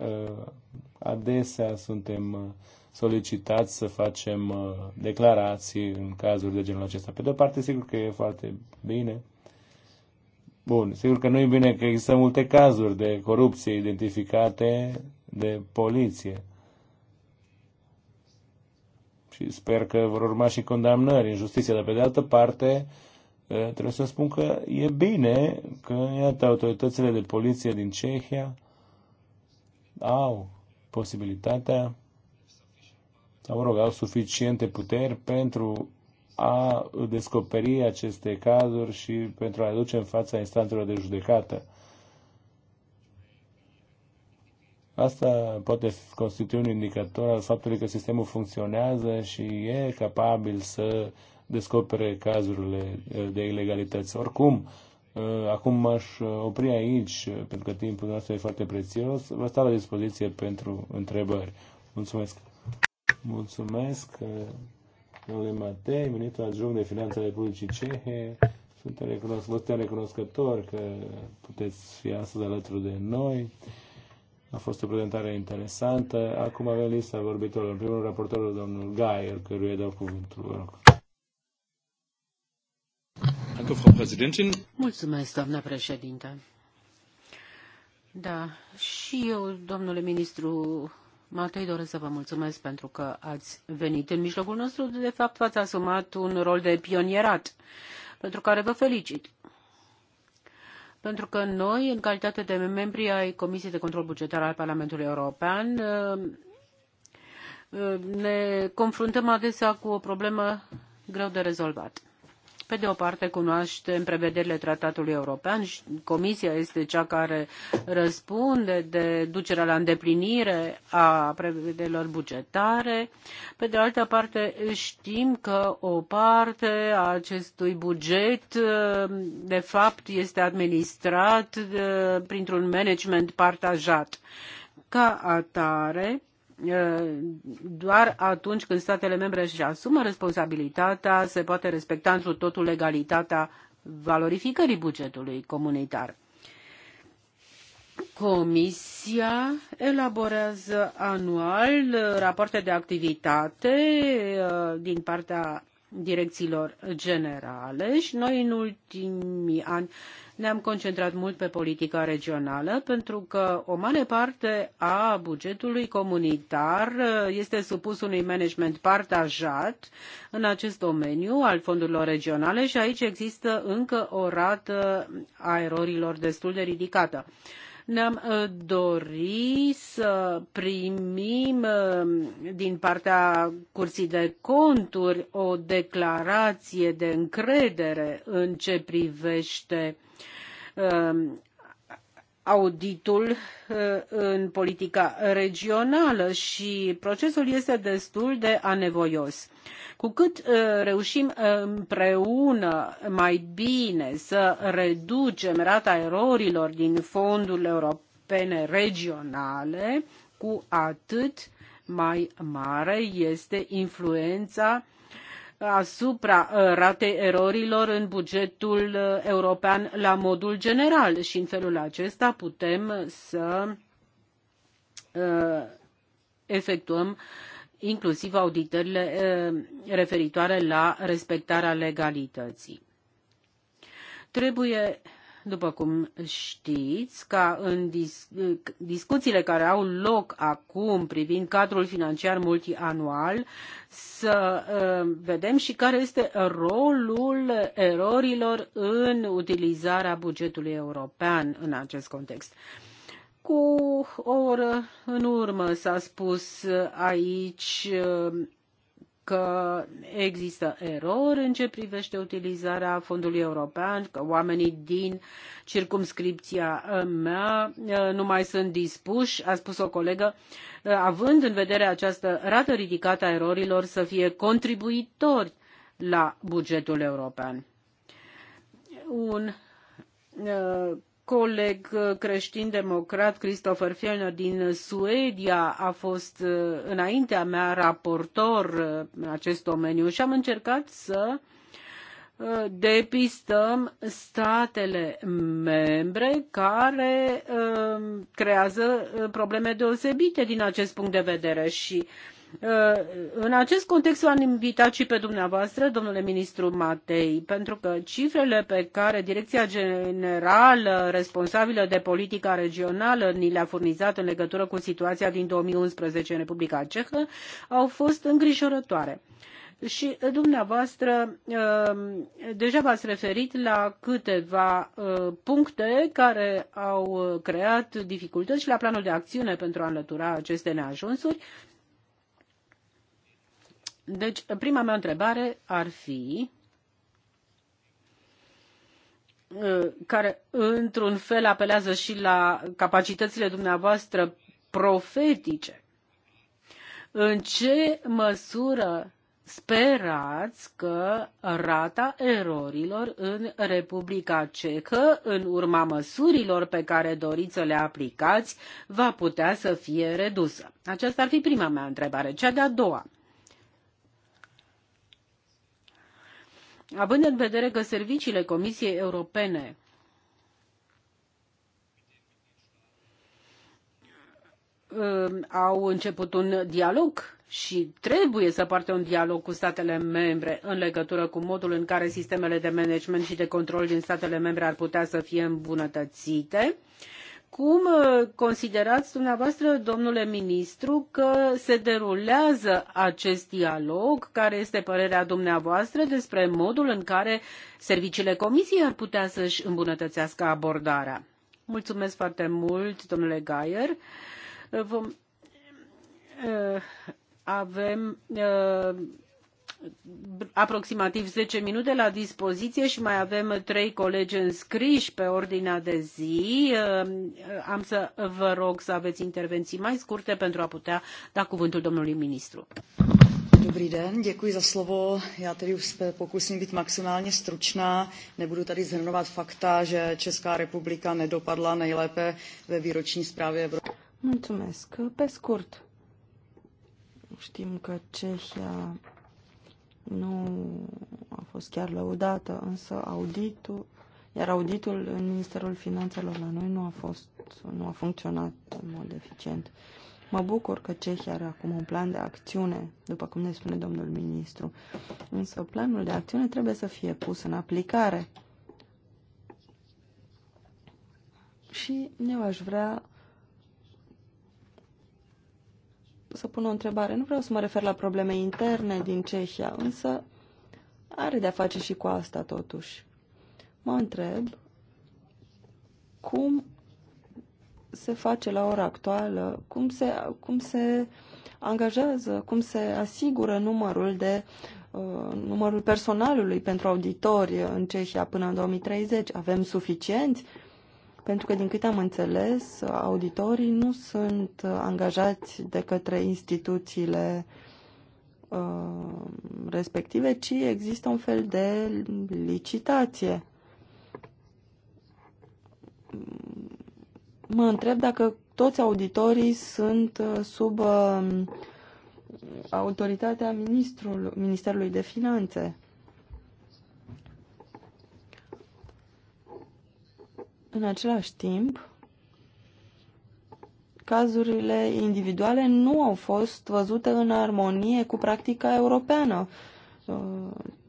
adesea suntem solicitați să facem uh, declarații în cazuri de genul acesta. Pe de o parte, sigur că e foarte bine. Bun, sigur că nu e bine că există multe cazuri de corupție identificate de poliție. Și sper că vor urma și condamnări în justiție, dar pe de altă parte, uh, trebuie să spun că e bine că, iată, autoritățile de poliție din Cehia au posibilitatea sau, mă rog, au suficiente puteri pentru a descoperi aceste cazuri și pentru a le duce în fața instanțelor de judecată. Asta poate constitui un indicator al faptului că sistemul funcționează și e capabil să descopere cazurile eh, de ilegalități. Oricum, eh, acum m-aș eh, opri aici, pentru că timpul nostru e foarte prețios. Vă stau la dispoziție pentru întrebări. Mulțumesc! Mulțumesc, uh, domnule Matei, ministru adjunct de finanțe ale Republicii Cehe. Suntem recunosc, recunoscători că puteți fi astăzi alături de noi. A fost o prezentare interesantă. Acum avem lista vorbitorilor. primul raportor, domnul Gaier, căruia îi dau cuvântul. Vă rog. Mulțumesc, doamna președintă. Da, și eu, domnule ministru, Matei, doresc să vă mulțumesc pentru că ați venit în mijlocul nostru. De fapt, v-ați asumat un rol de pionierat, pentru care vă felicit. Pentru că noi, în calitate de membri ai Comisiei de Control Bugetar al Parlamentului European, ne confruntăm adesea cu o problemă greu de rezolvat. Pe de o parte, cunoaștem prevederile tratatului european și Comisia este cea care răspunde de ducerea la îndeplinire a prevederilor bugetare. Pe de altă parte, știm că o parte a acestui buget, de fapt, este administrat eh, printr-un management partajat. Ca atare, doar atunci când statele membre își asumă responsabilitatea, se poate respecta întru totul legalitatea valorificării bugetului comunitar. Comisia elaborează anual rapoarte de activitate din partea direcțiilor generale și noi în ultimii ani ne-am concentrat mult pe politica regională pentru că o mare parte a bugetului comunitar uh, este supus unui management partajat în acest domeniu al fondurilor regionale și aici există încă o rată a erorilor destul de ridicată. Ne-am uh, dori să primim uh, din partea Curții de Conturi o declarație de încredere în ce privește uh, auditul uh, în politica regională și procesul este destul de anevoios. Cu cât uh, reușim uh, împreună mai bine să reducem rata erorilor din fondurile europene regionale, cu atât mai mare este influența asupra uh, ratei erorilor în bugetul uh, european la modul general și în felul acesta putem să uh, efectuăm inclusiv auditările referitoare la respectarea legalității. Trebuie după cum știți, ca în discuțiile care au loc acum privind cadrul financiar multianual, să ă, vedem și care este rolul erorilor în utilizarea bugetului european în acest context. Cu o oră în urmă s-a spus aici ă, că există erori în ce privește utilizarea fondului european, că oamenii din circumscripția mea nu mai sunt dispuși, a spus o colegă, având în vedere această rată ridicată a erorilor să fie contribuitori la bugetul european. Un coleg uh, creștin-democrat, Christopher Fjellner din Suedia, a fost uh, înaintea mea raportor uh, în acest domeniu și am încercat să depistăm statele membre care creează probleme deosebite din acest punct de vedere și Uh, în acest context v-am invitat și pe dumneavoastră, domnule ministru Matei, pentru că cifrele pe care Direcția Generală responsabilă de politica regională ni le-a furnizat în legătură cu situația din 2011 în Republica Cehă au fost îngrijorătoare. Și uh, dumneavoastră uh, deja v-ați referit la câteva puncte care au creat dificultăți și la planul de acțiune pentru a înlătura aceste neajunsuri deci, prima mea întrebare ar fi uh, care într-un fel apelează și la capacitățile dumneavoastră profetice. În ce măsură sperați că rata erorilor în Republica Cehă, în urma măsurilor pe care doriți să le aplicați, va putea să fie redusă? Aceasta ar fi prima mea întrebare. Cea de-a doua Având în vedere că serviciile Comisiei Europene au început un dialog și trebuie să parte un dialog cu statele membre în legătură cu modul în care sistemele de management și de control din statele membre ar putea să fie îmbunătățite. Cum uh, considerați dumneavoastră, domnule ministru, că se derulează acest dialog? Care este părerea dumneavoastră despre modul în care serviciile comisiei ar putea să își îmbunătățească abordarea? Mulțumesc foarte mult, domnule Gaier. Vom, uh, avem uh, aproximativ zece minute la dispoziție și mai avem trei colegi înscriși pe ordinea de zi. Uh, am să vă rog să aveți intervenții mai scurte pentru a putea da cuvântul domnului ministru. Dobrý den, děkuji za slovo. Já tedy už se pokusím být maximálně stručná. Nebudu tady zhrnovat fakta, že Česká republika nedopadla nejlépe ve výroční zprávě Evropy. Mulțumesc. Pe scurt, știm că Cehia nu a fost chiar lăudată, însă auditul, iar auditul în Ministerul Finanțelor la noi nu a, fost, nu a funcționat în mod eficient. Mă bucur că Cehia are acum un plan de acțiune, după cum ne spune domnul ministru, însă planul de acțiune trebuie să fie pus în aplicare. Și eu aș vrea să pun o întrebare. Nu vreau să mă refer la probleme interne din Cehia, însă are de-a face și cu asta totuși. Mă întreb cum se face la ora actuală, cum se, cum se angajează, cum se asigură numărul de uh, numărul personalului pentru auditori în Cehia până în 2030. Avem suficienți? Uh, pentru că, din câte am înțeles, auditorii nu sunt angajați de către instituțiile uh, respective, ci există un fel de licitație. Mă întreb dacă toți auditorii sunt uh, sub uh, autoritatea ministrului, Ministerului de Finanțe. În același timp, cazurile individuale nu au fost văzute în armonie cu practica europeană, uh,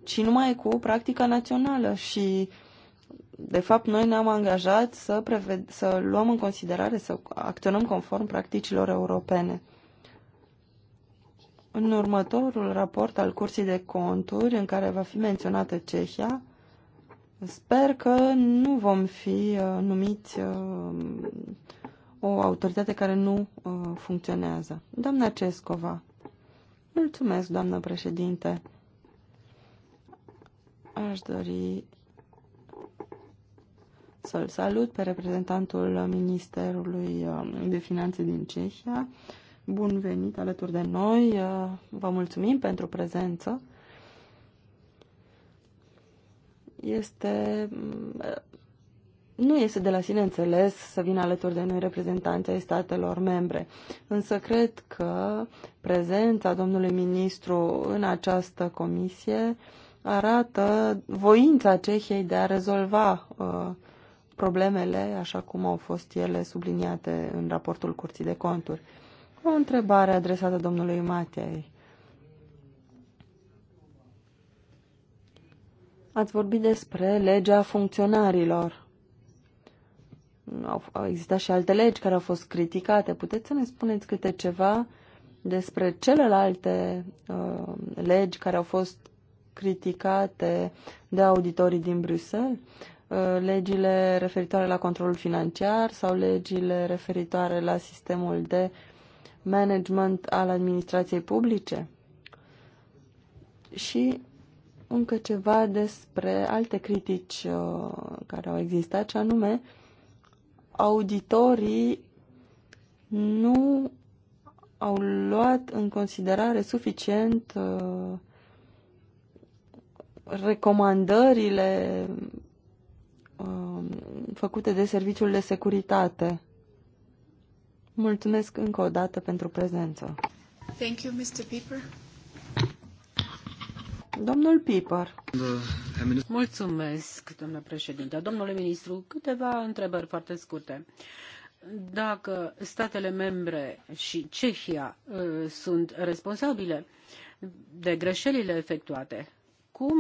ci numai cu practica națională și de fapt, noi ne-am angajat să, preved- să luăm în considerare, să acționăm conform practicilor europene. În următorul raport al Curții de Conturi, în care va fi menționată Cehia, Sper că nu vom fi uh, numiți uh, o autoritate care nu uh, funcționează. Doamna Cescova. Mulțumesc, doamnă președinte. Aș dori să-l salut pe reprezentantul Ministerului de Finanțe din Cehia. Bun venit alături de noi. Vă mulțumim pentru prezență. este mm, nu este de la sine înțeles să vină alături de noi reprezentanții ai statelor membre, însă cred că prezența domnului ministru în această comisie arată voința Cehiei de a rezolva uh, problemele așa cum au fost ele subliniate în raportul Curții de Conturi. O întrebare adresată domnului Matei. Ați vorbit despre legea funcționarilor. Au, au existat și alte legi care au fost criticate. Puteți să ne spuneți câte ceva despre celelalte uh, legi care au fost criticate de auditorii din Bruxelles? Uh, legile referitoare la controlul financiar sau legile referitoare la sistemul de management al administrației publice? Și încă ceva despre alte critici uh, care au existat, și anume auditorii nu au luat în considerare suficient uh, recomandările um, făcute de Serviciul de Securitate. Mulțumesc încă o dată pentru prezență. Thank you, Mr. Pieper. Domnul Piper. Mulțumesc, domnule președinte. Domnule ministru, câteva întrebări foarte scurte. Dacă statele membre și Cehia uh, sunt responsabile de greșelile efectuate, cum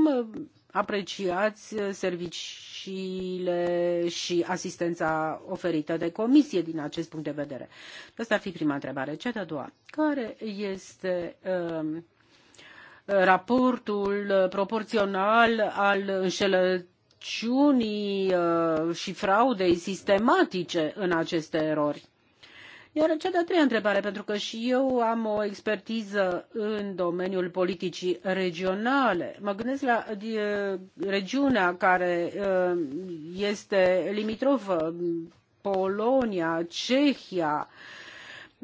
apreciați serviciile și asistența oferită de comisie din acest punct de vedere? Asta ar fi prima întrebare. Cea de-a doua, care este um, raportul proporțional al înșelăciunii uh, și fraudei sistematice în aceste erori. Iar cea de-a treia întrebare, pentru că și eu am o expertiză în domeniul politicii regionale. Mă gândesc la uh, regiunea care uh, este limitrofă, Polonia, Cehia, uh,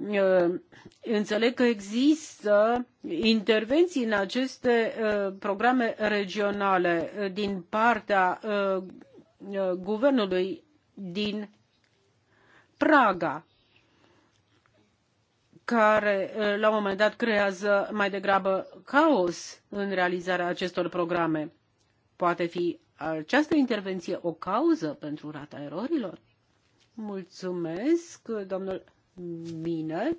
Uh, înțeleg că există intervenții în aceste uh, programe regionale uh, din partea guvernului din Praga care la un moment dat creează mai degrabă caos în realizarea acestor programe. Poate fi această intervenție o cauză pentru rata erorilor? Mulțumesc, domnul Bine.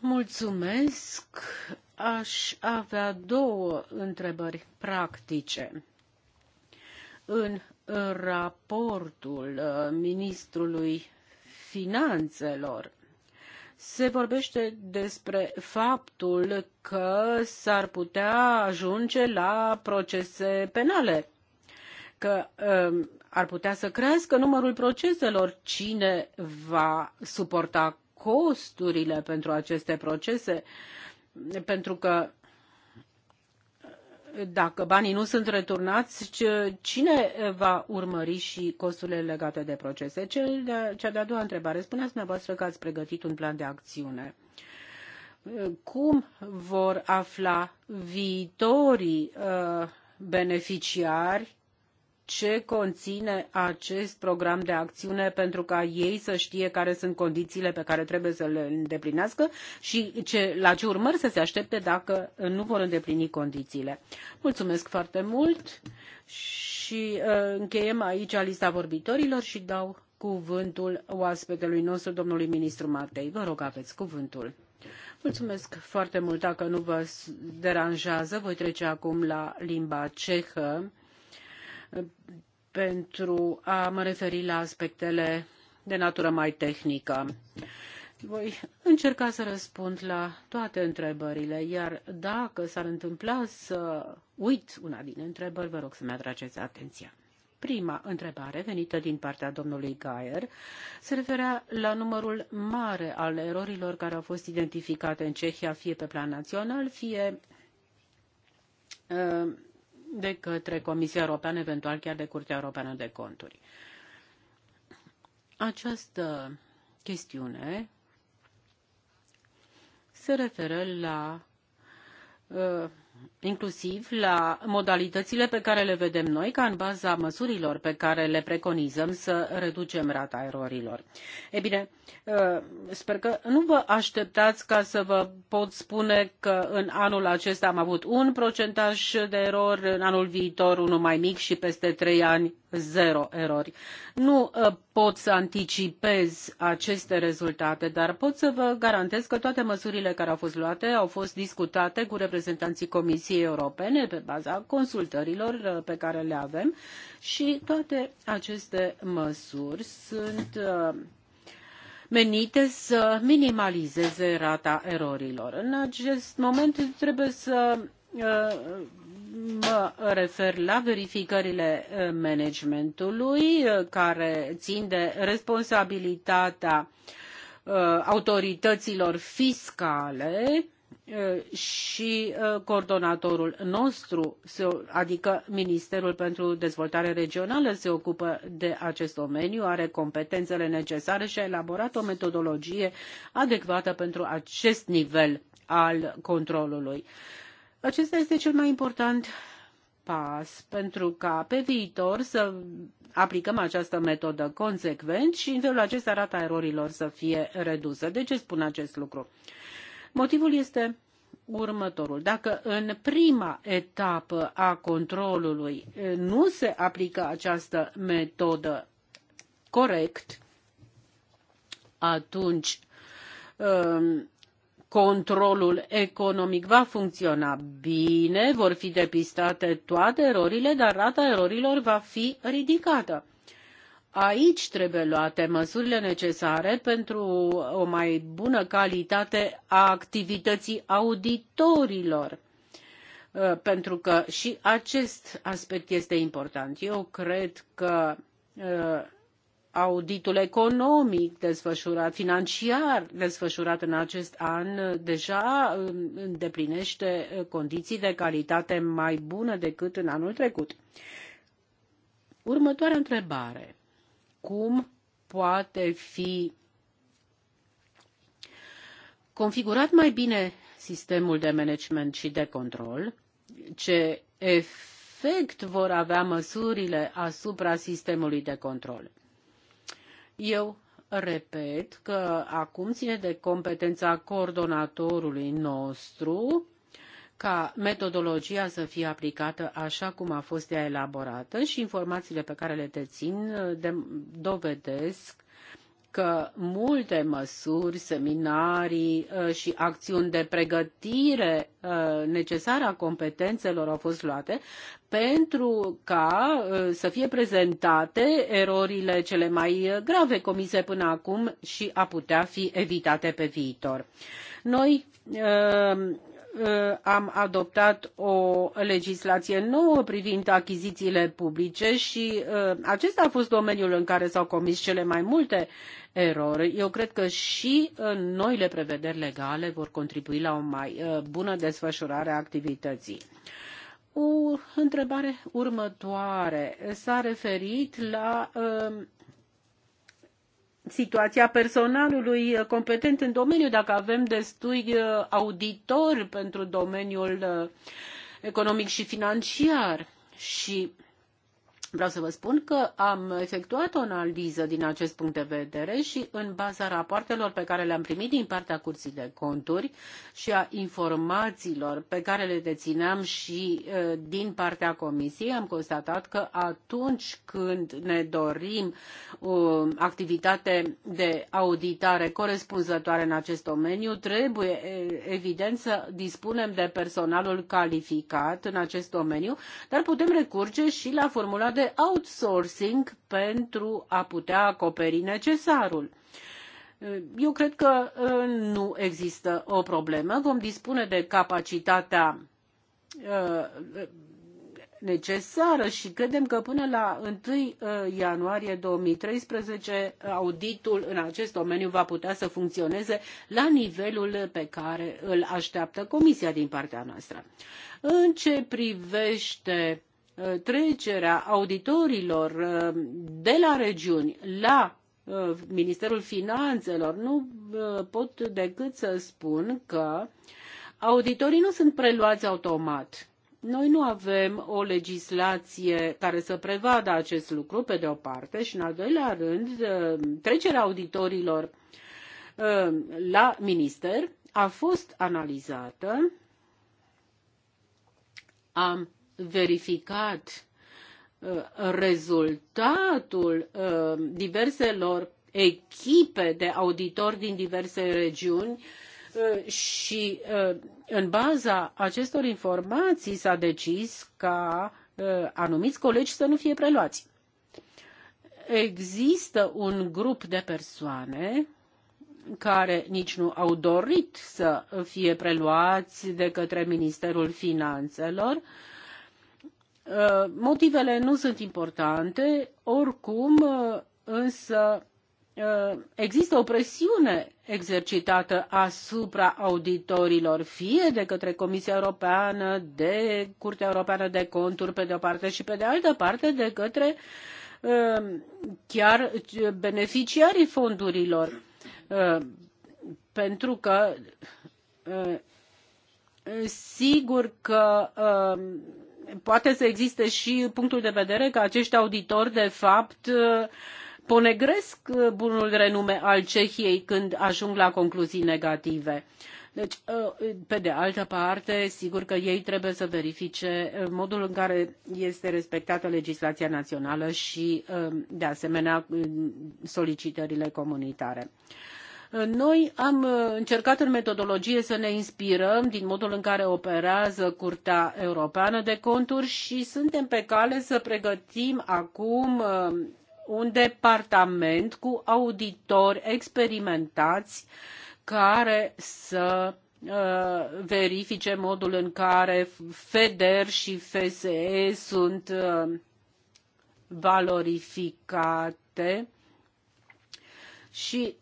Mulțumesc. Aș avea două întrebări practice. În raportul uh, ministrului finanțelor se vorbește despre faptul că s-ar putea ajunge la procese penale, că um, ar putea să crească numărul proceselor. Cine va suporta costurile pentru aceste procese? Pentru că dacă banii nu sunt returnați, cine va urmări și costurile legate de procese? Cea de-a doua întrebare. Spuneați dumneavoastră că ați pregătit un plan de acțiune. Cum vor afla viitorii uh, beneficiari ce conține acest program de acțiune pentru ca ei să știe care sunt condițiile pe care trebuie să le îndeplinească și ce, la ce urmări să se aștepte dacă nu vor îndeplini condițiile. Mulțumesc foarte mult și uh, încheiem aici lista vorbitorilor și dau cuvântul oaspetelui nostru, domnului ministru Matei. Vă rog, aveți cuvântul. Mulțumesc foarte mult. Dacă nu vă deranjează, voi trece acum la limba cehă pentru a mă referi la aspectele de natură mai tehnică. Voi încerca să răspund la toate întrebările, iar dacă s-ar întâmpla să uit una din întrebări, vă rog să-mi atrageți atenția. Prima întrebare venită din partea domnului Gaier se referea la numărul mare al erorilor care au fost identificate în Cehia, fie pe plan național, fie uh, de către Comisia Europeană, eventual chiar de Curtea Europeană de Conturi. Această chestiune se referă la uh, inclusiv la modalitățile pe care le vedem noi ca în baza măsurilor pe care le preconizăm să reducem rata erorilor. ei bine, uh, sper că nu vă așteptați ca să vă pot spune că în anul acesta am avut un procentaj de erori, în anul viitor unul mai mic și peste trei ani zero erori. Nu uh, pot să anticipez aceste rezultate, dar pot să vă garantez că toate măsurile care au fost luate au fost discutate cu reprezentanții Comisiei Comisiei Europene pe baza consultărilor uh, pe care le avem și toate aceste măsuri sunt uh, menite să minimalizeze rata erorilor. În acest moment trebuie să uh, mă refer la verificările managementului care țin de responsabilitatea autorităților fiscale Uh, și uh, coordonatorul nostru, adică Ministerul pentru Dezvoltare Regională, se ocupă de acest domeniu, are competențele necesare și a elaborat o metodologie adecvată pentru acest nivel al controlului. Acesta este cel mai important pas pentru ca pe viitor să aplicăm această metodă consecvent și în felul acesta rata erorilor să fie redusă. De ce spun acest lucru? Motivul este următorul. Dacă în prima etapă a controlului eh, nu se aplică această metodă corect, atunci ehm, controlul economic va funcționa bine, vor fi depistate toate erorile, dar rata erorilor va fi ridicată. Aici trebuie luate măsurile necesare pentru o mai bună calitate a activității auditorilor, uh, pentru că și acest aspect este important. Eu cred că uh, auditul economic desfășurat, financiar desfășurat în acest an, uh, deja um, îndeplinește condiții de calitate mai bună decât în anul trecut. Următoarea întrebare cum poate fi configurat mai bine sistemul de management și de control, ce efect vor avea măsurile asupra sistemului de control. Eu repet că acum ține de competența coordonatorului nostru ca metodologia să fie aplicată așa cum a fost ea elaborată și informațiile pe care le dețin dovedesc că multe măsuri, seminarii uh, și acțiuni de pregătire uh, necesară a competențelor au fost luate pentru ca uh, să fie prezentate erorile cele mai grave comise până acum și a putea fi evitate pe viitor. Noi Uh, am adoptat o legislație nouă privind achizițiile publice și uh, acesta a fost domeniul în care s-au comis cele mai multe erori. Eu cred că și uh, noile prevederi legale vor contribui la o mai bună desfășurare a activității. O întrebare următoare s-a referit la situația personalului competent în domeniu, dacă avem destui uh, auditori pentru domeniul uh, economic și financiar. Și Vreau să vă spun că am efectuat o analiză din acest punct de vedere și în baza rapoartelor pe care le-am primit din partea Curții de Conturi și a informațiilor pe care le dețineam și din partea Comisiei, am constatat că atunci când ne dorim o activitate de auditare corespunzătoare în acest domeniu, trebuie evident să dispunem de personalul calificat în acest domeniu, dar putem recurge și la formula de de outsourcing pentru a putea acoperi necesarul. Eu cred că uh, nu există o problemă. Vom dispune de capacitatea uh, necesară și credem că până la 1 uh, ianuarie 2013 auditul în acest domeniu va putea să funcționeze la nivelul pe care îl așteaptă Comisia din partea noastră. În ce privește Uh, trecerea auditorilor uh, de la regiuni la uh, Ministerul Finanțelor, nu pot decât să spun că auditorii nu sunt preluați automat. Noi nu avem o legislație care să prevadă acest lucru, pe de o parte, și în al doilea rând, trecerea auditorilor la minister a fost analizată. Am verificat uh, rezultatul uh, diverselor echipe de auditori din diverse regiuni uh, și în baza acestor informații s-a decis ca anumiți colegi să nu fie preluați. Există un grup de persoane care nici nu au dorit să fie preluați de către Ministerul Finanțelor, uh, Uh, motivele nu sunt importante, oricum, uh, însă uh, există o presiune exercitată asupra auditorilor, fie de către Comisia Europeană, de Curtea Europeană de Conturi, pe de o parte, și pe de altă parte de către chiar beneficiarii fondurilor, pentru că sigur că poate să existe și punctul de vedere că acești auditori, de fapt, ponegresc bunul renume al Cehiei când ajung la concluzii negative. Deci, pe de altă parte, sigur că ei trebuie să verifice modul în care este respectată legislația națională și, de asemenea, solicitările comunitare. Noi am uh, încercat în metodologie să ne inspirăm din modul în care operează Curtea Europeană de Conturi și suntem pe cale să pregătim acum uh, un departament cu auditori experimentați care să uh, verifice modul în care FEDER și FSE sunt valorificate și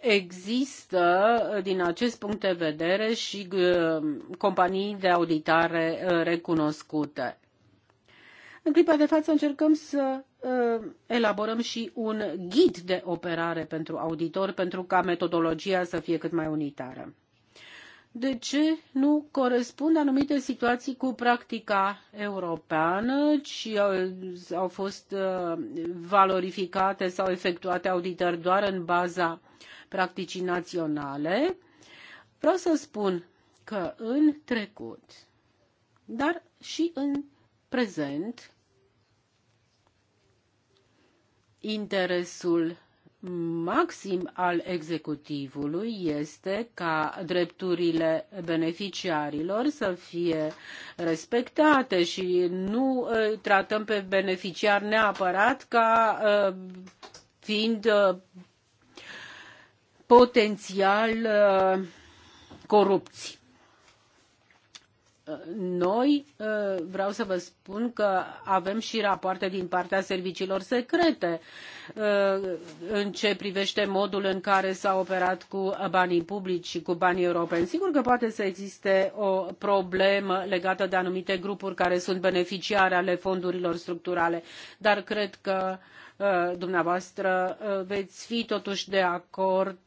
Există, din acest punct de vedere, și uh, companii de auditare uh, recunoscute. În clipa de față încercăm să uh, elaborăm și un ghid de operare pentru auditor, pentru ca metodologia să fie cât mai unitară. De ce nu corespund anumite situații cu practica europeană, ci au fost valorificate sau efectuate auditări doar în baza practicii naționale, vreau să spun că în trecut, dar și în prezent, interesul maxim al executivului este ca drepturile beneficiarilor să fie respectate și nu ă, tratăm pe beneficiar neapărat ca ă, fiind ă, potențial uh, corupți noi uh, vreau să vă spun că avem și rapoarte din partea serviciilor secrete uh, în ce privește modul în care s-a operat cu banii publici și cu banii europeni. Sigur că poate să existe o problemă legată de anumite grupuri care sunt beneficiare ale fondurilor structurale, dar cred că uh, dumneavoastră veți fi totuși de acord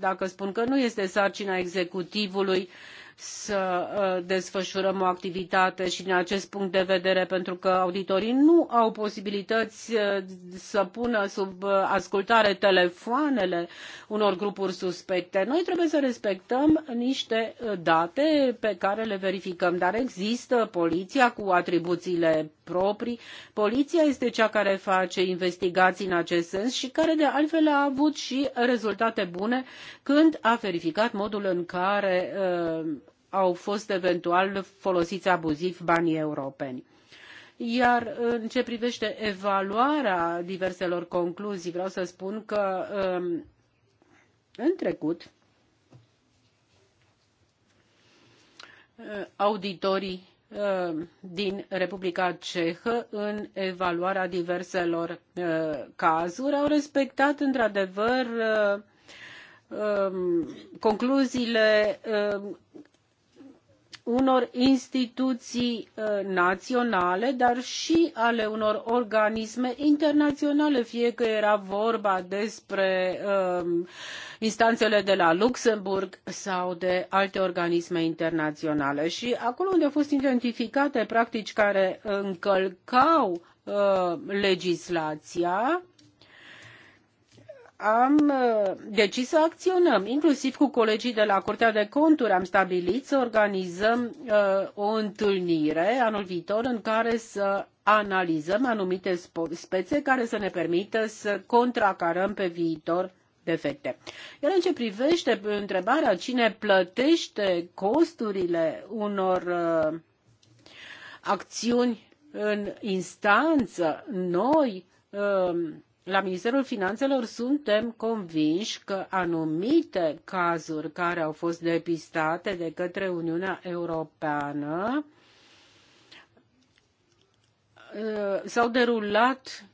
dacă spun că nu este sarcina executivului să uh, desfășurăm o activitate și din acest punct de vedere, pentru că auditorii nu au posibilități uh, să pună sub uh, ascultare telefoanele unor grupuri suspecte. Noi trebuie să respectăm niște date pe care le verificăm, dar există poliția cu atribuțiile proprii. Poliția este cea care face investigații în acest sens și care de altfel a avut și rezultate bune când a verificat modul în care uh, au fost eventual folosiți abuziv banii europeni. Iar în ce privește evaluarea diverselor concluzii, vreau să spun că um, în trecut uh, auditorii uh, din Republica Cehă în evaluarea diverselor uh, cazuri au respectat într-adevăr um, concluziile unor instituții uh, naționale, dar și ale unor organisme internaționale, fie că era vorba despre um, instanțele de la Luxemburg sau de alte organisme internaționale. Și acolo unde au fost identificate practici care încălcau uh, legislația, am uh, decis să acționăm, inclusiv cu colegii de la Curtea de Conturi. Am stabilit să organizăm uh, o întâlnire anul viitor în care să analizăm anumite spețe care să ne permită să contracarăm pe viitor defecte. Iar în ce privește întrebarea cine plătește costurile unor uh, acțiuni în instanță, noi la Ministerul Finanțelor suntem convinși că anumite cazuri care au fost depistate de către Uniunea Europeană uh, s-au derulat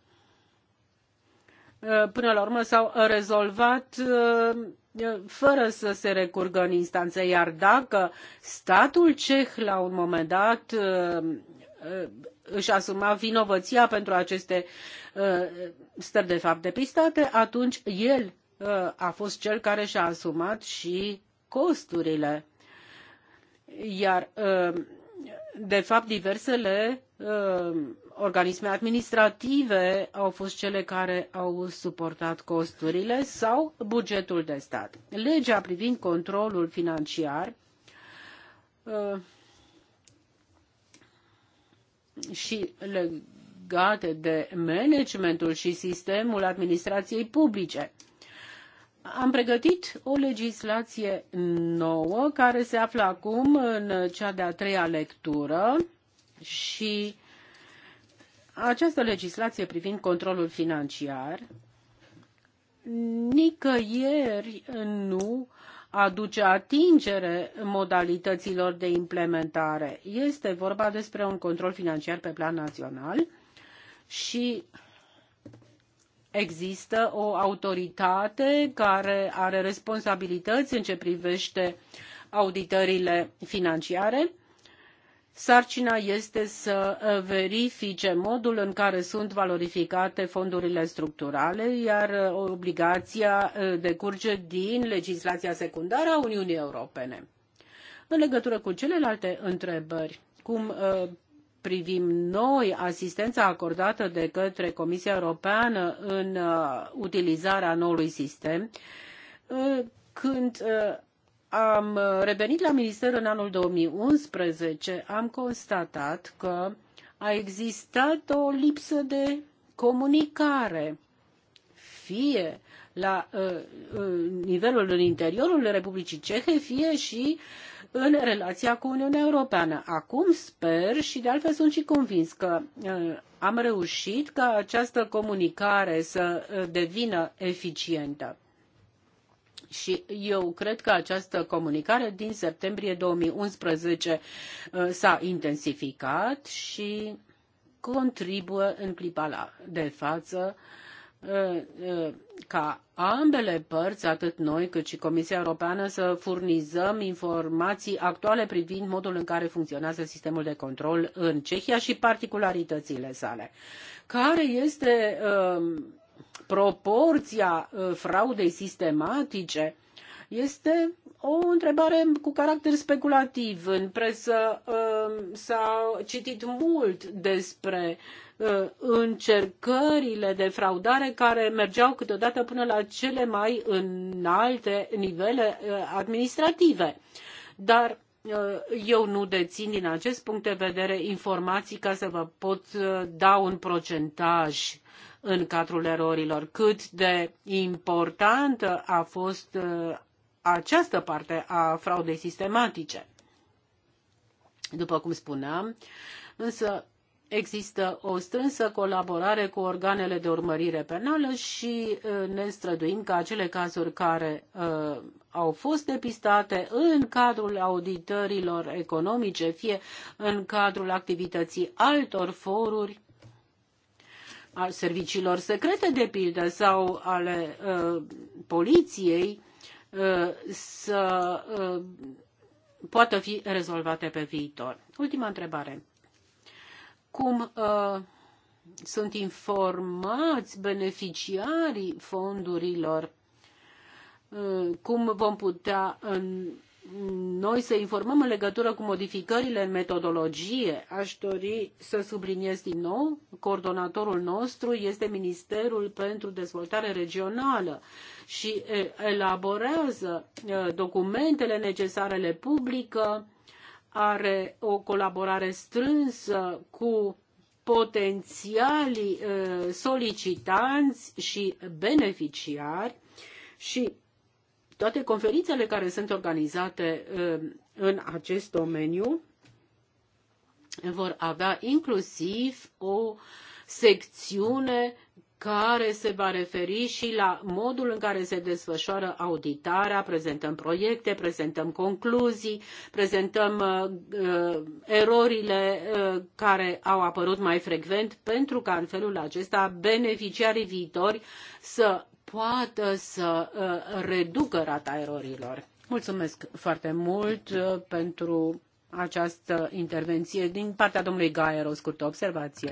uh, până la urmă s-au rezolvat uh, fără să se recurgă în instanță. Iar dacă statul ceh la un moment dat își asuma vinovăția pentru aceste uh, stări de fapt depistate, atunci el uh, a fost cel care și-a asumat și costurile. Iar, uh, de fapt, diversele organisme administrative au fost cele care au suportat costurile sau bugetul de stat. Legea privind controlul financiar și legate de managementul și sistemul administrației publice. Am pregătit o legislație nouă care se află acum în cea de-a treia lectură și această legislație privind controlul financiar nicăieri nu aduce atingere modalităților de implementare. Este vorba despre un control financiar pe plan național și există o autoritate care are responsabilități în ce privește auditările financiare Sarcina este să uh, verifice modul în care sunt valorificate fondurile structurale, iar uh, obligația uh, decurge din legislația secundară a Uniunii Europene. În legătură cu celelalte întrebări, cum privim noi asistența acordată de către Comisia Europeană în utilizarea noului sistem, când am revenit la minister în anul 2011, am constatat că a existat o lipsă de comunicare, fie la uh, uh, nivelul în interiorul Republicii Cehe, fie și în relația cu Uniunea Europeană. Acum sper și de altfel sunt și convins că uh, am reușit ca această comunicare să devină eficientă. Și eu cred că această comunicare din septembrie unsprezece uh, s-a intensificat și contribuie în clipa de față uh, uh, ca ambele părți, atât noi cât și Comisia Europeană, să furnizăm informații actuale privind modul în care funcționează sistemul de control în Cehia și particularitățile sale. Care este uh, proporția uh, fraudei sistematice este o întrebare cu caracter speculativ. În presă uh, s-a citit mult despre uh, încercările de fraudare care mergeau câteodată până la cele mai înalte nivele administrative. Dar eu nu dețin din acest punct de vedere informații ca să vă pot da un procentaj în cadrul erorilor, cât de importantă a fost uh, această parte a fraudei sistematice. După cum spuneam, însă există o strânsă colaborare cu organele de urmărire penală și uh, ne străduim ca acele cazuri care uh, au fost depistate în cadrul auditărilor economice, fie în cadrul activității altor foruri, al serviciilor secrete, de pildă, sau ale uh, poliției, uh, să uh, poată fi rezolvate pe viitor. Ultima întrebare. Cum uh, sunt informați beneficiarii fondurilor? Uh, cum vom putea. Uh, noi să informăm în legătură cu modificările în metodologie. Aș dori să subliniez din nou, coordonatorul nostru este Ministerul pentru Dezvoltare Regională și elaborează documentele necesare, le publică, are o colaborare strânsă cu potențialii solicitanți și beneficiari și toate conferințele care sunt organizate uh, în acest domeniu vor avea inclusiv o secțiune care se va referi și la modul în care se desfășoară auditarea, prezentăm proiecte, prezentăm concluzii, prezentăm uh, uh erorile uh, care au apărut mai frecvent, pentru ca în felul acesta beneficiarii viitori să poată să uh, reducă rata erorilor. Mulțumesc foarte mult uh, pentru această intervenție din partea domnului Gaier, o scurtă observație.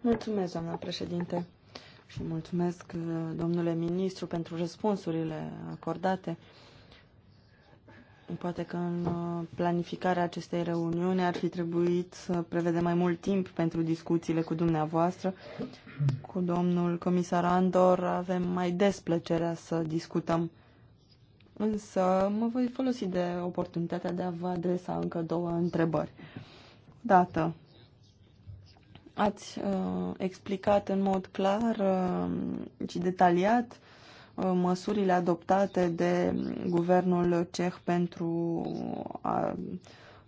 Mulțumesc, doamna președinte, și mulțumesc, uh, domnule ministru, pentru răspunsurile acordate. Poate că în uh, planificarea acestei reuniuni ar fi trebuit să prevedem mai mult timp pentru discuțiile cu dumneavoastră. Cu domnul comisar Andor avem mai des plăcerea să discutăm. Însă mă voi folosi de oportunitatea de a vă adresa încă două întrebări. Dată, ați uh, explicat în mod clar uh, și detaliat Uh, măsurile adoptate de guvernul ceh pentru a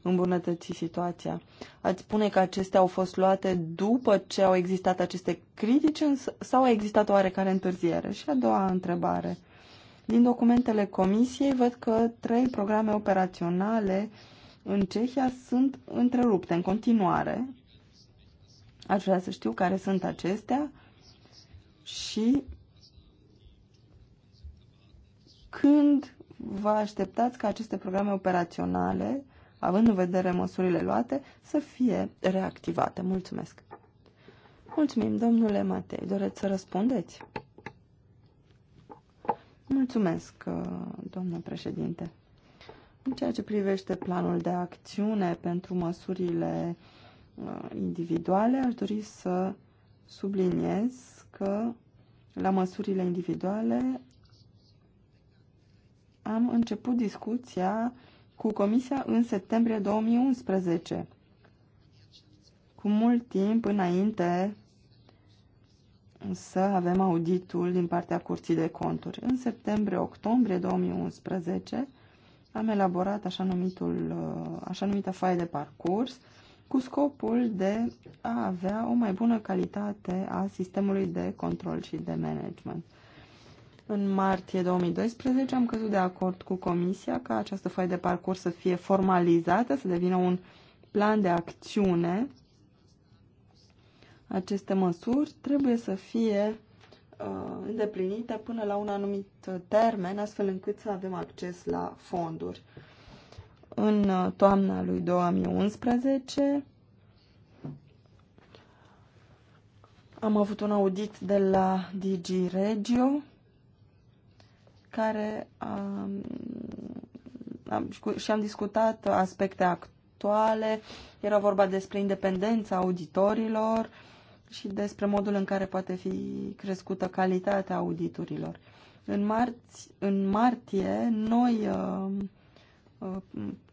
îmbunătăți situația. Ați spune că acestea au fost luate după ce au existat aceste critici sau a existat oarecare întârziere? Și a doua întrebare. Din documentele comisiei văd că trei programe operaționale în Cehia sunt întrerupte în continuare. Aș vrea să știu care sunt acestea și când vă așteptați ca aceste programe operaționale, având în vedere măsurile luate, să fie reactivate? Mulțumesc! Mulțumim, domnule Matei. Doreți să răspundeți? Mulțumesc, uh, domnule președinte. În ceea ce privește planul de acțiune pentru măsurile uh, individuale, aș dori să subliniez că la măsurile individuale am început discuția cu Comisia în septembrie 2011, cu mult timp înainte să avem auditul din partea Curții de Conturi. În septembrie-octombrie 2011 am elaborat așa, numitul, uh, așa numită faie de parcurs cu scopul de a avea o mai bună calitate a sistemului de control și de management. În martie 2012 am căzut de acord cu Comisia ca această foaie de parcurs să fie formalizată, să devină un plan de acțiune. Aceste măsuri trebuie să fie uh, îndeplinite până la un anumit termen, astfel încât să avem acces la fonduri. În uh, toamna lui 2011 am avut un audit de la DG Regio care um, am, și am discutat aspecte actuale. Era vorba despre independența auditorilor și despre modul în care poate fi crescută calitatea auditorilor. În, marți, în martie, noi uh, uh,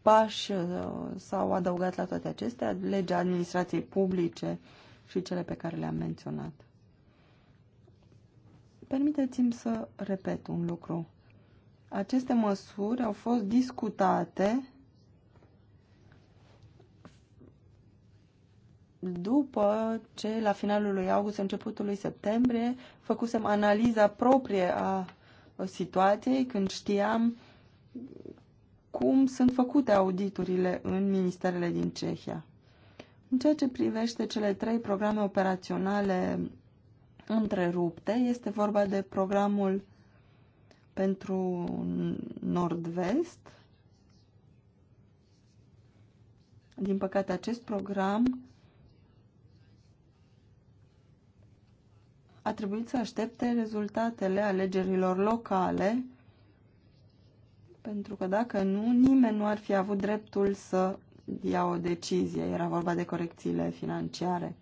pași uh, s-au adăugat la toate acestea, legea administrației publice și cele pe care le-am menționat. Permiteți-mi să repet un lucru. Aceste măsuri au fost discutate după ce la finalul lui august, începutul lui septembrie, făcusem analiza proprie a situației când știam cum sunt făcute auditurile în ministerele din Cehia. În ceea ce privește cele trei programe operaționale întrerupte, este vorba de programul pentru Nord-Vest. Din păcate, acest program a trebuit să aștepte rezultatele alegerilor locale, pentru că dacă nu, nimeni nu ar fi avut dreptul să ia o decizie. Era vorba de corecțiile financiare.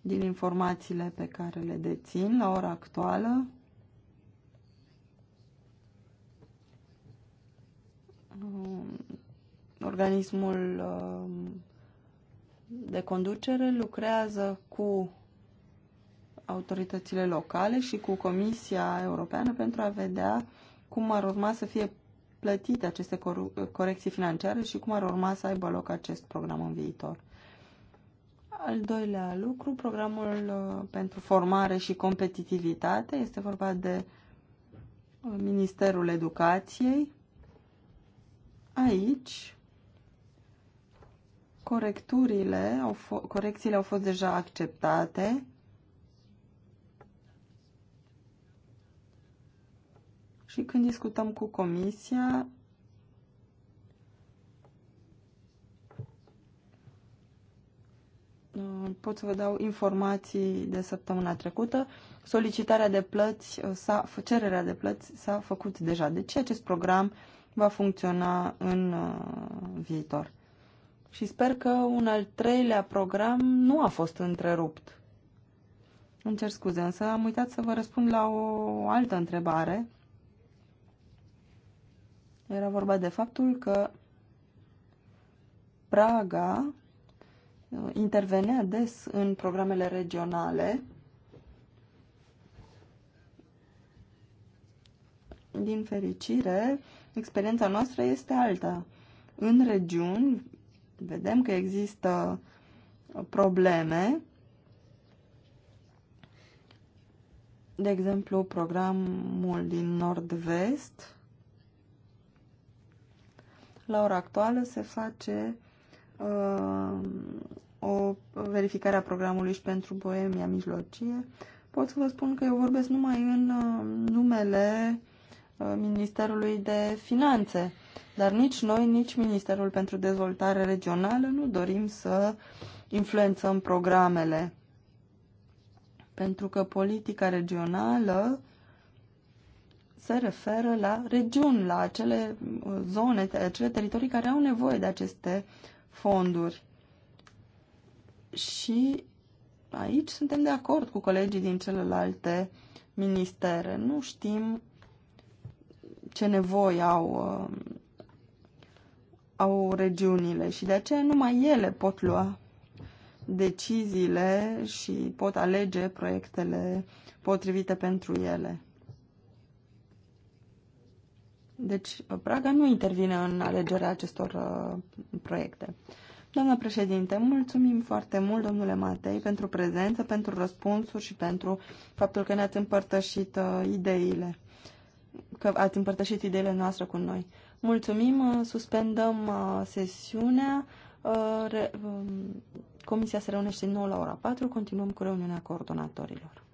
Din informațiile pe care le dețin la ora actuală, Um, organismul um, de conducere lucrează cu autoritățile locale și cu Comisia Europeană pentru a vedea cum ar urma să fie plătite aceste corecții financiare și cum ar urma să aibă loc acest program în viitor. Al doilea lucru, programul uh, pentru formare și competitivitate. Este vorba de uh, Ministerul Educației Aici, corecturile au corecțiile au fost deja acceptate. Și când discutăm cu comisia, uh, pot să vă dau informații de săptămâna trecută. Solicitarea de plăți, uh, cererea de plăți s-a făcut deja. Deci acest program uh, va funcționa în uh, viitor. Și sper că un al treilea program nu a fost întrerupt. Îmi cer scuze, însă am uitat să vă răspund la o altă întrebare. Era vorba de faptul că Praga uh, intervenea des în programele regionale din fericire, experiența noastră este alta. În regiuni vedem că există probleme, de exemplu, programul din Nord-Vest, la ora actuală se face uh, o verificare a programului și pentru Boemia Mijlocie. Pot să vă spun că eu vorbesc numai în uh, numele uh, Uh, Ministerului de Finanțe. Dar nici noi, nici Ministerul pentru Dezvoltare Regională nu dorim să influențăm programele. Pentru că politica regională se referă la regiuni, la acele uh, zone, acele teritorii care au nevoie de aceste fonduri. Și aici suntem de acord cu colegii din celelalte ministere. Nu știm ce nevoi au, uh, au regiunile și de aceea numai ele pot lua deciziile și pot alege proiectele potrivite pentru ele. Deci, Praga nu intervine în alegerea acestor uh, proiecte. Doamna președinte, mulțumim foarte mult, domnule Matei, pentru prezență, pentru răspunsuri și pentru faptul că ne-ați împărtășit uh, ideile că ați împărtășit ideile noastre cu noi. Mulțumim, uh, suspendăm uh, sesiunea. Uh, um, comisia se reunește nou la ora 4, continuăm cu reuniunea coordonatorilor.